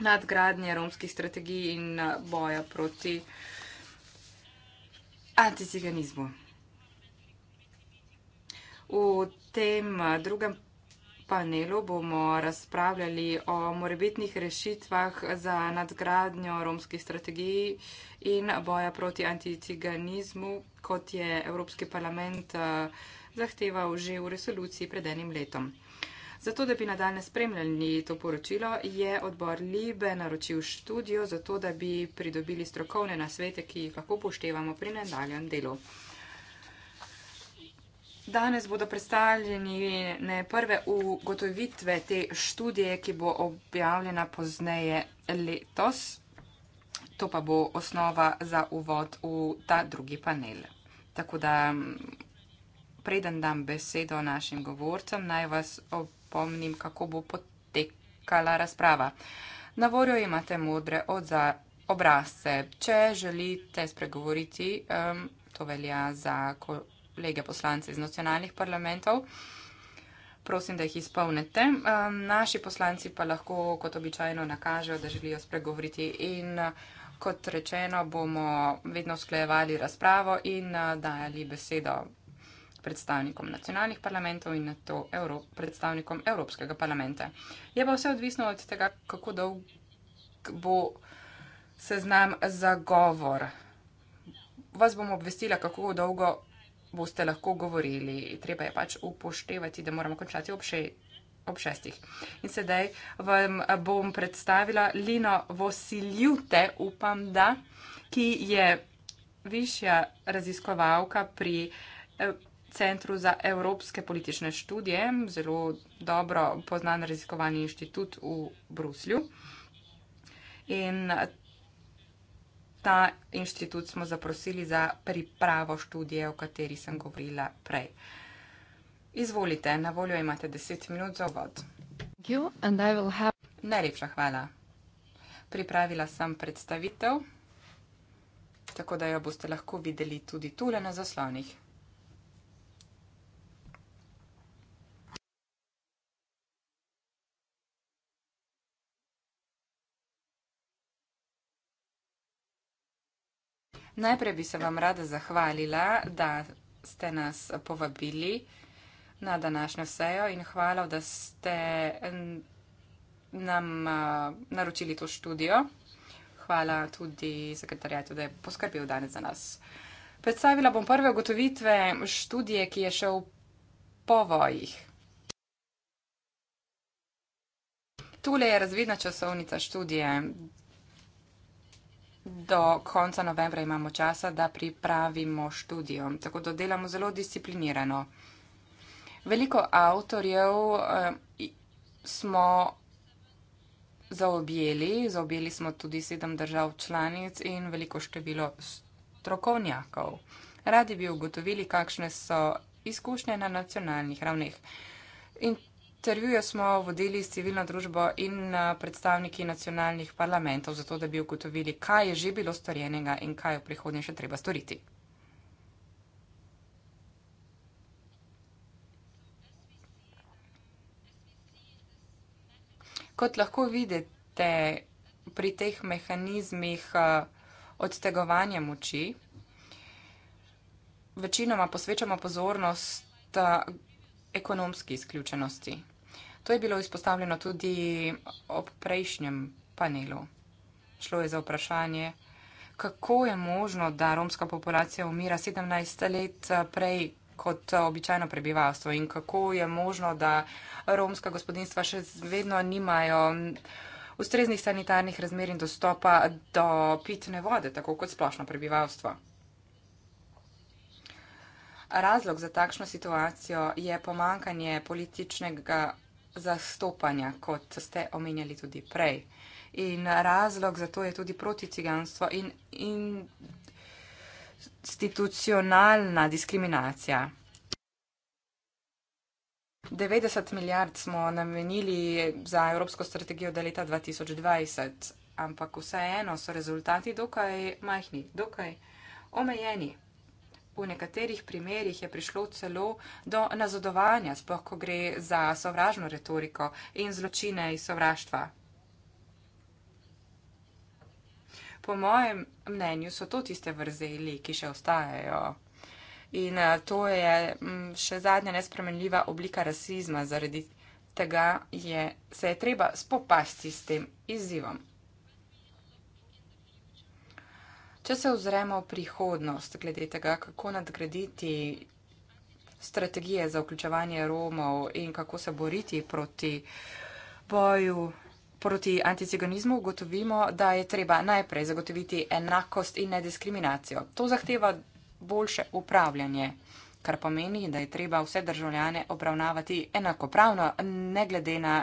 A: nadgradnje romskih strategij in eh, boja proti anticiganizmu. V tem eh, drugem panelu bomo razpravljali o morebitnih rešitvah za nadgradnjo romskih strategij in boja proti anticiganizmu, kot je Evropski parlament eh, zahteval že v resoluciji pred enim letom. Zato, da bi nadaljne spremljali to poročilo, je odbor Libe naročil študijo, zato da bi pridobili strokovne nasvete, ki jih lahko poštevamo pri nadaljem delu. Danes bodo predstavljeni ne prve ugotovitve te študije, ki bo objavljena pozneje letos. To pa bo osnova za uvod v ta drugi panel. Tako da, preden dam besedo našim govorcem, naj vas obvestim spomnim, kako bo potekala razprava. Na voljo imate modre odza, obrazce. Če želite spregovoriti, um, to velja za kolege poslance iz nacionalnih parlamentov, prosim, da jih izpolnete. Um, naši poslanci pa lahko, kot običajno, nakažejo, da želijo spregovoriti in. Kot rečeno, bomo vedno sklejevali razpravo in dajali besedo predstavnikom nacionalnih parlamentov in na to Evro predstavnikom Evropskega parlamenta. Je pa vse odvisno od tega, kako dolg bo seznam za govor. Vas bom obvestila, kako dolgo boste lahko govorili. Treba je pač upoštevati, da moramo končati ob, še, ob šestih. In sedaj vam bom predstavila Lino Vosiljute, upam, da, ki je višja raziskovalka pri eh, Centru za evropske politične študije, zelo dobro poznan raziskovalni inštitut v Bruslju. In ta inštitut smo zaprosili za pripravo študije, o kateri sem govorila prej. Izvolite, na voljo imate 10 minut za vod. Najlepša hvala. Pripravila sem predstavitev, tako da jo boste lahko videli tudi tule na zaslonih. Najprej bi se vam rada zahvalila, da ste nas povabili na današnjo sejo in hvala, da ste nam eh, naročili to študijo. Hvala tudi sekretarjatu, da je poskrbel danes za nas. Predstavila bom prve ugotovitve študije, ki je šel po vojih. Tule je razvidna časovnica študije do konca novembra imamo časa, da pripravimo študijo. Tako da delamo zelo disciplinirano. Veliko avtorjev eh, smo zaobjeli, zaobjeli smo tudi sedem držav članic in veliko število strokovnjakov. Radi bi ugotovili, kakšne so izkušnje na nacionalnih ravneh. In intervjuju smo vodili s civilno družbo in eh, predstavniki nacionalnih parlamentov, zato da bi ugotovili, kaj je že bilo storjenega in kaj v prihodnje še treba storiti. Kot lahko vidite pri teh mehanizmih eh, odtegovanja moči, večinoma posvečamo pozornost eh, ekonomski izključenosti. To je bilo izpostavljeno tudi ob prejšnjem panelu. Šlo je za vprašanje, kako je možno, da romska populacija umira 17 let eh, prej kot eh, običajno prebivalstvo in kako je možno, da romska gospodinstva še vedno nimajo ustreznih sanitarnih razmer in dostopa do pitne vode, tako kot splošno prebivalstvo. Razlog za takšno situacijo je pomankanje političnega zastopanja, kot ste omenjali tudi prej. In razlog za to je tudi proticiganstvo in, in institucionalna diskriminacija. 90 milijard smo namenili za evropsko strategijo do leta 2020, ampak vseeno so rezultati dokaj majhni, dokaj omejeni. V nekaterih primerjih je prišlo celo do nazadovanja, sploh ko gre za sovražno retoriko in zločine iz sovraštva. Po mojem mnenju so to tiste vrzeli, ki še ostajajo. In eh, to je mm, še zadnja nespremenljiva oblika rasizma, zaradi tega je, se je treba spopasti s tem izzivom. Če se ozremo v prihodnost, glede tega, kako nadgraditi strategije za vključevanje Romov in kako se boriti proti boju proti anticiganizmu, ugotovimo, da je treba najprej zagotoviti enakost in nediskriminacijo. To zahteva boljše upravljanje, kar pomeni, da je treba vse državljane obravnavati enakopravno, ne glede na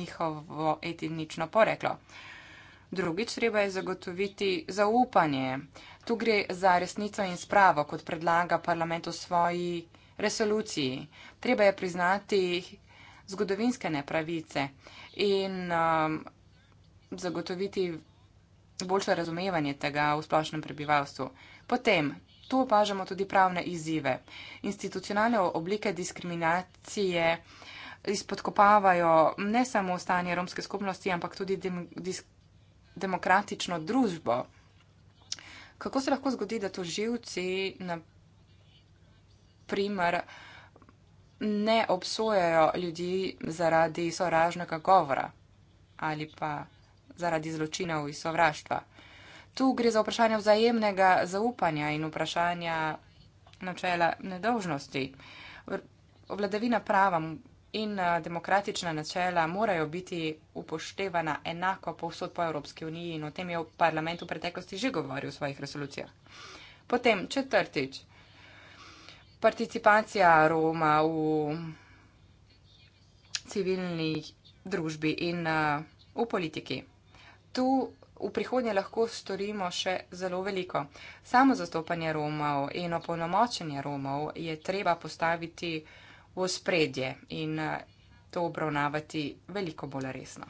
A: njihovo etnično poreklo. Drugič, treba je zagotoviti zaupanje. Tu gre za resnico in spravo, kot predlaga parlament v svoji resoluciji. Treba je priznati zgodovinske nepravice in um, zagotoviti boljše razumevanje tega v splošnem prebivalstvu. Potem, tu opažamo tudi pravne izzive. Institucionalne oblike diskriminacije izpodkopavajo ne samo stanje romske skupnosti, ampak tudi diskriminacije demokratično družbo. Kako se lahko zgodi, da to živci, na primer, ne obsojajo ljudi zaradi sovražnega govora ali pa zaradi zločinov iz sovraštva? Tu gre za vprašanje vzajemnega zaupanja in vprašanja načela nedolžnosti. Vladavina prava in eh, demokratična načela morajo biti upoštevana enako povsod po Evropski uniji in o tem je v parlamentu v preteklosti že govoril v svojih resolucijah. Potem četrtič, participacija Roma v civilni družbi in eh, v politiki. Tu v prihodnje lahko storimo še zelo veliko. Samo zastopanje Romov in opolnomočenje Romov je treba postaviti v v spredje in eh, to obravnavati veliko bolj resno.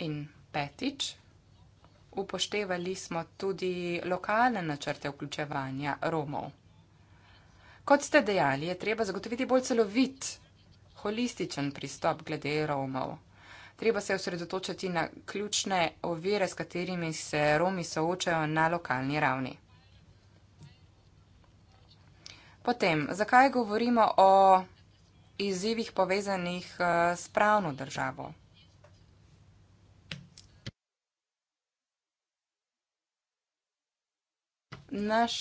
A: In petič, upoštevali smo tudi lokalne načrte vključevanja Romov. Kot ste dejali, je treba zagotoviti bolj celovit, holističen pristop glede Romov. Treba se osredotočiti na ključne ovire, s katerimi se Romi soočajo na lokalni ravni. Potem, zakaj govorimo o izzivih povezanih eh, s pravno državo? Naš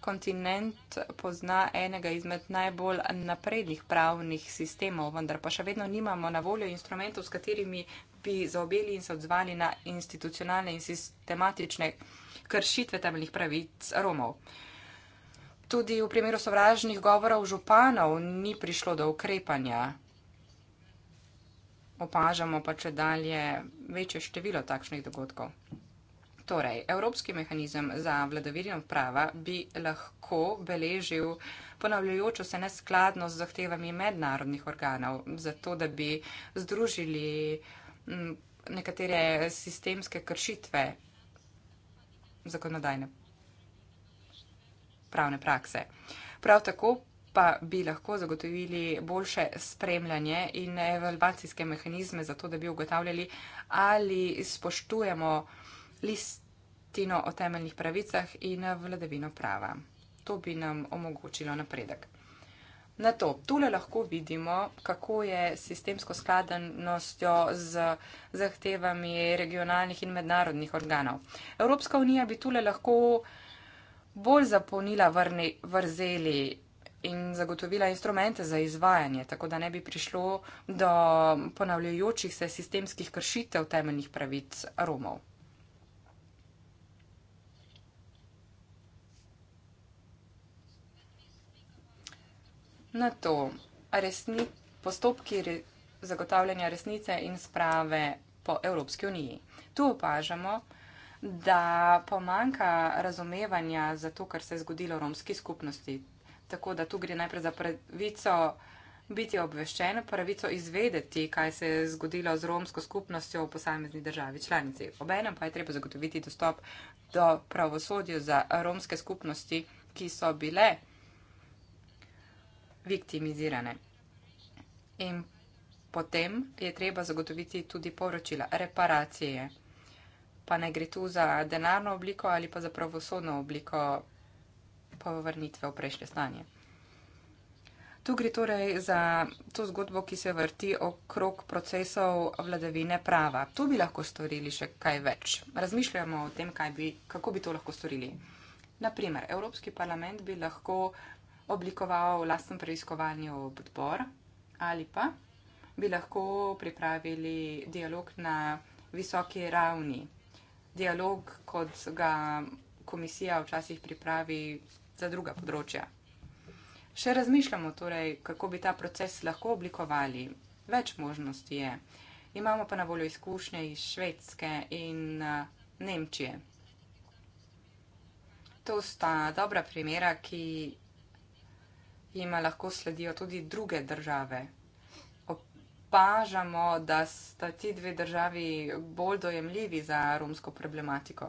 A: kontinent pozna enega izmed najbolj naprednih pravnih sistemov, vendar pa še vedno nimamo na voljo instrumentov, s katerimi bi zaobjeli in se odzvali na institucionalne in sistematične kršitve temeljnih pravic Romov tudi v primeru sovražnih govorov županov ni prišlo do ukrepanja. Opažamo pa če dalje večje število takšnih dogodkov. Torej, Evropski mehanizem za vladavirjem prava bi lahko beležil ponavljajočo se neskladno z zahtevami mednarodnih organov, zato da bi združili nekatere sistemske kršitve zakonodajne pravne prakse. Prav tako pa bi lahko zagotovili boljše spremljanje in evalvacijske mehanizme za to, da bi ugotavljali, ali spoštujemo listino o temeljnih pravicah in vladavino prava. To bi nam omogočilo napredek. Na to, tule lahko vidimo, kako je sistemsko skladenostjo z zahtevami regionalnih in mednarodnih organov. Evropska unija bi tule lahko bolj zapolnila vrni, vrzeli in zagotovila instrumente za izvajanje, tako da ne bi prišlo do ponavljajočih se sistemskih kršitev temeljnih pravic Romov. Na to resni, postopki re, zagotavljanja resnice in sprave po Evropski uniji. Tu opažamo, da pomanka razumevanja za to, kar se je zgodilo v romski skupnosti. Tako da tu gre najprej za pravico biti obveščen, pravico izvedeti, kaj se je zgodilo z romsko skupnostjo v posamezni državi članici. Obenem pa je treba zagotoviti dostop do pravosodja za romske skupnosti, ki so bile viktimizirane. In potem je treba zagotoviti tudi poročila reparacije pa ne gre tu za denarno obliko ali pa za pravosodno obliko povrnitve v prejšnje stanje. Tu gre torej za to zgodbo, ki se vrti okrog procesov vladavine prava. Tu bi lahko storili še kaj več. Razmišljamo o tem, bi, kako bi to lahko storili. Naprimer, Evropski parlament bi lahko oblikoval vlasten preiskovalni odbor ali pa bi lahko pripravili dialog na visoki ravni dialog, kot ga komisija včasih pripravi za druga področja. Še razmišljamo torej, kako bi ta proces lahko oblikovali. Več možnosti je. Imamo pa na voljo izkušnje iz Švedske in Nemčije. To sta dobra primera, ki jima lahko sledijo tudi druge države opažamo, da sta ti dve državi bolj dojemljivi za romsko problematiko.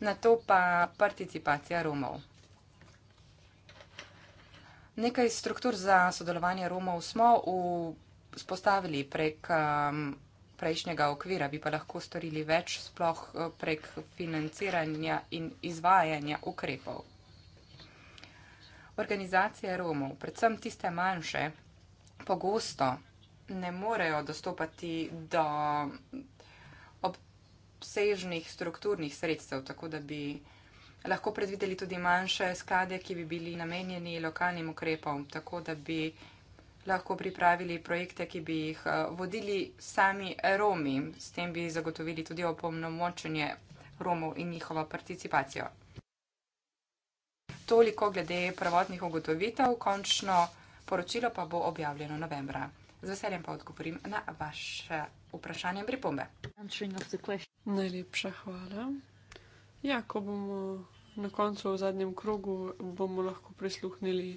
A: Na to pa participacija Romov. Nekaj struktur za sodelovanje Romov smo spostavili prek um, prejšnjega okvira, bi pa lahko storili več sploh uh, prek financiranja in izvajanja ukrepov organizacije Romov, predvsem tiste manjše, pogosto ne morejo dostopati do obsežnih strukturnih sredstev, tako da bi lahko predvideli tudi manjše sklade, ki bi bili namenjeni lokalnim ukrepom, tako da bi lahko pripravili projekte, ki bi jih eh, vodili sami Romi, s tem bi zagotovili tudi opomnomočenje Romov in njihovo participacijo toliko glede prvotnih ugotovitev, končno poročilo pa bo objavljeno novembra. Z veseljem pa odgovorim na vaše vprašanje in pripombe.
C: Najlepša hvala. Ja, ko bomo na koncu v zadnjem krogu, bomo lahko prisluhnili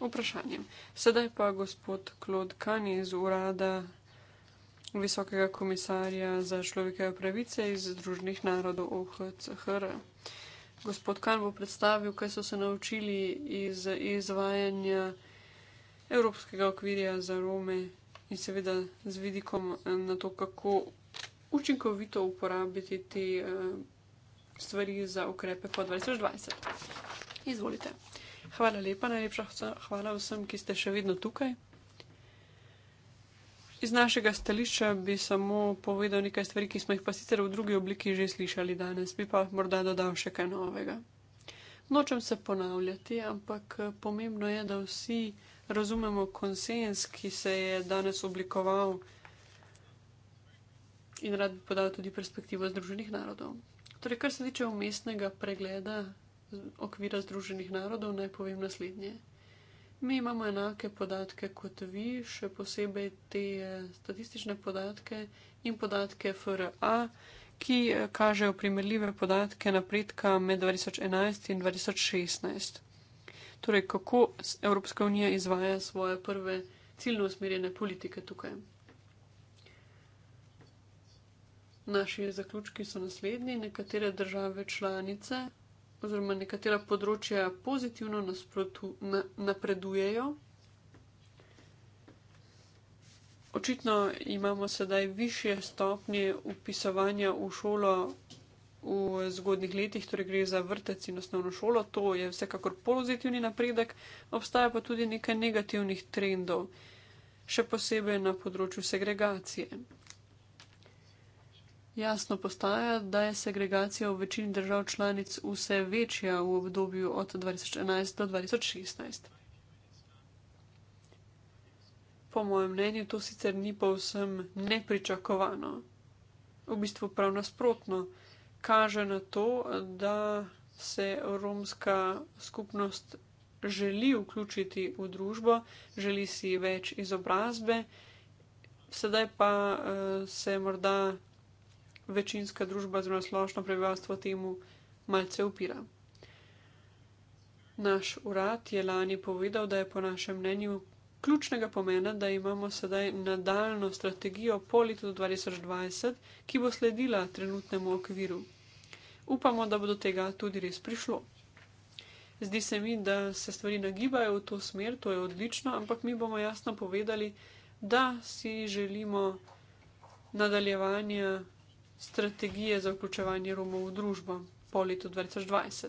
C: vprašanjem. Sedaj pa gospod Klod Kan iz urada visokega komisarja za človekove pravice iz Združenih narodov OHCHR gospod Kan bo predstavil, kaj so se naučili iz izvajanja Evropskega okvirja za Rome in seveda z vidikom eh, na to, kako učinkovito uporabiti te uh, stvari za ukrepe po 2020. Izvolite. Hvala lepa, najlepša hvala vsem, ki ste še vedno tukaj. Iz našega stališča bi samo povedal nekaj stvari, ki smo jih pa sicer v drugi obliki že slišali danes, bi pa morda dodal še kaj novega. Nočem se ponavljati, ampak eh, pomembno je, da vsi razumemo konsens, ki se je danes oblikoval in rad bi podal tudi perspektivo Združenih narodov. Torej, kar se tiče umestnega pregleda okvira Združenih narodov, naj povem naslednje. Mi imamo enake podatke kot vi, še posebej te eh, statistične podatke in podatke FRA, ki eh, kažejo primerljive podatke napredka med 2011 in 2016. Torej, kako Evropska unija izvaja svoje prve ciljno usmerjene politike tukaj. Naši zaključki so naslednji. Nekatere države članice oziroma nekatera področja pozitivno nasprotu, na, napredujejo. Očitno imamo sedaj više stopnje upisovanja v šolo v zgodnih letih, torej gre za vrtec in osnovno šolo. To je vsekakor pozitivni napredek, obstaja pa tudi nekaj negativnih trendov, še posebej na področju segregacije. Jasno postaja, da je segregacija v večini držav članic vse večja v obdobju od 2011 do 2016. Po mojem mnenju to sicer ni povsem nepričakovano. V bistvu prav nasprotno, kaže na to, da se romska skupnost želi vključiti v družbo, želi si več izobrazbe, sedaj pa eh, se morda večinska družba, zelo splošno prebivalstvo temu malce upira. Naš urad je lani povedal, da je po našem mnenju ključnega pomena, da imamo sedaj nadaljno strategijo po letu 2020, ki bo sledila trenutnemu okviru. Upamo, da bo do tega tudi res prišlo. Zdi se mi, da se stvari nagibajo v to smer, to je odlično, ampak mi bomo jasno povedali, da si želimo nadaljevanja strategije za vključevanje Romov v družbo po letu 2020.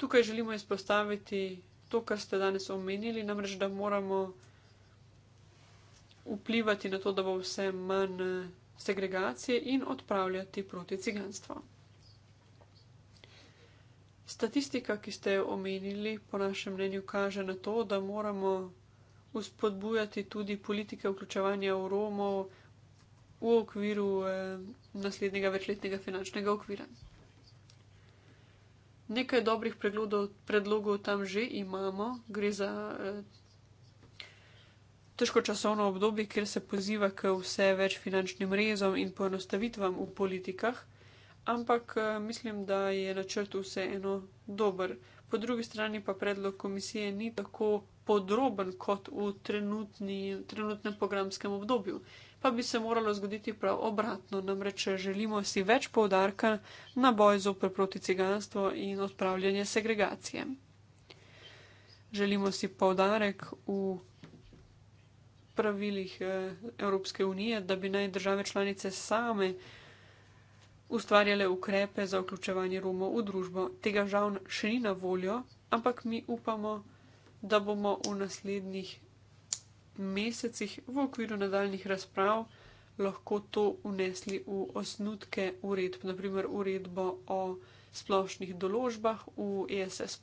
C: Tukaj želimo izpostaviti to, kar ste danes omenili, namreč da moramo vplivati na to, da bo vse manj segregacije in odpravljati proti ciganstvu. Statistika, ki ste jo omenili, po našem mnenju kaže na to, da moramo uspodbujati tudi politike vključevanja v Romov v okviru eh, naslednjega večletnega finančnega okvira. Nekaj dobrih predlogov, predlogov tam že imamo, gre za eh, težko časovno obdobje, kjer se poziva k vse več finančnim rezom in poenostavitvam v politikah, ampak eh, mislim, da je načrt vseeno dober. Po drugi strani pa predlog komisije ni tako podroben kot v trenutnem programskem obdobju. Eh, pa bi se moralo zgoditi prav obratno. Namreč, če želimo si več povdarka na boj zopr proti ciganstvu in odpravljanje segregacije. Želimo si povdarek v pravilih eh, Evropske unije, da bi naj države članice same ustvarjale ukrepe za vključevanje Romov v družbo. Tega žal še ni na voljo, ampak mi upamo, da bomo v naslednjih mesecih v okviru nadaljnih razprav lahko to unesli v osnutke uredb, naprimer uredbo o splošnih določbah v ESS,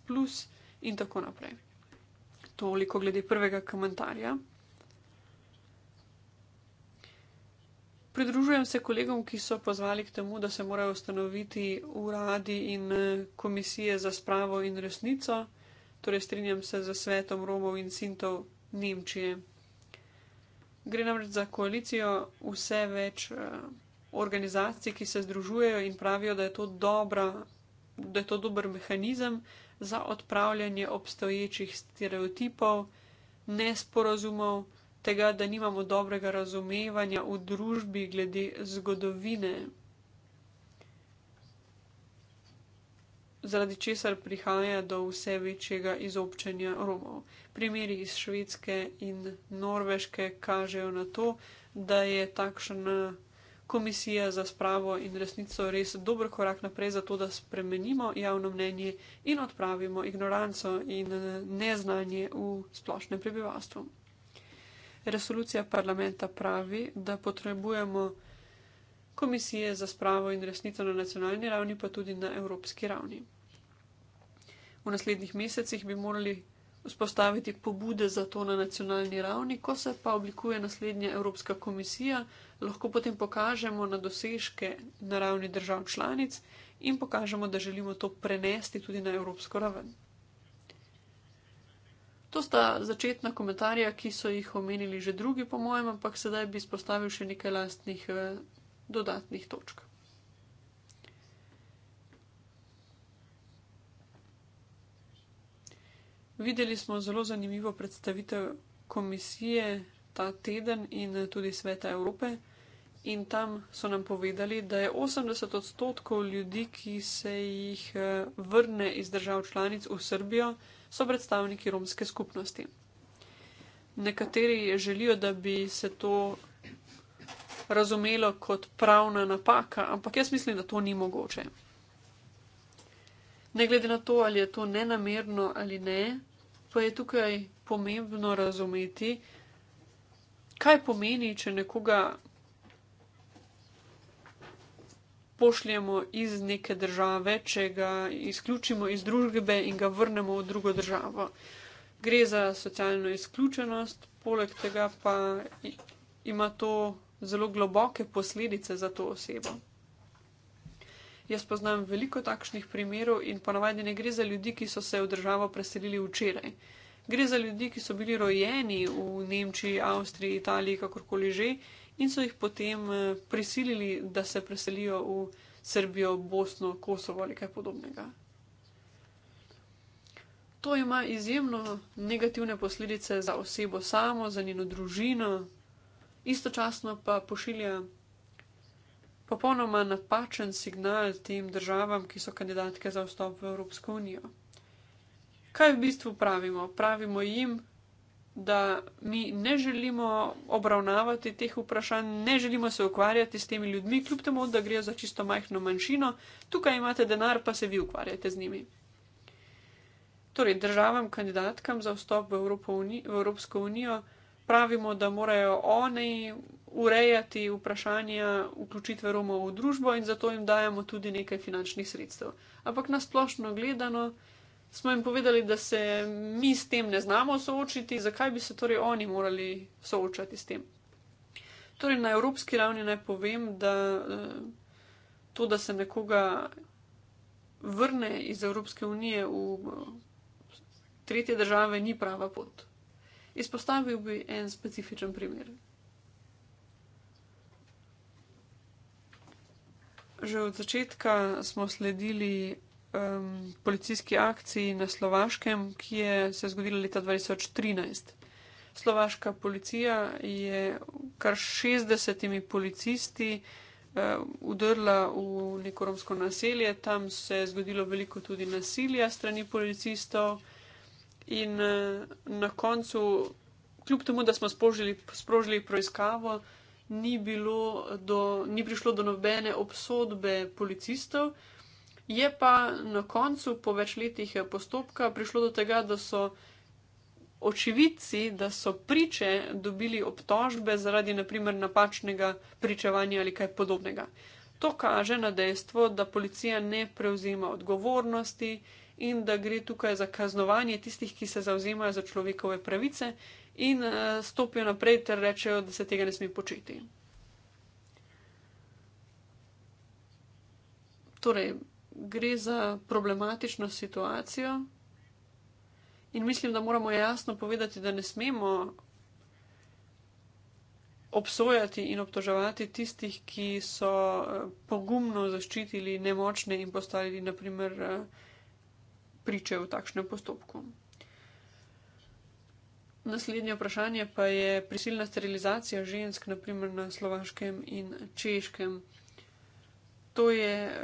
C: in tako naprej. Toliko glede prvega komentarja. Pridružujem se kolegom, ki so pozvali k temu, da se morajo ustanoviti uradi in eh, komisije za spravo in resnico, torej strinjam se z svetom Romov in Sintov Nemčije, Gre namreč za koalicijo vse več uh, organizacij, ki se združujejo in pravijo, da je, dobra, da je to dober mehanizem za odpravljanje obstoječih stereotipov, nesporazumov, tega, da nimamo dobrega razumevanja v družbi glede zgodovine zaradi česar prihaja do vse večjega izobčenja Romov. Primeri iz Švedske in Norveške kažejo na to, da je takšna komisija za spravo in resnico res dober korak naprej za to, da spremenimo javno mnenje in odpravimo ignoranco in neznanje v splošnem prebivalstvu. Resolucija parlamenta pravi, da potrebujemo komisije za spravo in resnico na nacionalni ravni, pa tudi na evropski ravni v naslednjih mesecih bi morali vzpostaviti pobude za to na nacionalni ravni, ko se pa oblikuje naslednja Evropska komisija, lahko potem pokažemo na dosežke na ravni držav članic in pokažemo, da želimo to prenesti tudi na evropsko raven. To sta začetna komentarja, ki so jih omenili že drugi, po mojem, ampak sedaj bi spostavil še nekaj lastnih eh, dodatnih točk. Videli smo zelo zanimivo predstavitev komisije ta teden in tudi Sveta Evrope. In tam so nam povedali, da je 80 odstotkov ljudi, ki se jih eh, vrne iz držav članic v Srbijo, so predstavniki romske skupnosti. Nekateri želijo, da bi se to razumelo kot pravna napaka, ampak jaz mislim, da to ni mogoče ne glede na to, ali je to nenamerno ali ne, pa je tukaj pomembno razumeti, kaj pomeni, če nekoga pošljemo iz neke države, če ga izključimo iz družbe in ga vrnemo v drugo državo. Gre za socialno izključenost, poleg tega pa ima to zelo globoke posledice za to osebo. Jaz poznam veliko takšnih primerov in ponavadi ne gre za ljudi, ki so se v državo preselili včeraj. Gre za ljudi, ki so bili rojeni v Nemčiji, Avstriji, Italiji, kakorkoli že, in so jih potem eh, prisilili, da se preselijo v Srbijo, Bosno, Kosovo ali kaj podobnega. To ima izjemno negativne posledice za osebo samo, za njeno družino, istočasno pa pošilja popolnoma napačen signal tem državam, ki so kandidatke za vstop v Evropsko unijo. Kaj v bistvu pravimo? Pravimo jim, da mi ne želimo obravnavati teh vprašanj, ne želimo se ukvarjati s temi ljudmi, kljub temu, da gre za čisto majhno manjšino, tukaj imate denar, pa se vi ukvarjate z njimi. Torej, državam kandidatkam za vstop v, Evropo, v Evropsko unijo pravimo, da morajo oni urejati vprašanja vključitve Romov v družbo in zato jim dajemo tudi nekaj finančnih sredstev. Ampak nasplošno gledano smo jim povedali, da se mi s tem ne znamo soočiti, zakaj bi se torej oni morali soočati s tem. Torej, na evropski ravni naj povem, da eh, to, da se nekoga vrne iz Evropske unije v eh, tretje države, ni prava pot. Izpostavil bi en specifičen primer. že od začetka smo sledili um, policijski akciji na Slovaškem, ki je se zgodila leta 2013. Slovaška policija je kar 60 policisti uh, udrla v neko romsko naselje, tam se je zgodilo veliko tudi nasilja strani policistov in uh, na koncu, kljub temu, da smo sprožili, sprožili preiskavo, uh, ni, bilo do, ni prišlo do nobene obsodbe policistov. Je pa na koncu, po več letih postopka, prišlo do tega, da so očividci, da so priče dobili obtožbe zaradi naprimer, napačnega pričevanja ali kaj podobnega. To kaže na dejstvo, da policija ne prevzema odgovornosti in da gre tukaj za kaznovanje tistih, ki se zauzemajo za človekove pravice in uh, stopijo naprej ter rečejo, da se tega ne sme početi. Torej, gre za problematično situacijo in mislim, da moramo jasno povedati, da ne smemo obsojati in obtoževati tistih, ki so eh, pogumno zaščitili nemočne in postali, naprimer, eh, priče v takšnem postopku. Naslednje vprašanje pa je prisilna sterilizacija žensk, naprimer na slovaškem in češkem. To je eh,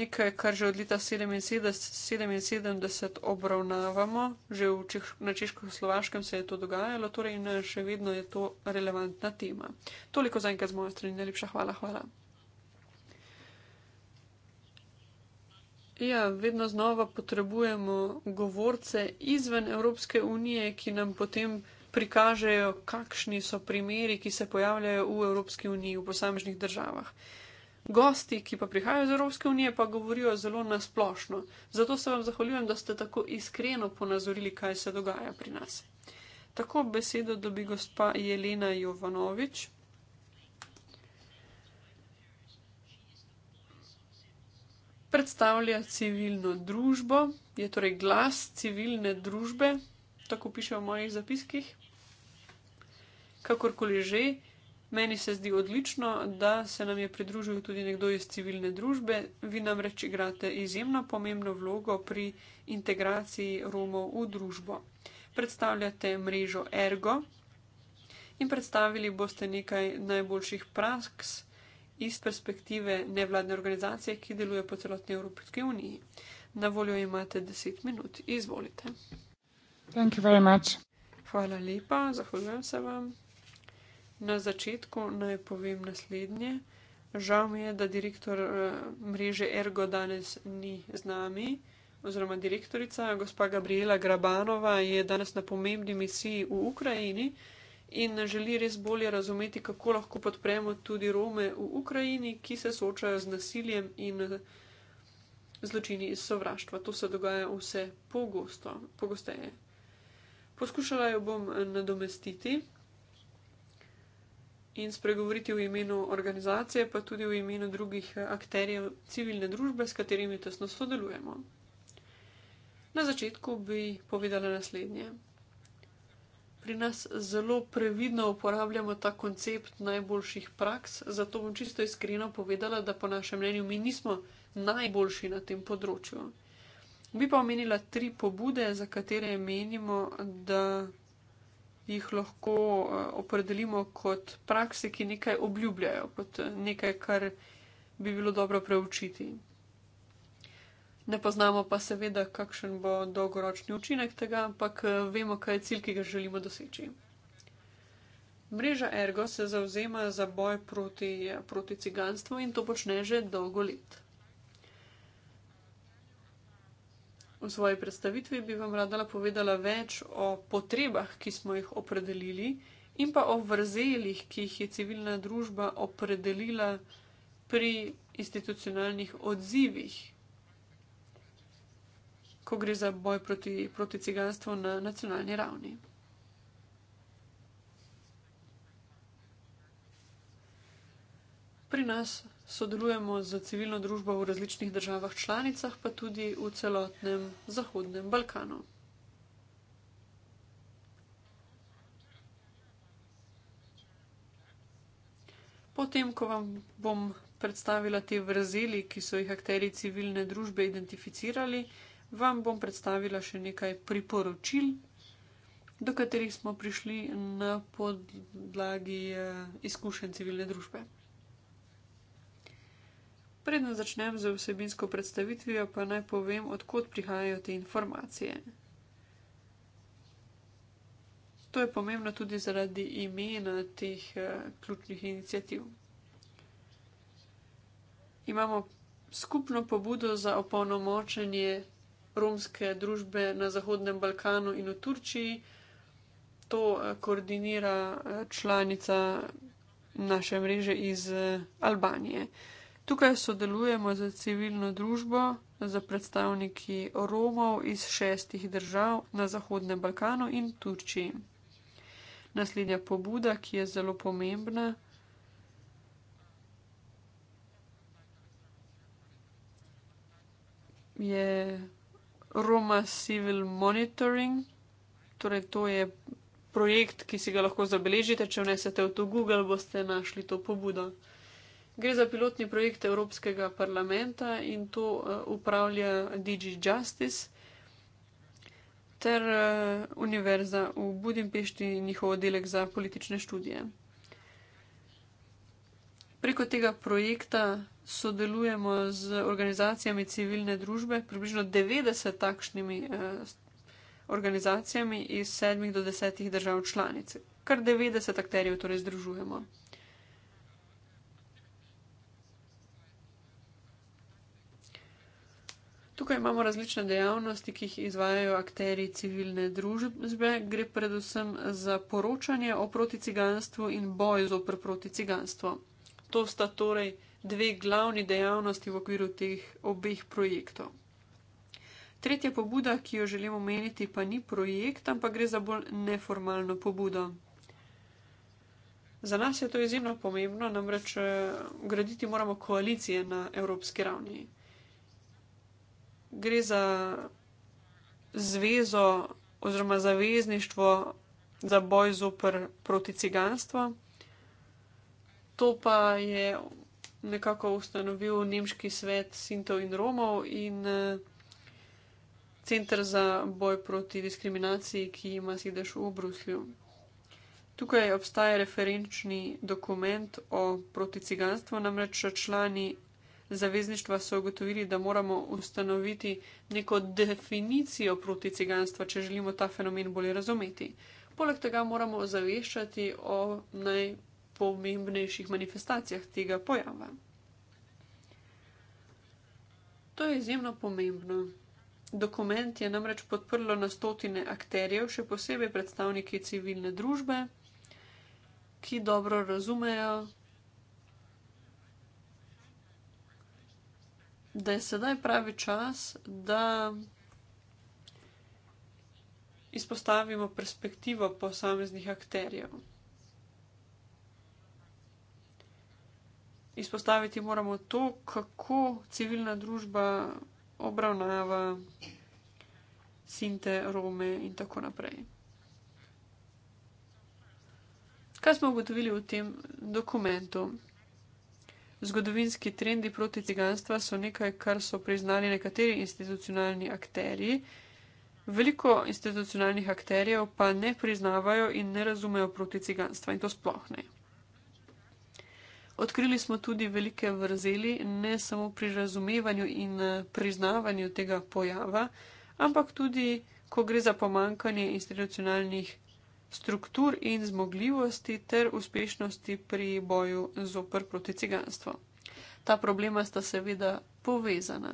C: nekaj, kar že od leta 1977 obravnavamo, že češ na češko-slovaškem se je to dogajalo, torej še vedno je to relevantna tema. Toliko za enkrat z moje strani, najlepša hvala. hvala. Ja, vedno znova potrebujemo govorce izven Evropske unije, ki nam potem prikažejo, kakšni so primeri, ki se pojavljajo v Evropski uniji, v posamežnih državah. Gosti, ki pa prihajajo iz Evropske unije, pa govorijo zelo nasplošno. Zato se vam zahvaljujem, da ste tako iskreno ponazorili, kaj se dogaja pri nas. Tako besedo dobi gospa Jelena Jovanovič, predstavlja civilno družbo, je torej glas civilne družbe, tako piše v mojih zapiskih. Kakorkoli že, meni se zdi odlično, da se nam je pridružil tudi nekdo iz civilne družbe. Vi namreč igrate izjemno pomembno vlogo pri integraciji Romov v družbo. Predstavljate mrežo Ergo in predstavili boste nekaj najboljših praks iz perspektive nevladne organizacije, ki deluje po celotni Evropski uniji. Na voljo imate 10 minut. Izvolite. Hvala lepa, zahvaljujem se vam. Na začetku naj povem naslednje. Žal mi je, da direktor eh, mreže Ergo danes ni z nami, oziroma direktorica gospa Gabriela Grabanova je danes na pomembni misiji v Ukrajini in želi res bolje razumeti, kako lahko podpremo tudi Rome v Ukrajini, ki se soočajo z nasiljem in zločini iz sovraštva. To se dogaja vse pogosto, pogosteje. Poskušala jo bom eh, nadomestiti in spregovoriti v imenu organizacije, pa tudi v imenu drugih eh, akterjev civilne družbe, s katerimi tesno sodelujemo. Na začetku bi povedala naslednje pri nas zelo previdno uporabljamo ta koncept najboljših praks, zato bom čisto iskreno povedala, da po našem mnenju mi nismo najboljši na tem področju. Bi pa omenila tri pobude, za katere menimo, da jih lahko eh, opredelimo kot prakse, ki nekaj obljubljajo, kot nekaj, kar bi bilo dobro preučiti. Ne poznamo pa seveda, kakšen bo dolgoročni učinek tega, ampak eh, vemo, kaj je cilj, ki ga želimo doseči. Mreža Ergo se zauzema za boj proti, eh, proti ciganstvu in to počne že dolgo let. V svoji predstavitvi bi vam rada povedala več o potrebah, ki smo jih opredelili, in pa o vrzeljih, ki jih je civilna družba opredelila pri institucionalnih odzivih ko gre za boj proti, proti ciganstvu na nacionalni ravni. Pri nas sodelujemo z civilno družbo v različnih državah članicah, pa tudi v celotnem Zahodnem Balkanu. Potem, ko vam bom predstavila te vrzeli, ki so jih akteri civilne družbe identificirali, vam bom predstavila še nekaj priporočil, do katerih smo prišli na podlagi eh, izkušenj civilne družbe. Predno začnem z vsebinsko predstavitvijo, pa naj povem, odkot prihajajo te informacije. To je pomembno tudi zaradi imena teh eh, ključnih inicijativ. Imamo skupno pobudo za opolnomočenje romske družbe na Zahodnem Balkanu in v Turčiji. To eh, koordinira eh, članica naše mreže iz eh, Albanije. Tukaj sodelujemo z civilno družbo, z predstavniki Romov iz šestih držav na Zahodnem Balkanu in Turčiji. Naslednja pobuda, ki je zelo pomembna, je Roma Civil Monitoring. Torej, to je projekt, ki si ga lahko zabeležite. Če vnesete v to Google, boste našli to pobudo. Gre za pilotni projekt Evropskega parlamenta in to eh, upravlja Digi Justice ter eh, Univerza v Budimpešti in njihov oddelek za politične študije. Preko tega projekta sodelujemo z organizacijami civilne družbe, približno 90 takšnimi eh, organizacijami iz sedmih do desetih držav članic. Kar 90 akterjev torej združujemo. Tukaj imamo različne dejavnosti, ki jih izvajajo akteri civilne družbe. Gre predvsem za poročanje o proticiganstvu in boj zopr proticiganstvo. To sta torej dve glavni dejavnosti v okviru teh obeh projektov. Tretja pobuda, ki jo želim omeniti, pa ni projekt, ampak gre za bolj neformalno pobudo. Za nas je to izjemno pomembno, namreč eh, graditi moramo koalicije na evropski ravni. Gre za zvezo oziroma zavezništvo za boj zoper proti ciganstvo. To pa je nekako ustanovil Nemški svet Sintov in Romov in eh, Center za boj proti diskriminaciji, ki ima sedež v Bruslju. Tukaj obstaja referenčni dokument o proticiganstvu, namreč člani zavezništva so ugotovili, da moramo ustanoviti neko definicijo proticiganstva, če želimo ta fenomen bolje razumeti. Poleg tega moramo ozaveščati o naj pomembnejših manifestacijah tega pojava. To je izjemno pomembno. Dokument je namreč podprlo na stotine akterjev, še posebej predstavniki civilne družbe, ki dobro razumejo, da je sedaj pravi čas, da izpostavimo perspektivo posameznih akterjev. izpostaviti moramo to, kako civilna družba obravnava sinte, rome in tako naprej. Kaj smo ugotovili v tem dokumentu? Zgodovinski trendi proti ciganstva so nekaj, kar so priznali nekateri institucionalni akteri. Veliko institucionalnih akterjev pa ne priznavajo in ne razumejo proti ciganstva in to sploh ne. Odkrili smo tudi velike vrzeli, ne samo pri razumevanju in eh, priznavanju tega pojava, ampak tudi, ko gre za pomankanje institucionalnih struktur in zmogljivosti ter uspešnosti pri boju zopr proti ciganstvu. Ta problema sta seveda povezana.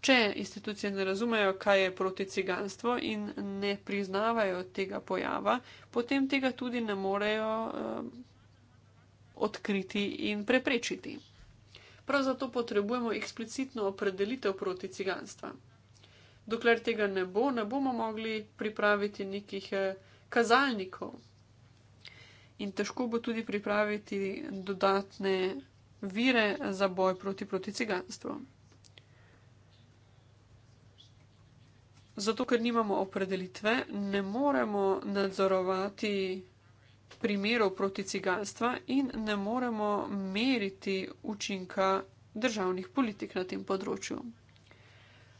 C: Če institucije ne razumejo, kaj je proti ciganstvu in ne priznavajo tega pojava, potem tega tudi ne morejo. Uh, odkriti in preprečiti. Prav zato potrebujemo eksplicitno opredelitev proti ciganstva. Dokler tega ne bo, ne bomo mogli pripraviti nekih eh, kazalnikov. In težko bo tudi pripraviti dodatne vire za boj proti, proti ciganstvu. Zato, ker nimamo opredelitve, ne moremo nadzorovati primerov proti ciganstva in ne moremo meriti učinka državnih politik na tem področju.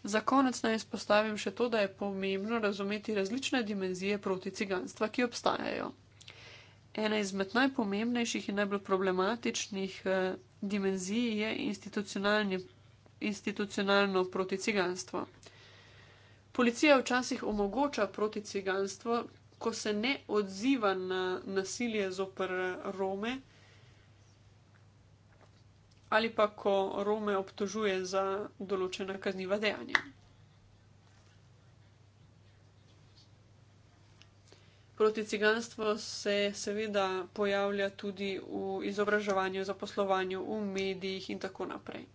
C: Za konec naj izpostavim še to, da je pomembno razumeti različne dimenzije proti ciganstva, ki obstajajo. Ena izmed najpomembnejših in najbolj problematičnih eh, dimenzij je institucionalno proti ciganstvo. Policija včasih omogoča proti ciganstvo ko se ne odziva na nasilje zoper Rome, ali pa ko Rome obtožuje za določena kazniva dejanja. Proti ciganstvu se seveda pojavlja tudi v izobraževanju, zaposlovanju, v medijih in tako naprej.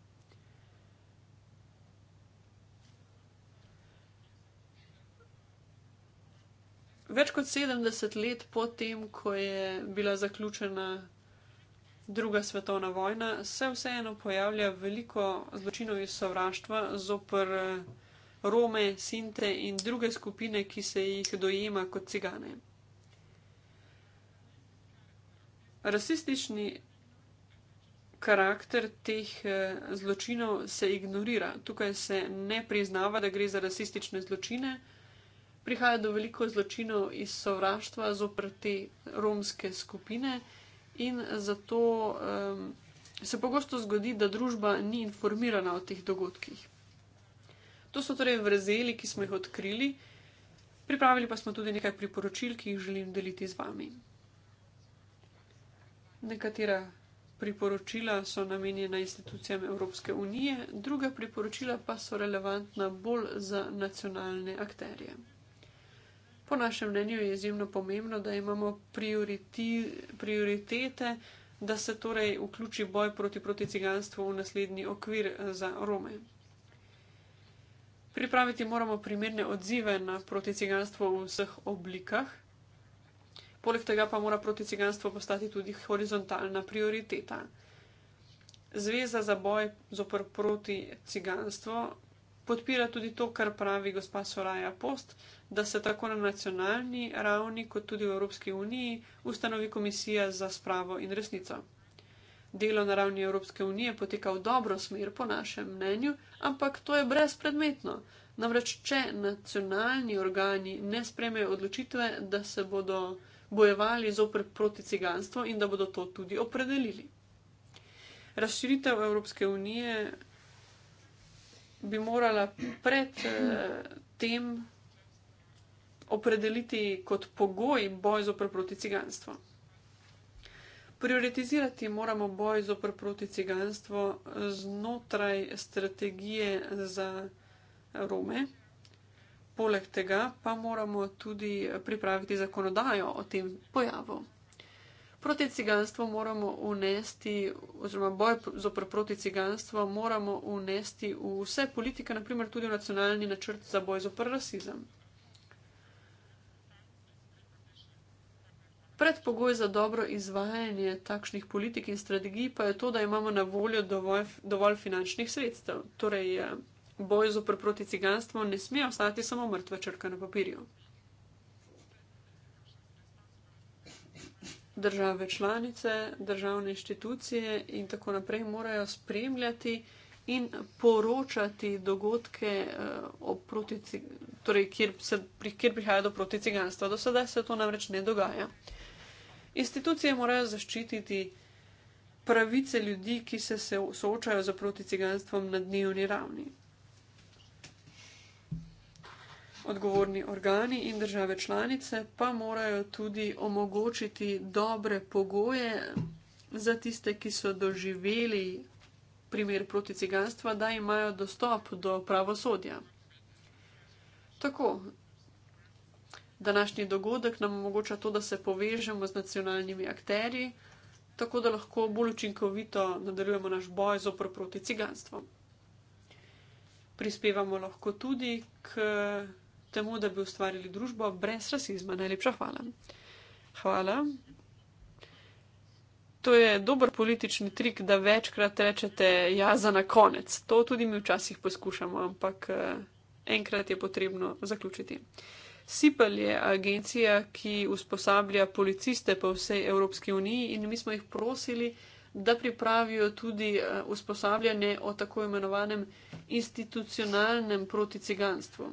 C: več kot 70 let po tem, ko je bila zaključena druga svetovna vojna, se vseeno pojavlja veliko zločinov iz sovraštva zopr eh, Rome, Sinte in druge skupine, ki se jih dojema kot cigane. Rasistični karakter teh eh, zločinov se ignorira. Tukaj se ne priznava, da gre za rasistične zločine prihaja do veliko zločinov iz sovraštva zoper te romske skupine in zato um, se pogosto zgodi, da družba ni informirana o teh dogodkih. To so torej vrzeli, ki smo jih odkrili, pripravili pa smo tudi nekaj priporočil, ki jih želim deliti z vami. Nekatera priporočila so namenjena institucijam Evropske unije, druga priporočila pa so relevantna bolj za nacionalne akterje po našem mnenju je izjemno pomembno, da imamo prioriti, prioritete, da se torej vključi boj proti proti ciganstvu v naslednji okvir eh, za Rome. Pripraviti moramo primerne odzive na proti ciganstvo v vseh oblikah, poleg tega pa mora proti ciganstvo postati tudi horizontalna prioriteta. Zveza za boj zopr proti ciganstvo podpira tudi to, kar pravi gospa Soraya Post, da se tako na nacionalni ravni kot tudi v Evropski uniji ustanovi komisija za spravo in resnico. Delo na ravni Evropske unije poteka v dobro smer, po našem mnenju, ampak to je brezpredmetno. Namreč, če nacionalni organi ne spremejo odločitve, da se bodo bojevali zopr proti ciganstvo in da bodo to tudi opredelili. Razširitev Evropske unije bi morala pred eh, tem opredeliti kot pogoj boj zopr proti ciganstvu. Prioritizirati moramo boj zopr proti ciganstvu znotraj strategije za Rome. Poleg tega pa moramo tudi pripraviti zakonodajo o tem pojavu proti ciganstvu moramo unesti, oziroma boj zopr proti ciganstvu moramo unesti v vse politike, naprimer tudi v nacionalni načrt za boj zopr rasizem. Predpogoj za dobro izvajanje takšnih politik in strategij pa je to, da imamo na voljo dovolj, dovolj finančnih sredstev. Torej, boj zopr proti ciganstvu ne sme ostati samo mrtva črka na papirju. države članice, državne inštitucije in tako naprej morajo spremljati in poročati dogodke, eh, protici, torej kjer, se, kjer prihaja do proticiganstva. Do sedaj se to namreč ne dogaja. Institucije morajo zaščititi pravice ljudi, ki se, se soočajo z proticiganstvom na dnevni ravni odgovorni organi in države članice pa morajo tudi omogočiti dobre pogoje za tiste, ki so doživeli primer proti ciganstva, da imajo dostop do pravosodja. Tako, današnji dogodek nam omogoča to, da se povežemo z nacionalnimi akteri, tako da lahko bolj učinkovito nadaljujemo naš boj zopr proti ciganstvu. Prispevamo lahko tudi k temu, da bi ustvarili družbo brez rasizma. Najlepša hvala. Hvala. To je dober politični trik, da večkrat rečete ja za na konec. To tudi mi včasih poskušamo, ampak eh, enkrat je potrebno zaključiti. SIPL je agencija, ki usposablja policiste po vsej Evropski uniji in mi smo jih prosili, da pripravijo tudi eh, usposabljanje o tako imenovanem institucionalnem proticiganstvu.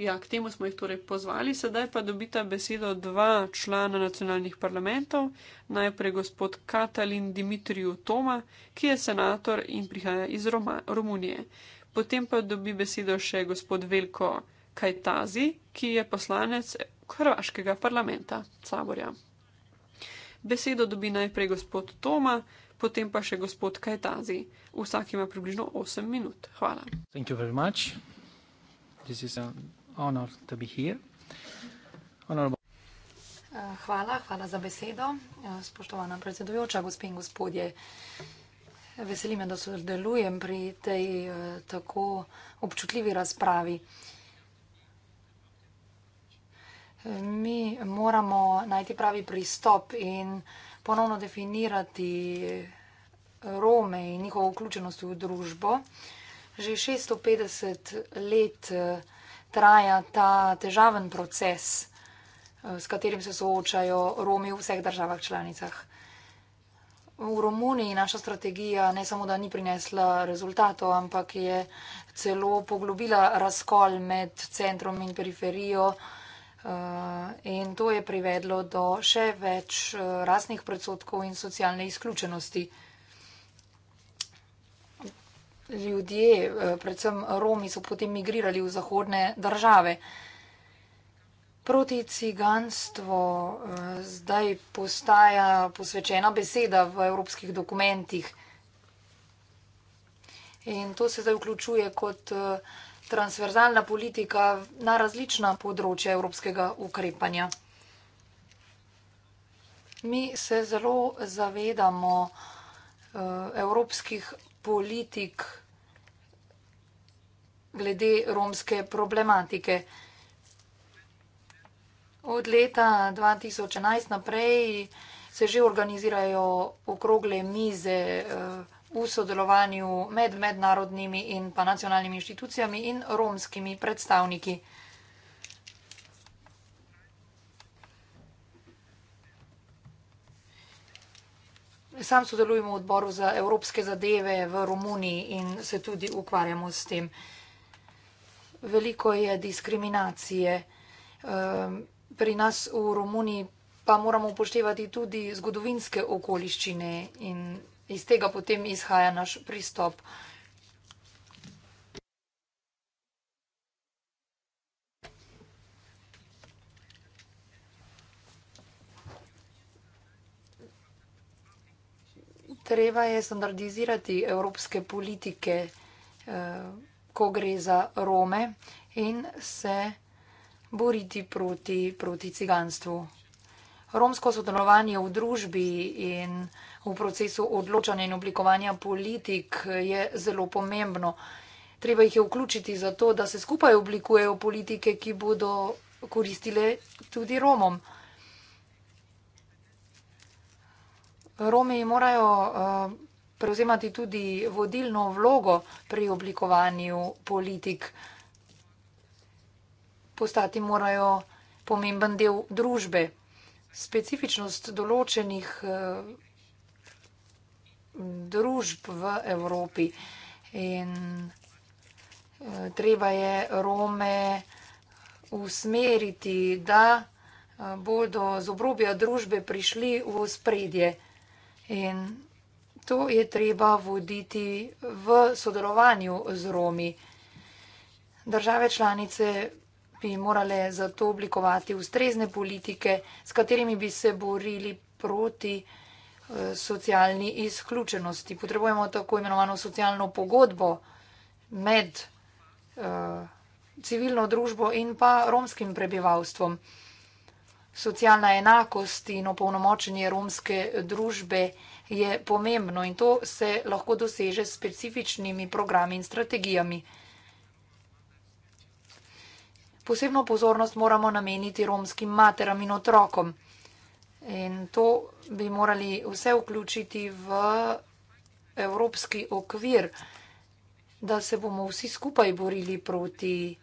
C: Ja, k temu smo jih torej pozvali, sedaj pa dobita besedo dva člana nacionalnih parlamentov. Najprej gospod Katalin Dimitriju Toma, ki je senator in prihaja iz Roma, Romunije. Potem pa dobi besedo še gospod Velko Kajtazi, ki je poslanec Hrvaškega parlamenta, Caborja. Besedo dobi najprej gospod Toma, potem pa še gospod Kajtazi. Vsak ima približno 8 minut. Hvala. Hvala.
D: Hvala, hvala za besedo. Spoštovana predsedujoča, gospe in gospodje. Veseli me, da sodelujem pri tej tako občutljivi razpravi. Mi moramo najti pravi pristop in ponovno definirati Rome in njihovo vključenost v družbo. Že 650 let je traja ta težaven proces, eh, s katerim se soočajo Romi v vseh državah članicah. V Romuniji naša strategija ne samo, da ni prinesla rezultatov, ampak je celo poglobila razkol med centrom in periferijo eh, in to je privedlo do še več eh, rasnih predsotkov in socialne izključenosti ljudje, eh, predvsem Romi, so potem migrirali v zahodne države. Proti ciganstvo eh, zdaj postaja posvečena beseda v evropskih dokumentih. In to se zdaj vključuje kot eh, transverzalna politika na različna področja evropskega ukrepanja. Mi se zelo zavedamo evropskih politik glede romske problematike. Od leta 2011 naprej se že organizirajo okrogle mize eh, v sodelovanju med mednarodnimi in pa nacionalnimi inštitucijami in romskimi predstavniki. Sam sodelujemo v odboru za evropske zadeve v Romuniji in se tudi ukvarjamo s tem veliko je diskriminacije. Ehm, pri nas v Romuniji pa moramo upoštevati tudi zgodovinske okoliščine in iz tega potem izhaja naš pristop. Treba je standardizirati evropske politike, ehm, ko gre za Rome in se boriti proti, proti ciganstvu. Romsko sodelovanje v družbi in v procesu odločanja in oblikovanja politik je zelo pomembno. Treba jih je vključiti zato, da se skupaj oblikujejo politike, ki bodo koristile tudi Romom. Romi morajo uh, prevzemati tudi vodilno vlogo pri oblikovanju politik. Postati morajo pomemben del družbe. Specifičnost določenih eh, družb v Evropi in eh, treba je Rome usmeriti, da eh, bodo z obrobja družbe prišli v spredje in to je treba voditi v sodelovanju z Romi. Države članice bi morale zato oblikovati ustrezne politike, s katerimi bi se borili proti eh, socialni izključenosti. Potrebujemo tako imenovano socialno pogodbo med eh, civilno družbo in pa romskim prebivalstvom. Socialna enakost in opolnomočenje romske družbe je je pomembno in to se lahko doseže s specifičnimi programi in strategijami. Posebno pozornost moramo nameniti romskim materam in otrokom. In to bi morali vse vključiti v evropski okvir, da se bomo vsi skupaj borili proti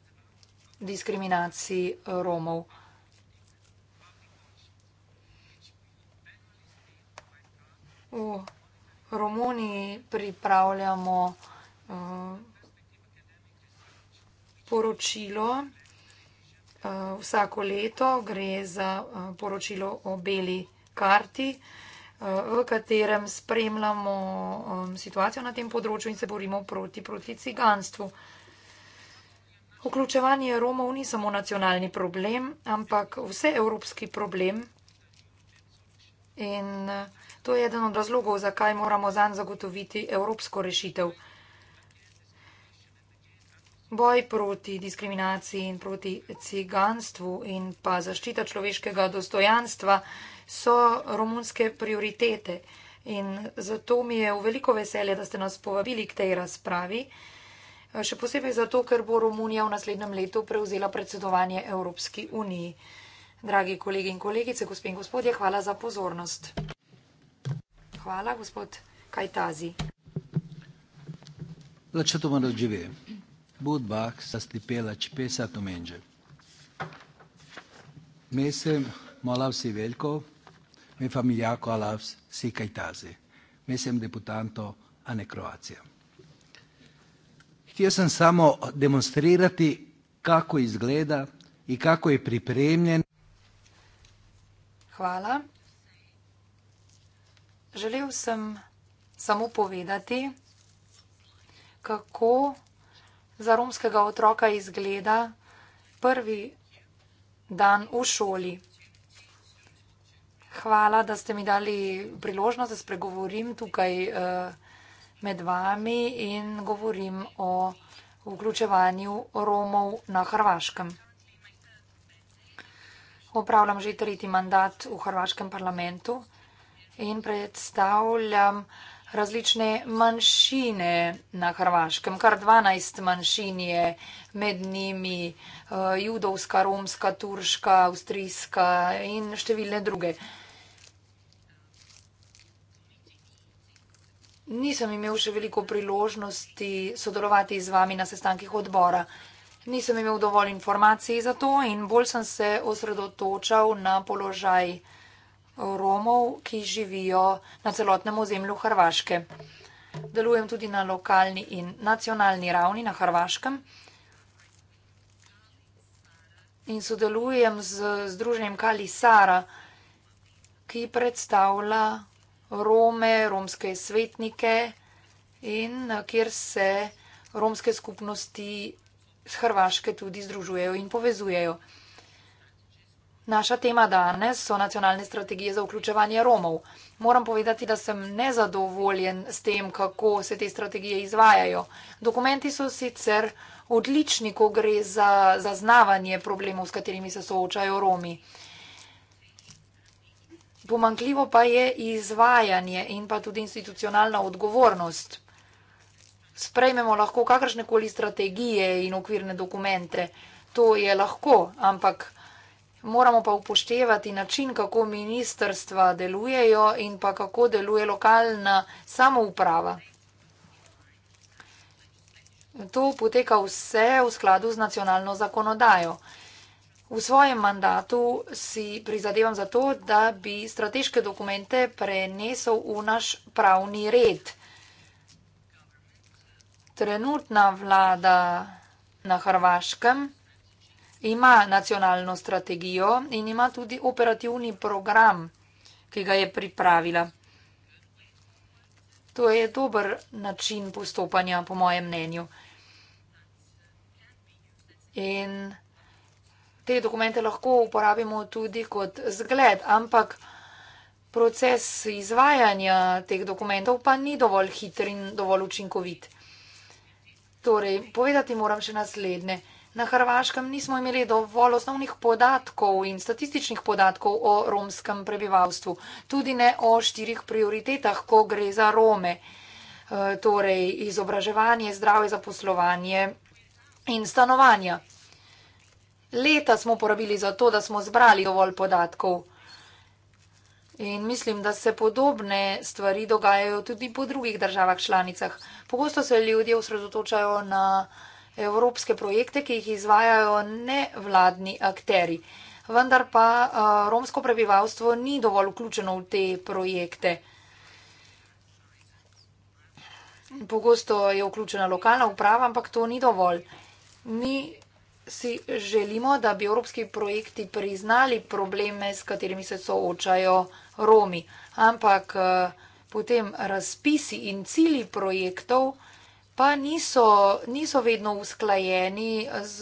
D: diskriminaciji Romov. v Romuniji pripravljamo eh, poročilo eh, vsako leto. Gre za eh, poročilo o beli karti, v katerem spremljamo situacijo na tem področju in se borimo proti proti ciganstvu. Vključevanje Romov ni samo nacionalni problem, ampak vse evropski problem in vse evropski problem. To je eden od razlogov, zakaj moramo zanj zagotoviti evropsko rešitev. Boj proti diskriminaciji in proti ciganstvu in pa zaščita človeškega dostojanstva so romunske prioritete. In zato mi je v veliko veselje, da ste nas povabili k tej razpravi. Še posebej zato, ker bo Romunija v naslednjem letu prevzela predsedovanje Evropski uniji. Dragi kolegi in kolegice, gospe in gospodje, hvala za pozornost. Hvala, gospod Kajtazi.
E: Lahko to malo živi. Budbah sa stipela čpesa to menže. Mi se malav si veliko, mi familijako alav si Kajtazi. Mi sem deputanto, a ne Kroacija. Htio sam samo demonstrirati kako izgleda i kako je pripremljen.
D: Hvala. Želel sem samo povedati, kako za romskega otroka izgleda prvi dan v šoli. Hvala, da ste mi dali priložnost, da spregovorim tukaj eh, med vami in govorim o vključevanju Romov na Hrvaškem. Opravljam že tretji mandat v Hrvaškem parlamentu in predstavljam različne manjšine na Hrvaškem. Kar 12 manjšin je med njimi eh, judovska, romska, turška, avstrijska in številne druge. Nisem imel še veliko priložnosti sodelovati z vami na sestankih odbora. Nisem imel dovolj informacij za to in bolj sem se osredotočal na položaj odbora Romov, ki živijo na celotnem ozemlju Hrvaške. Delujem tudi na lokalni in nacionalni ravni na Hrvaškem in sodelujem z združenjem Kali Sara, ki predstavlja Rome, romske svetnike in kjer se romske skupnosti z Hrvaške tudi združujejo in povezujejo. Naša tema danes so nacionalne strategije za vključevanje Romov. Moram povedati, da sem nezadovoljen s tem, kako se te strategije izvajajo. Dokumenti so sicer odlični, ko gre za zaznavanje problemov, s katerimi se soočajo Romi. Pomankljivo pa je izvajanje in pa tudi institucionalna odgovornost. Sprejmemo lahko kakršnekoli strategije in okvirne dokumente. To je lahko, ampak moramo pa upoštevati način, kako ministrstva delujejo in pa kako deluje lokalna samouprava. To poteka vse v skladu z nacionalno zakonodajo. V svojem mandatu si prizadevam za to, da bi strateške dokumente prenesel v naš pravni red. Trenutna vlada na Hrvaškem ima nacionalno strategijo in ima tudi operativni program, ki ga je pripravila. To je dober način postopanja, po mojem mnenju. In te dokumente lahko uporabimo tudi kot zgled, ampak proces izvajanja teh dokumentov pa ni dovolj hitr in dovolj učinkovit. Torej, povedati moram še naslednje na Hrvaškem nismo imeli dovolj osnovnih podatkov in statističnih podatkov o romskem prebivalstvu, tudi ne o štirih prioritetah, ko gre za Rome, e, torej izobraževanje, zdravje, zaposlovanje in stanovanja. Leta smo porabili za to, da smo zbrali dovolj podatkov. In mislim, da se podobne stvari dogajajo tudi po drugih državah članicah. Pogosto se ljudje osredotočajo na evropske projekte, ki jih izvajajo nevladni akteri. Vendar pa eh, romsko prebivalstvo ni dovolj vključeno v te projekte. Pogosto je vključena lokalna uprava, ampak to ni dovolj. Mi si želimo, da bi evropski projekti priznali probleme, s katerimi se soočajo Romi. Ampak eh, potem razpisi in cili projektov pa niso, niso vedno usklajeni z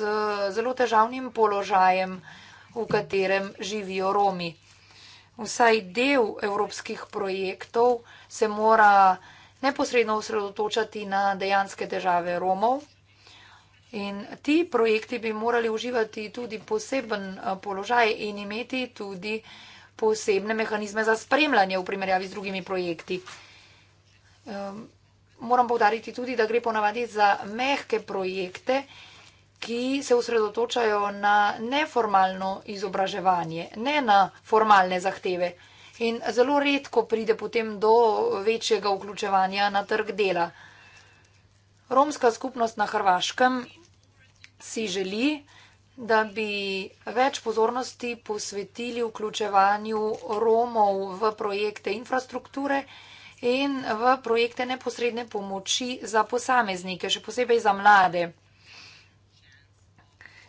D: zelo težavnim položajem, v katerem živijo Romi. Vsaj del evropskih projektov se mora neposredno osredotočati na dejanske težave Romov. In ti projekti bi morali uživati tudi poseben eh, položaj in imeti tudi posebne mehanizme za spremljanje v primerjavi z drugimi projekti. Ehm, moram povdariti tudi, da gre ponavadi za mehke projekte, ki se usredotočajo na neformalno izobraževanje, ne na formalne zahteve. In zelo redko pride potem do večjega vključevanja na trg dela. Romska skupnost na Hrvaškem si želi, da bi več pozornosti posvetili vključevanju Romov v projekte infrastrukture in v projekte neposredne pomoči za posameznike, še posebej za mlade.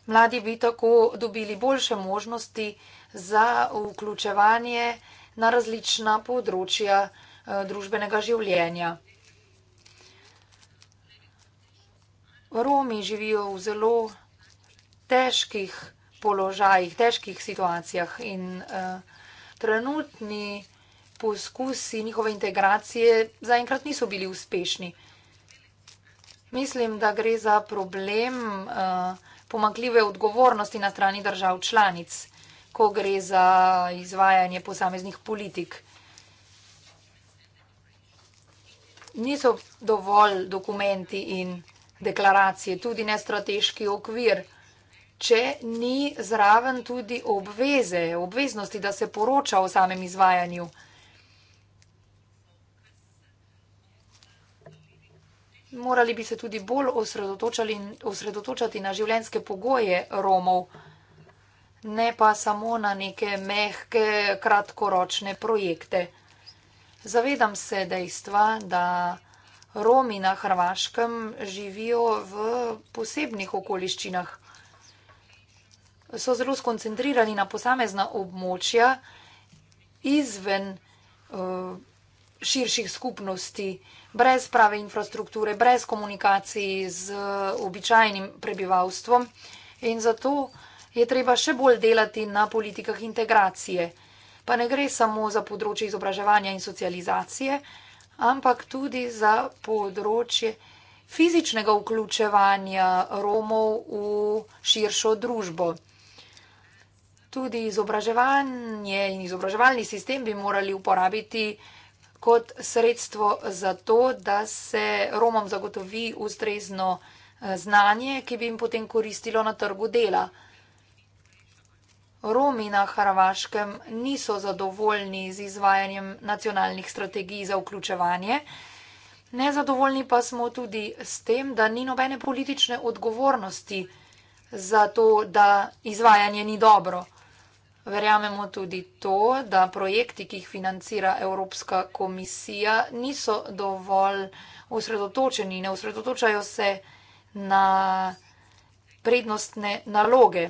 D: Mladi bi tako dobili boljše možnosti za vključevanje na različna področja eh, družbenega življenja. Romi živijo v zelo težkih položajih, težkih situacijah in eh, trenutni vsega, poskusi njihove integracije zaenkrat niso bili uspešni. Mislim, da gre za problem eh, pomakljive odgovornosti na strani držav članic, ko gre za izvajanje posameznih politik. Niso dovolj dokumenti in deklaracije, tudi ne strateški okvir, če ni zraven tudi obveze, obveznosti, da se poroča o samem izvajanju politik. morali bi se tudi bolj osredotočati na življenjske pogoje Romov, ne pa samo na neke mehke, kratkoročne projekte. Zavedam se dejstva, da Romi na Hrvaškem živijo v posebnih okoliščinah. So zelo skoncentrirani na posamezna območja izven uh, širših skupnosti, uh, brez prave infrastrukture, brez komunikacij z običajnim prebivalstvom. In zato je treba še bolj delati na politikah integracije. Pa ne gre samo za področje izobraževanja in socializacije, ampak tudi za področje fizičnega vključevanja Romov v širšo družbo. Tudi izobraževanje in izobraževalni sistem bi morali uporabiti kot sredstvo za to, da se Romom zagotovi ustrezno eh, znanje, ki bi jim potem koristilo na trgu dela. Romi na Hrvaškem niso zadovoljni z izvajanjem nacionalnih strategij za vključevanje. Nezadovoljni pa smo tudi s tem, da ni nobene politične odgovornosti za to, da izvajanje ni dobro. Verjamemo tudi to, da projekti, ki jih financira Evropska komisija, niso dovolj osredotočeni, ne osredotočajo se na prednostne naloge.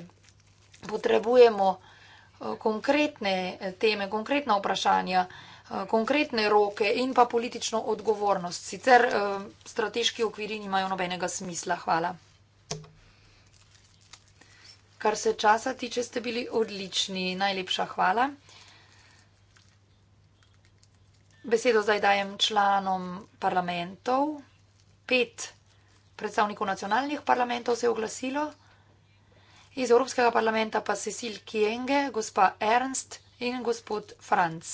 D: Potrebujemo eh, konkretne teme, konkretna vprašanja, eh, konkretne roke in pa politično odgovornost. Sicer eh, strateški okviri nimajo nobenega smisla. Hvala. Kar se časa tiče, ste bili odlični. Najlepša hvala. Besedo zdaj dajem članom parlamentov. Pet predstavnikov nacionalnih parlamentov se je oglasilo. Iz Evropskega parlamenta pa Cecil Kienge, gospa Ernst in gospod Franc.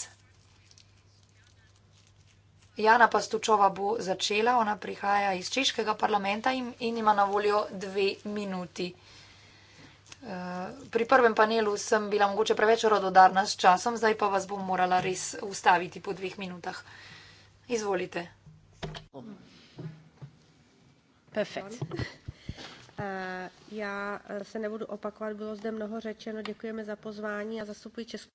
D: Jana Pastučova bo začela, ona prihaja iz Češkega parlamenta in, in ima na voljo dve minuti. Pri prvem panelu sem bila mogoče preveč rododarna s časom, zdaj pa vas bom morala res ustaviti po dveh minutah.
B: Izvolite. Perfekt. Ja se ne bodo opakovati, bilo zdaj mnogo rečeno, dekujeme za pozvanje,
D: a zastupuj čez...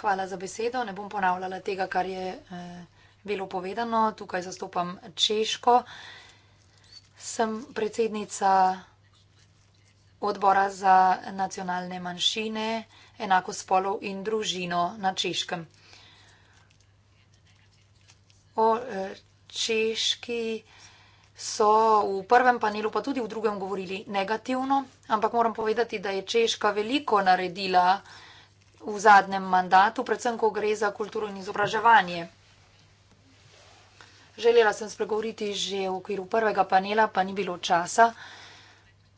D: Hvala za besedo, ne bom ponavljala tega, kar je eh, bilo povedano, tukaj zastopam Češko, sem predsednica odbora za nacionalne manjšine, enako spolov in družino na Češkem. O e, Češki so v prvem panelu, pa tudi v drugem, govorili negativno, ampak moram povedati, da je Češka veliko naredila v zadnjem mandatu, predvsem, ko gre za kulturo in izobraževanje. Želela sem spregovoriti že v okviru prvega panela, pa ni bilo časa.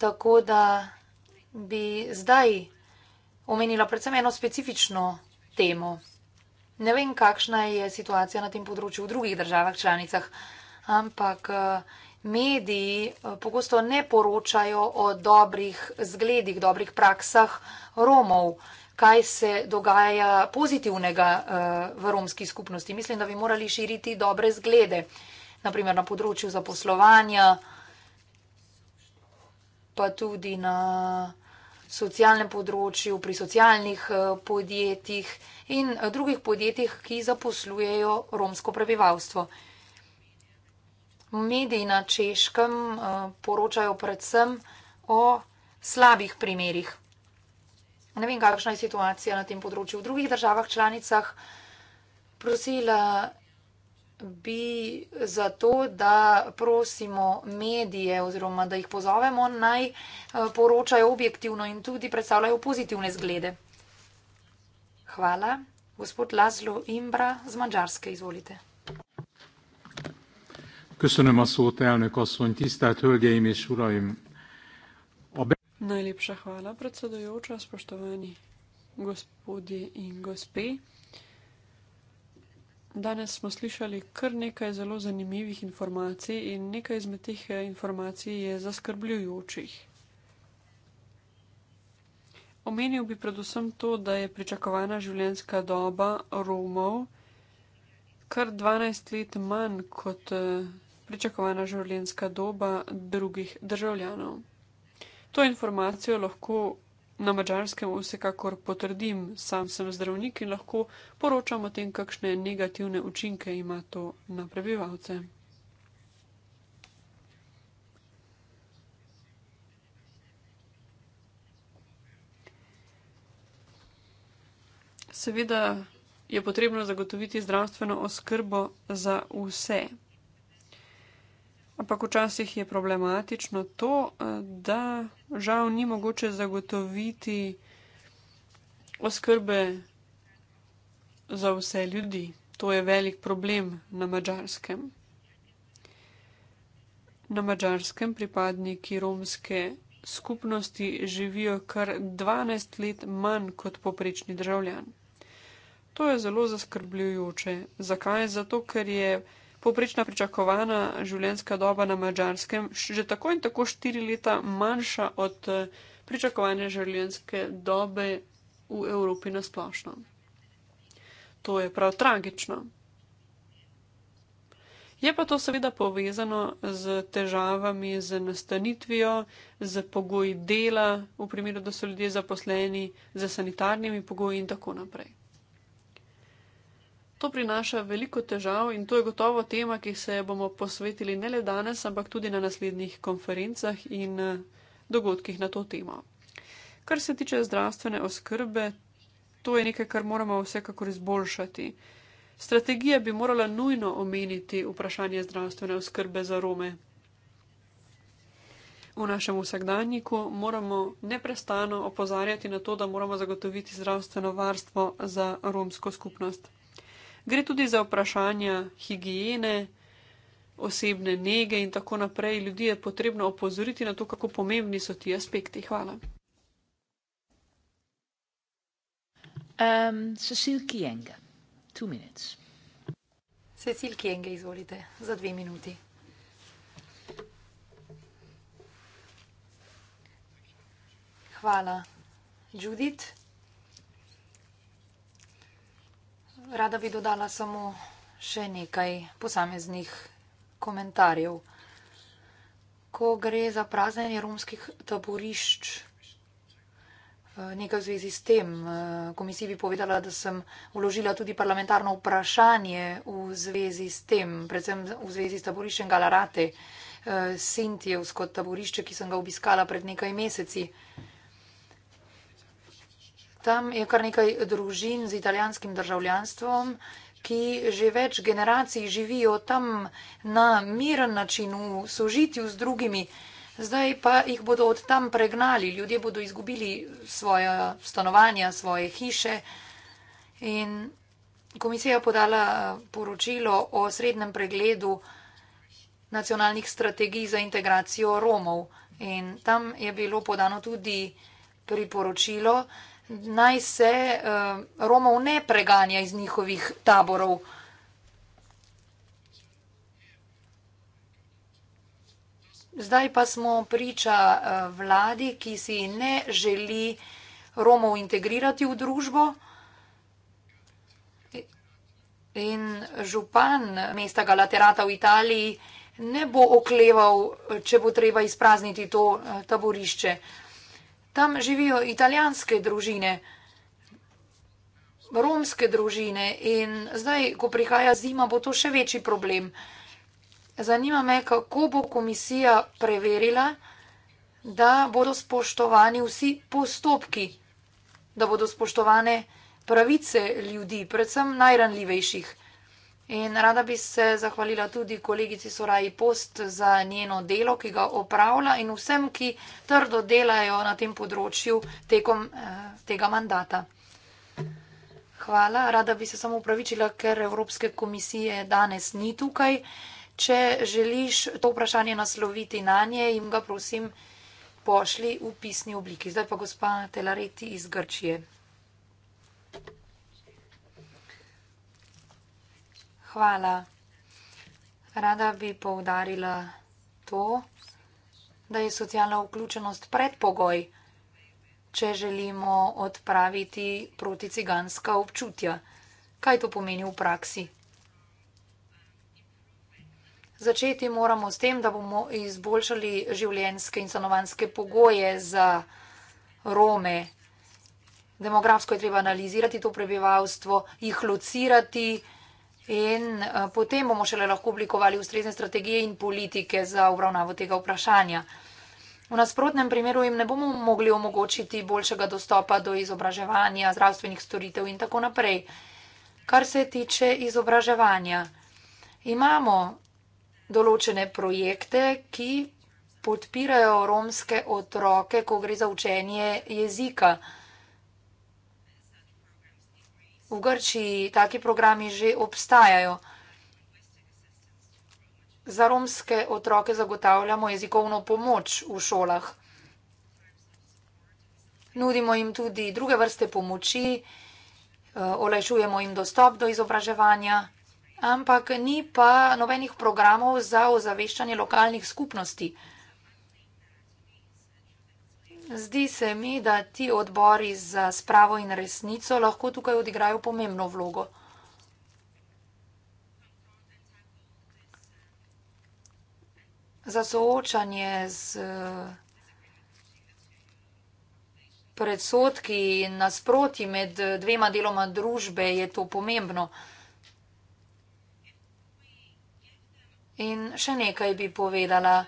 D: Tako da bi zdaj omenila predvsem eno specifično temo. Ne vem, kakšna je situacija na tem področju v drugih državah članicah, ampak eh, mediji eh, pogosto ne poročajo o dobrih zgledih, dobrih praksah Romov, kaj se dogaja pozitivnega eh, v romski skupnosti. Mislim, da bi morali širiti dobre zglede, naprimer na področju zaposlovanja, pa tudi na socialnem področju, pri socialnih eh, podjetjih in eh, drugih podjetjih, ki zaposlujejo romsko prebivalstvo. Mediji na češkem eh, poročajo predvsem o slabih primerih. Ne vem, kakšna je situacija na tem področju v drugih državah članicah. Prosila bi zato, da prosimo medije oziroma da jih pozovemo naj eh, poročajo objektivno in tudi predstavljajo pozitivne zglede. Hvala. Gospod Laszlo Imbra z Mađarske, izvolite.
E: Köszönöm a szót, elnök asszony, tisztelt hölgyeim és uraim. A be...
C: Najlepša hvala, predsedujoča, spoštovani gospodje in gospe. Danes smo slišali kar nekaj zelo zanimivih informacij in nekaj izmed teh eh, informacij je zaskrbljujočih. Omenil bi predvsem to, da je pričakovana življenjska doba Romov kar 12 let manj kot eh, pričakovana življenjska doba drugih državljanov. To informacijo lahko na mačarskem vsekakor potrdim, sam sem zdravnik in lahko poročam o tem, kakšne negativne učinke ima to na prebivalce. Seveda je potrebno zagotoviti zdravstveno oskrbo za vse. Ampak včasih je problematično to, eh, da žal ni mogoče zagotoviti oskrbe za vse ljudi. To je velik problem na mačarskem. Na mačarskem pripadniki romske skupnosti živijo kar 12 let manj kot poprečni državljan. To je zelo zaskrbljujoče. Zakaj? Zato, ker je Poprečna pričakovana življenjska doba na mačarskem je že tako in tako štiri leta manjša od eh, pričakovane življenjske dobe v Evropi na splošno. To je prav tragično. Je pa to seveda povezano z težavami, z nastanitvijo, z pogoji dela, v primeru, da so ljudje zaposleni, z sanitarnimi pogoji in tako naprej. To prinaša veliko težav in to je gotovo tema, ki se bomo posvetili ne le danes, ampak tudi na naslednjih konferencah in eh, dogodkih na to temo. Kar se tiče zdravstvene oskrbe, to je nekaj, kar moramo vsekakor izboljšati. Strategija bi morala nujno omeniti vprašanje zdravstvene oskrbe za Rome. V našem vsakdanjiku moramo neprestano opozarjati na to, da moramo zagotoviti zdravstveno varstvo za romsko skupnost. Gre tudi za vprašanja higiene, osebne nege in tako naprej. Ljudje je potrebno opozoriti na to, kako pomembni so ti aspekti. Hvala.
B: Um, Cecil Kienge, two minutes.
D: Cecil Kienge, izvolite, za dve minuti. Hvala, Judith. rada bi dodala samo še nekaj posameznih komentarjev. Ko gre za praznenje romskih taborišč, nekaj v zvezi s tem, komisiji bi povedala, da sem uložila tudi parlamentarno vprašanje v zvezi s tem, predvsem v zvezi s taboriščem Galarate, eh, Sintijevsko taborišče, ki sem ga obiskala pred nekaj meseci. Tam je kar nekaj družin z italijanskim državljanstvom, ki že več generacij živijo tam na miren način v sožitju z drugimi. Zdaj pa jih bodo od tam pregnali, ljudje bodo izgubili svoje stanovanja, svoje hiše. In komisija podala eh, poročilo o srednjem pregledu nacionalnih strategij za integracijo Romov. In tam je bilo podano tudi priporočilo, naj se uh, Romov ne preganja iz njihovih taborov. Zdaj pa smo priča eh, vladi, ki si ne želi Romov integrirati v družbo. In župan mesta Galaterata v Italiji ne bo okleval, če bo treba izprazniti to eh, taborišče. Tam živijo italijanske družine, romske družine in zdaj, ko prihaja zima, bo to še večji problem. Zanima me, kako bo komisija preverila, da bodo spoštovani vsi postopki, da bodo spoštovane pravice ljudi, predvsem najranljivejših. In rada bi se zahvalila tudi kolegici Soraji Post za njeno delo, ki ga opravlja in vsem, ki trdo delajo na tem področju tekom eh, tega mandata. Hvala. Rada bi se samo upravičila, ker Evropske komisije danes ni tukaj. Če želiš to vprašanje nasloviti na nje, jim ga prosim pošli v pisni obliki. Zdaj pa gospa Telareti iz Grčije. Hvala. Rada bi povdarila to, da je socialna vključenost predpogoj, če želimo odpraviti proticiganska občutja. Kaj to pomeni v praksi? Začeti moramo s tem, da bomo izboljšali življenjske in stanovanske pogoje za Rome. Demografsko je treba analizirati to prebivalstvo, jih locirati, In eh, potem bomo šele lahko oblikovali ustrezne strategije in politike za obravnavo tega vprašanja. V nasprotnem primeru jim ne bomo mogli omogočiti boljšega dostopa do izobraževanja, zdravstvenih storitev in tako naprej. Kar se tiče izobraževanja, imamo določene projekte, ki podpirajo romske otroke, ko gre za učenje jezika v Grčiji taki programi že obstajajo. Za romske otroke zagotavljamo jezikovno pomoč v šolah. Nudimo jim tudi druge vrste pomoči, eh, olajšujemo jim dostop do izobraževanja, ampak ni pa nobenih programov za ozaveščanje lokalnih skupnosti. Zdi se mi, da ti odbori za spravo in resnico lahko tukaj odigrajo pomembno vlogo. Za soočanje z predsotki in nasproti med dvema deloma družbe je to pomembno. In še nekaj bi povedala.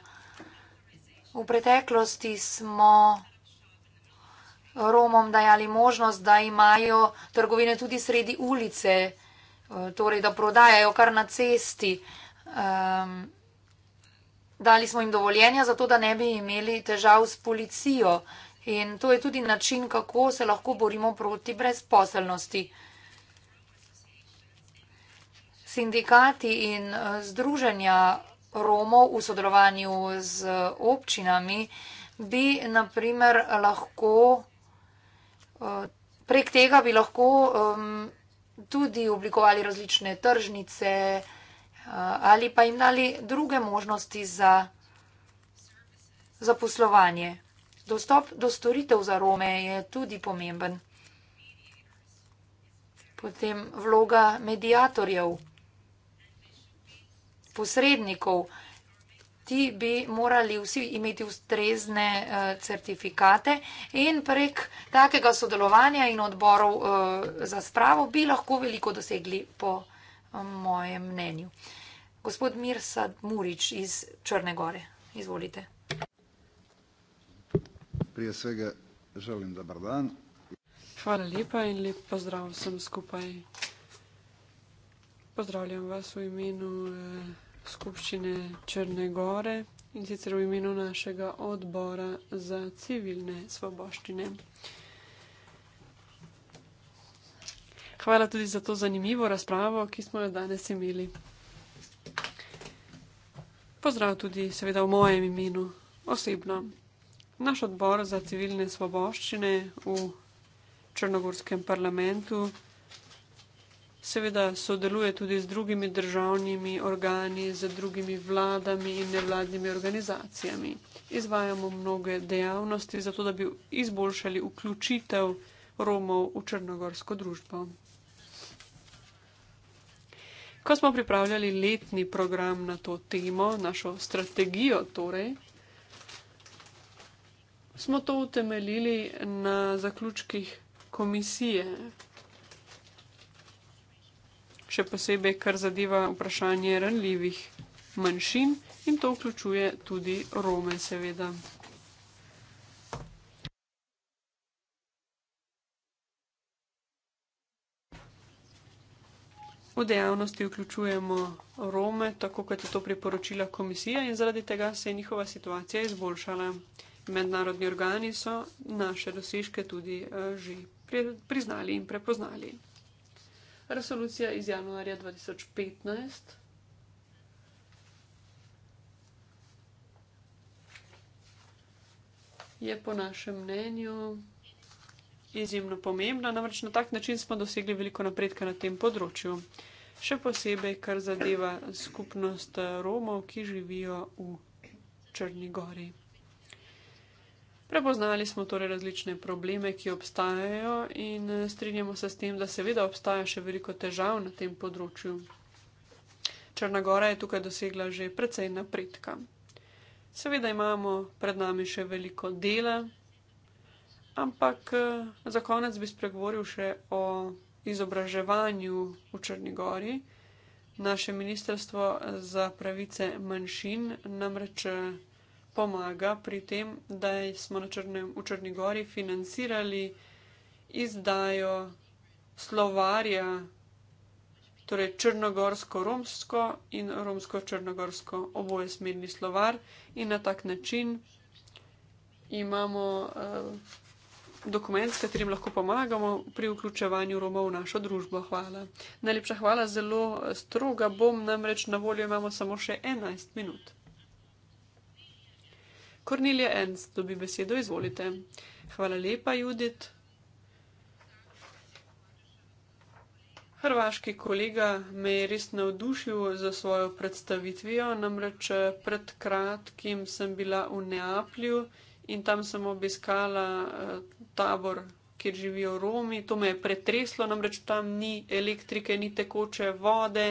D: V preteklosti smo Romom dajali možnost, da imajo trgovine tudi sredi ulice, eh, torej da prodajajo kar na cesti. Um, dali smo jim dovoljenja za to, da ne bi imeli težav s policijo. In to je tudi način, kako se lahko borimo proti brezposelnosti. Sindikati in eh, združenja Romov v sodelovanju z občinami, bi naprimer lahko, eh, prek tega bi lahko tudi oblikovali različne tržnice eh, ali pa jim dali druge možnosti za zaposlovanje. Dostop do storitev za Rome je tudi pomemben. Potem vloga medijatorjev posrednikov. Ti bi morali vsi imeti ustrezne uh, certifikate in prek takega sodelovanja in odborov uh, za spravo bi lahko veliko dosegli, po um, mojem mnenju. Gospod Mirsad Murič iz Črne Gore, izvolite.
E: Prije svega želim dobar dan.
D: Hvala lepa in lep pozdrav
C: vsem skupaj. Pozdravljam vas v imenu. Uh, skupščine Črne Gore in sicer v imenu našega odbora za civilne svoboščine. Hvala tudi za to zanimivo razpravo, ki smo jo danes imeli. Pozdrav tudi, seveda, v mojem imenu osebno. Naš odbor za civilne svoboščine v Črnogorskem parlamentu seveda sodeluje tudi z drugimi državnimi organi, z drugimi vladami in nevladnimi organizacijami. Izvajamo mnoge dejavnosti, zato da bi izboljšali vključitev Romov v črnogorsko družbo. Ko smo pripravljali letni program na to temo, našo strategijo, torej, smo to utemeljili na zaključkih komisije, še posebej kar zadeva vprašanje ranljivih manjšin in to vključuje tudi Rome, seveda. V dejavnosti vključujemo Rome, tako kot je to priporočila komisija in zaradi tega se je njihova situacija izboljšala. Mednarodni organi so naše dosežke tudi eh, že priznali in prepoznali resolucija iz januarja 2015 je po našem mnenju izjemno pomembna, namreč na tak način smo dosegli veliko napredka na tem področju. Še posebej, kar zadeva skupnost Romov, ki živijo v Črnigori. Prepoznali smo torej različne probleme, ki obstajajo, in eh, strinjamo se s tem, da seveda obstaja še veliko težav na tem področju. Črnagora je tukaj dosegla že precej napredka. Seveda imamo pred nami še veliko dela, ampak eh, za konec bi spregovoril še o izobraževanju v Črnagori. Naše ministrstvo za pravice manjšin namreč. Eh, pomaga pri tem, da smo Črnem, v Črni Gori financirali izdajo slovarja, torej črnogorsko-romsko in romsko-črnogorsko oboje smerni slovar in na tak način imamo uh, dokument, s katerim lahko pomagamo pri vključevanju Romov v našo družbo. Hvala. Najlepša hvala, zelo eh, stroga bom, namreč na voljo imamo samo še 11 minut. Kornelija Enz dobi besedo, izvolite. Hvala lepa, Judit. Hrvaški kolega me je res navdušil za svojo predstavitvijo, namreč pred kratkim sem bila v Neaplju in tam sem obiskala tabor, kjer živijo Romi. To me je pretreslo, namreč tam ni elektrike, ni tekoče vode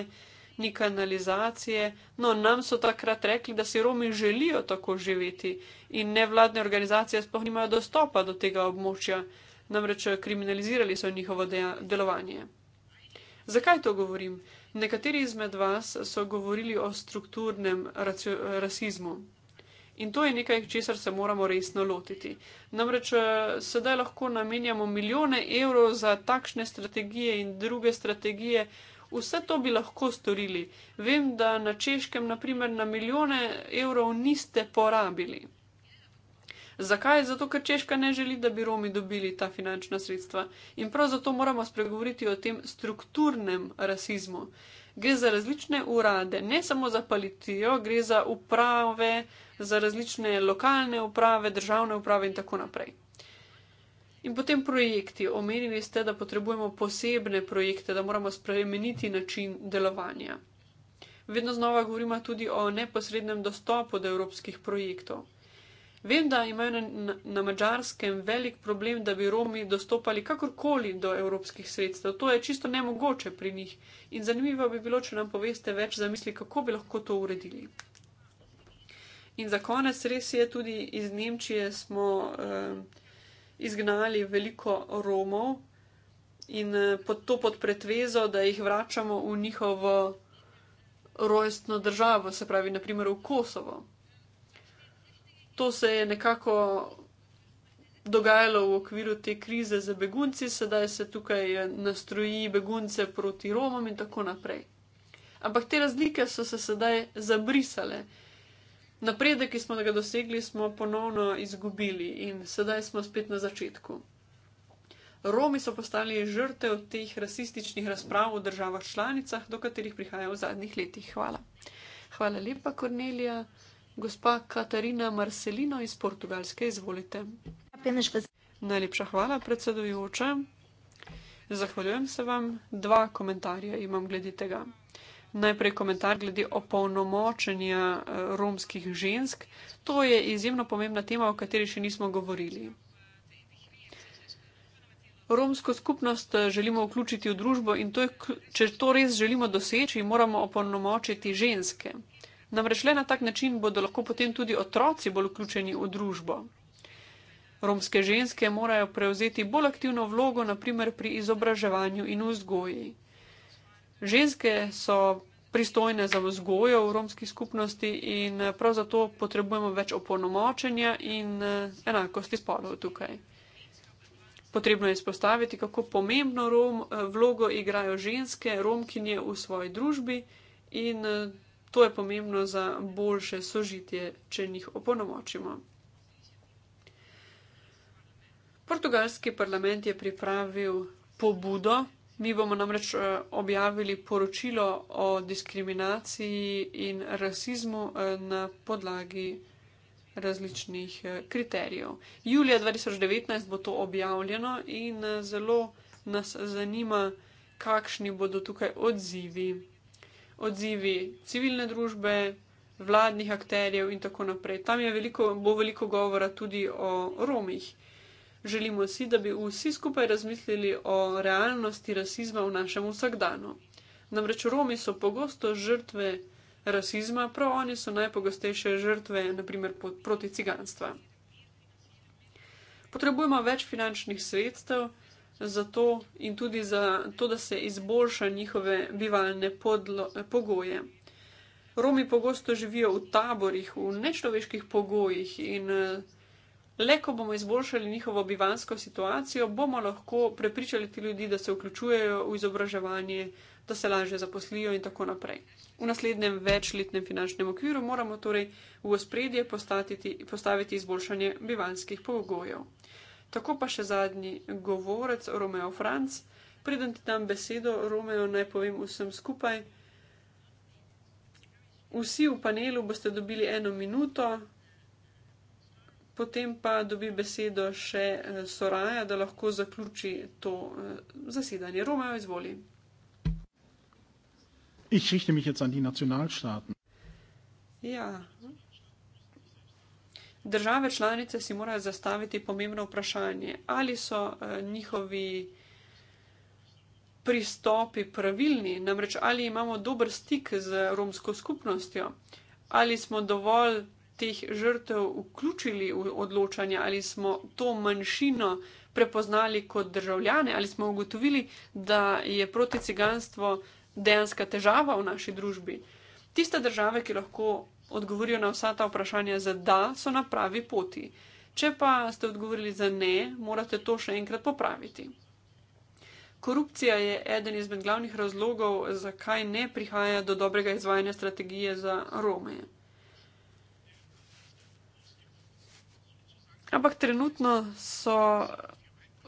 C: ni kanalizacije. No, nam so takrat rekli, da si Romi želijo tako živeti in nevladne organizacije sploh nimajo dostopa do tega območja, namreč eh, kriminalizirali so njihovo delovanje. Zakaj to govorim? Nekateri izmed vas so govorili o strukturnem rasizmu. In to je nekaj, česar se moramo resno lotiti. Namreč eh, sedaj lahko namenjamo milijone evrov za takšne strategije in druge strategije, Vse to bi lahko storili. Vem, da na češkem, naprimer, na milijone evrov niste porabili. Zakaj? Zato, ker Češka ne želi, da bi Romi dobili ta finančna sredstva. In prav zato moramo spregovoriti o tem strukturnem rasizmu. Gre za različne urade, ne samo za politijo, gre za uprave, za različne lokalne uprave, državne uprave in tako naprej. In potem projekti. Omenili ste, da potrebujemo posebne projekte, da moramo spremeniti način delovanja. Vedno znova govorimo tudi o neposrednem dostopu do evropskih projektov. Vem, da imajo na, na, na mačarskem velik problem, da bi Romi dostopali kakorkoli do evropskih sredstev. To je čisto nemogoče pri njih. In zanimivo bi bilo, če nam poveste več za misli, kako bi lahko to uredili. In za konec res je tudi iz Nemčije smo. Eh, izgnali veliko Romov in eh, pod to pod pretvezo, da jih vračamo v njihovo rojstno državo, se pravi, naprimer v Kosovo. To se je nekako dogajalo v okviru te krize za begunci, sedaj se tukaj eh, nastroji begunce proti Romom in tako naprej. Ampak te razlike so se sedaj zabrisale Napredek, ki smo ga dosegli, smo ponovno izgubili in sedaj smo spet na začetku. Romi so postali žrtev teh rasističnih razprav v državah članicah, do katerih prihaja v zadnjih letih. Hvala. Hvala lepa, Kornelija. Gospa Katarina Marcelino iz Portugalske, izvolite. Najlepša hvala, predsedujoča. Zahvaljujem se vam. Dva komentarja imam glede tega. Najprej komentar glede opolnomočenja eh, romskih žensk. To je izjemno pomembna tema, o kateri še nismo govorili. Romsko skupnost eh, želimo vključiti v družbo in to je, če to res želimo doseči, moramo opolnomočiti ženske. Namreč le na tak način bodo lahko potem tudi otroci bolj vključeni v družbo. Romske ženske morajo prevzeti bolj aktivno vlogo, naprimer pri izobraževanju in vzgoji ženske so pristojne za vzgojo v romski skupnosti in eh, prav zato potrebujemo več opolnomočenja in eh, enakosti spolov tukaj. Potrebno je izpostaviti, kako pomembno Rom, eh, vlogo igrajo ženske, romkinje v svoji družbi in to je pomembno za boljše sožitje, če njih opolnomočimo. Portugalski parlament je pripravil pobudo Mi bomo namreč eh, objavili poročilo o diskriminaciji in rasizmu eh, na podlagi različnih eh, kriterijev. Julija 2019 bo to objavljeno in zelo nas zanima, kakšni bodo tukaj odzivi. Odzivi civilne družbe, vladnih akterjev in tako naprej. Tam je veliko, bo veliko govora tudi o romih. Želimo si, da bi vsi skupaj razmislili o realnosti rasizma v našem vsakdanu. Namreč Romi so pogosto žrtve rasizma, prav oni so najpogostejše žrtve, naprimer proti ciganstva. Potrebujemo več finančnih sredstev za to in tudi za to, da se izboljša njihove bivalne podlo, pogoje. Romi pogosto živijo v taborih, v nečloveških pogojih in Le ko bomo izboljšali njihovo bivansko situacijo, bomo lahko prepričali te ljudi, da se vključujejo v izobraževanje, da se lažje zaposlijo in tako naprej. V naslednjem večletnem finančnem okviru moramo torej v ospredje postaviti izboljšanje bivanskih pogojev. Tako pa še zadnji govorec, Romeo Franc. Preden ti dam besedo, Romeo, naj povem vsem skupaj. Vsi v panelu boste dobili eno minuto, Potem pa dobi besedo še eh, Soraja, da lahko zaključi to eh, zasedanje. Romajo, izvoli.
A: Ich richte mich jetzt an die Nationalstaaten.
C: Ja. Države članice si morajo zastaviti pomembno vprašanje, ali so uh, njihovi pristopi pravilni, namreč ali imamo dober stik z romsko skupnostjo, ali smo dovolj teh žrtev vključili v odločanje, ali smo to manjšino prepoznali kot državljane, ali smo ugotovili, da je proticiganstvo dejansko težava v naši družbi. Tiste države, ki lahko odgovorijo na vsa ta vprašanja za da, so na pravi poti. Če pa ste odgovorili za ne, morate to še enkrat popraviti. Korupcija je eden izmed glavnih razlogov, zakaj ne prihaja do dobrega izvajanja strategije za Romeje. Ampak trenutno so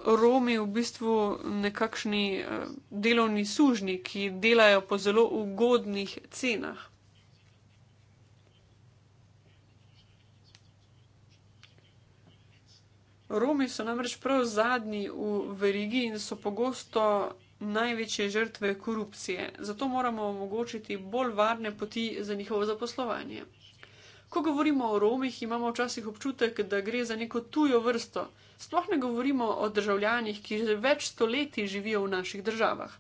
C: Romi v bistvu nekakšni eh, delovni sužnji, ki delajo po zelo ugodnih cenah. Romi so namreč prav zadnji v verigi in so pogosto največje žrtve korupcije, zato moramo omogočiti bolj varne poti za njihovo zaposlovanje. Ko govorimo o Romih, imamo včasih občutek, da gre za neko tujo vrsto. Sploh ne govorimo o državljanih, ki že več stoletij živijo v naših državah.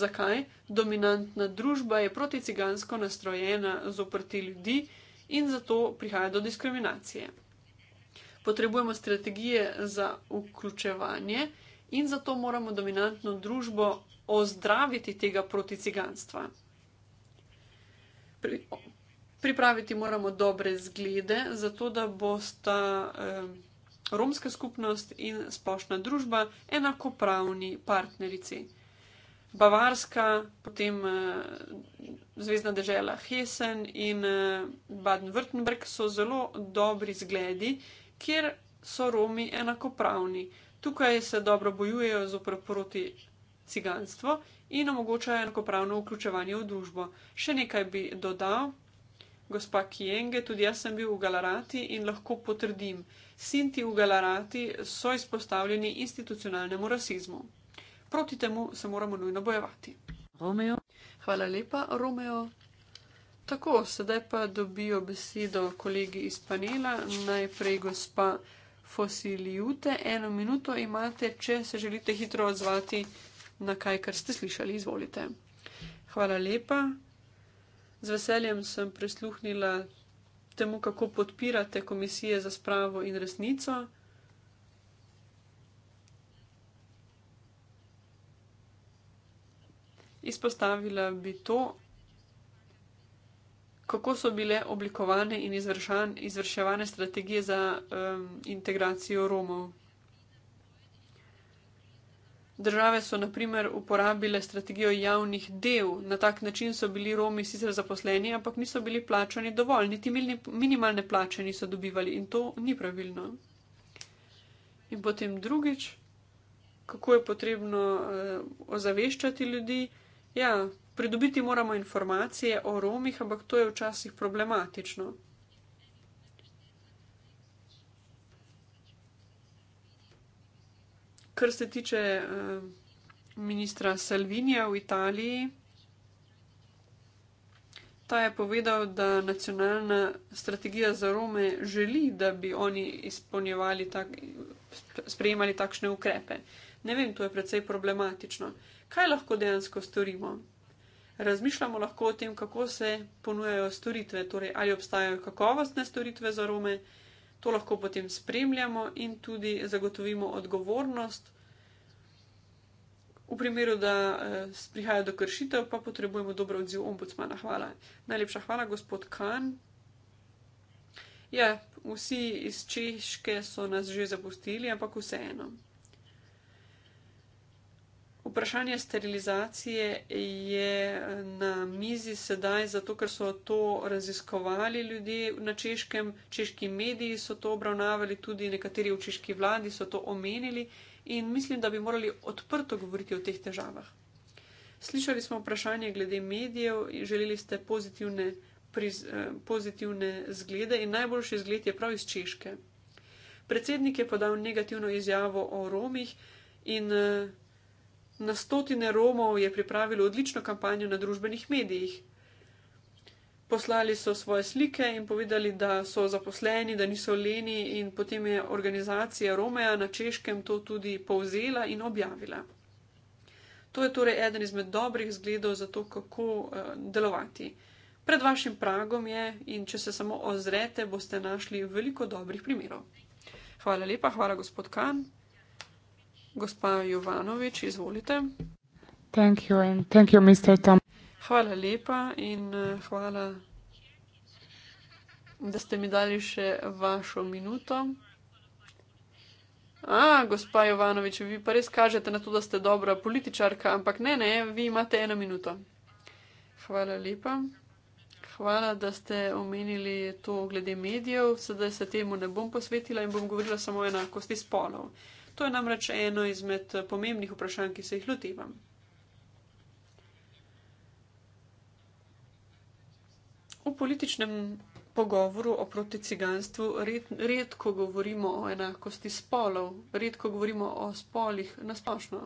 C: Zakaj? Dominantna družba je proticigansko nastrojena zoprti ljudi in zato prihaja do diskriminacije. Potrebujemo strategije za vključevanje in zato moramo dominantno družbo ozdraviti tega proticiganstva pripraviti moramo dobre zglede, zato da bosta eh, romska skupnost in splošna družba enakopravni partnerici. Bavarska, potem eh, zvezdna država Hessen in eh, Baden-Württemberg so zelo dobri zgledi, kjer so Romi enakopravni. Tukaj se dobro bojujejo proti ciganstvu in omogočajo enakopravno vključevanje v družbo. Še nekaj bi dodal, gospa Kijenge, tudi jaz sem bil v Galarati in lahko potrdim, sinti v Galarati so izpostavljeni institucionalnemu rasizmu. Proti temu se moramo nujno bojevati. Romeo. Hvala lepa, Romeo. Tako, sedaj pa dobijo besedo kolegi iz panela, najprej gospa Fosilijute. Eno minuto imate, če se želite hitro odzvati na kaj, kar ste slišali, izvolite. Hvala lepa, Z veseljem sem prisluhnila temu, kako podpirate komisije za spravo in resnico. Izpostavila bi to, kako so bile oblikovane in izvrševane strategije za um, integracijo Romov. Države so na primer uporabile strategijo javnih del, na tak način so bili Romi sicer zaposleni, ampak niso bili plačani dovolj, niti minimalne plače niso dobivali in to ni pravilno. In potem drugič, kako je potrebno uh, ozaveščati ljudi. Ja, pridobiti moramo informacije o Romih, ampak to je včasih problematično. kar se tiče uh, ministra Salvinija v Italiji, ta je povedal, da nacionalna strategija za Rome želi, da bi oni izpolnjevali tak, sprejemali takšne ukrepe. Ne vem, to je precej problematično. Kaj lahko dejansko storimo? Razmišljamo lahko o tem, kako se ponujajo storitve, torej ali obstajajo kakovostne storitve za Rome, To lahko potem spremljamo in tudi zagotovimo odgovornost. V primeru, da eh, prihaja do kršitev, pa potrebujemo dober odziv ombudsmana. Hvala. Najlepša hvala, gospod Khan. Ja, vsi iz Češke so nas že zapustili, ampak vseeno. Vprašanje sterilizacije je na mizi sedaj, zato ker so to raziskovali ljudje na češkem, češki mediji so to obravnavali, tudi nekateri v češki vladi so to omenili in mislim, da bi morali odprto govoriti o teh težavah. Slišali smo vprašanje glede medijev in želeli ste pozitivne, priz, eh, pozitivne zglede in najboljši zgled je prav iz češke. Predsednik je podal negativno izjavo o romih in eh, Na stotine Romov je pripravilo odlično kampanjo na družbenih medijih. Poslali so svoje slike in povedali, da so zaposleni, da niso leni, in potem je organizacija Romeja na Češkem to tudi povzela in objavila. To je torej eden izmed dobrih zgledov za to, kako uh, delovati. Pred vašim pragom je in če se samo ozrete, boste našli veliko dobrih primerov. Hvala lepa, hvala gospod Kan, Gospa Jovanovič, izvolite.
B: Thank you thank you,
C: hvala lepa in eh, hvala, da ste mi dali še vašo minuto. A, gospa Jovanovič, vi pa res kažete na to, da ste dobra političarka, ampak ne, ne, vi imate eno minuto. Hvala lepa. Hvala, da ste omenili to glede medijev. Sedaj se temu ne bom posvetila in bom govorila samo o enakosti spolov. To je namreč eno izmed pomembnih vprašanj, ki se jih lotevam. V političnem pogovoru o proticiganstvu red, redko govorimo o enakosti spolov, redko govorimo o spolih nasplošno.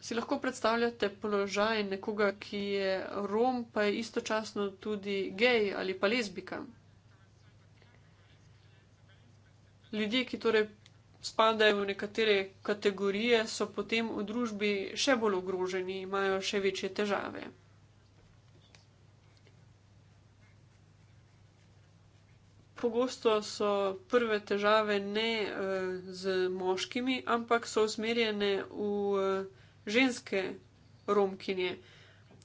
C: Si lahko predstavljate položaj nekoga, ki je rom, pa je istočasno tudi gej ali pa lezbika. ljudje, ki torej spadajo v nekatere kategorije, so potem v družbi še bolj ogroženi, imajo še večje težave. Pogosto so prve težave ne uh, z moškimi, ampak so usmerjene v uh, ženske romkinje.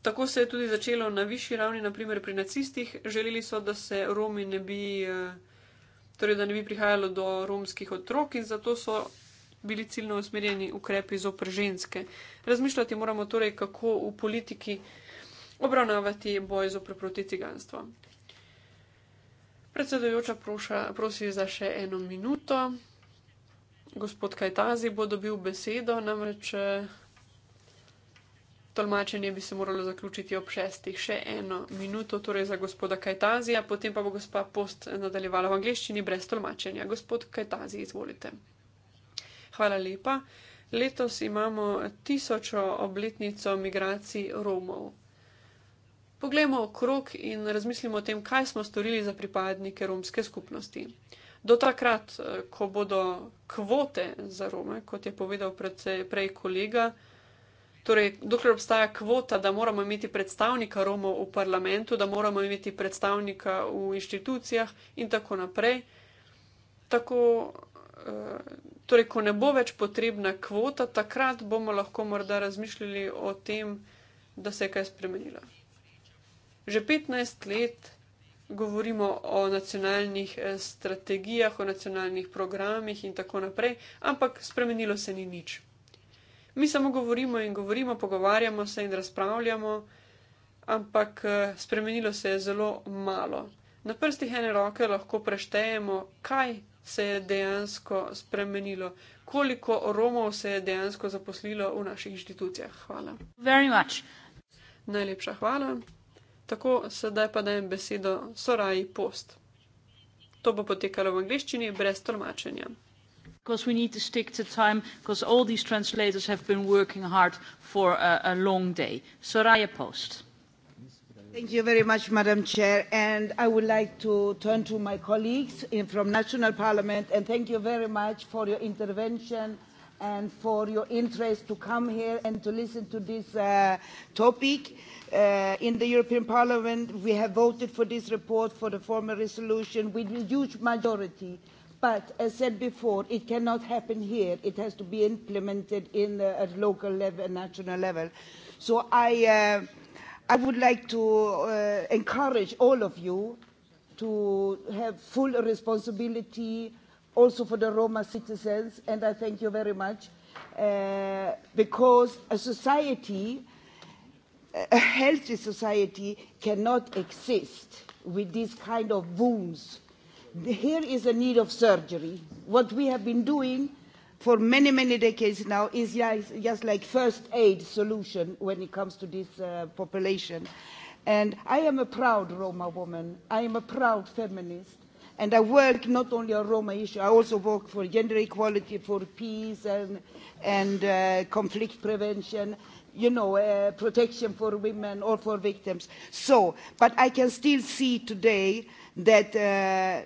C: Tako se je tudi začelo na višji ravni, naprimer pri nacistih. Želeli so, da se Romi ne bi uh, torej da ne bi prihajalo do romskih otrok in zato so bili ciljno usmerjeni ukrepi zopr ženske. Razmišljati moramo torej, kako v politiki obravnavati boj zopr proti ciganstvu. Predsedujoča proša, prosi za še eno minuto. Gospod Kajtazi bo dobil besedo, namreč Tolmačenje bi se moralo zaključiti ob šestih, še eno minuto, torej za gospoda Kajtazija, potem pa bo gospa post nadaljevala v angleščini brez tolmačenja. Gospod Kajtazij, izvolite. Hvala lepa. Letos imamo tisočo obletnico migracij Romov. Poglejmo okrog in razmislimo o tem, kaj smo storili za pripadnike romske skupnosti. Do takrat, eh, ko bodo kvote za Rome, kot je povedal predvsej prej kolega, Torej, dokler obstaja kvota, da moramo imeti predstavnika Romov v parlamentu, da moramo imeti predstavnika v inštitucijah in tako naprej. Tako, eh, torej, ko ne bo več potrebna kvota, takrat bomo lahko morda razmišljali o tem, da se je kaj spremenilo. Že 15 let govorimo o nacionalnih eh, strategijah, o nacionalnih programih in tako naprej, ampak spremenilo se ni nič mi samo govorimo in govorimo, pogovarjamo se in razpravljamo, ampak eh, spremenilo se je zelo malo. Na prstih ene roke lahko preštejemo, kaj se je dejansko spremenilo, koliko Romov se je dejansko zaposlilo v naših inštitucijah. Hvala. Najlepša hvala. Tako, sedaj pa dajem besedo Soraji Post. To bo potekalo v angleščini brez tolmačenja
B: because we need to stick to time because all these translators
C: have been working hard for a, a long day. Soraya Post.
B: Thank you very much, Madam Chair. And I would like to turn to my colleagues in, from National Parliament and thank you very much for your intervention and for your interest to come here and to listen to this uh, topic. Uh, in the European Parliament, we have voted for this report, for the formal resolution, with a huge majority but as said before, it cannot happen here. It has to be implemented in the, uh, at local level and uh, national level. So I, uh, I would like to uh, encourage all of you to have full responsibility also for the Roma citizens, and I thank you very much, uh, because a society, a healthy society, cannot exist with these kind of wounds here is a need of surgery. What we have been doing for many, many decades now is just, just like first aid solution when it comes to this uh, population. And I am a proud Roma woman. I am a proud feminist. And I work not only on Roma issue. I also work for gender equality, for peace and, and uh, conflict prevention, you know, uh, protection for women or for victims. So, but I can still see today that uh,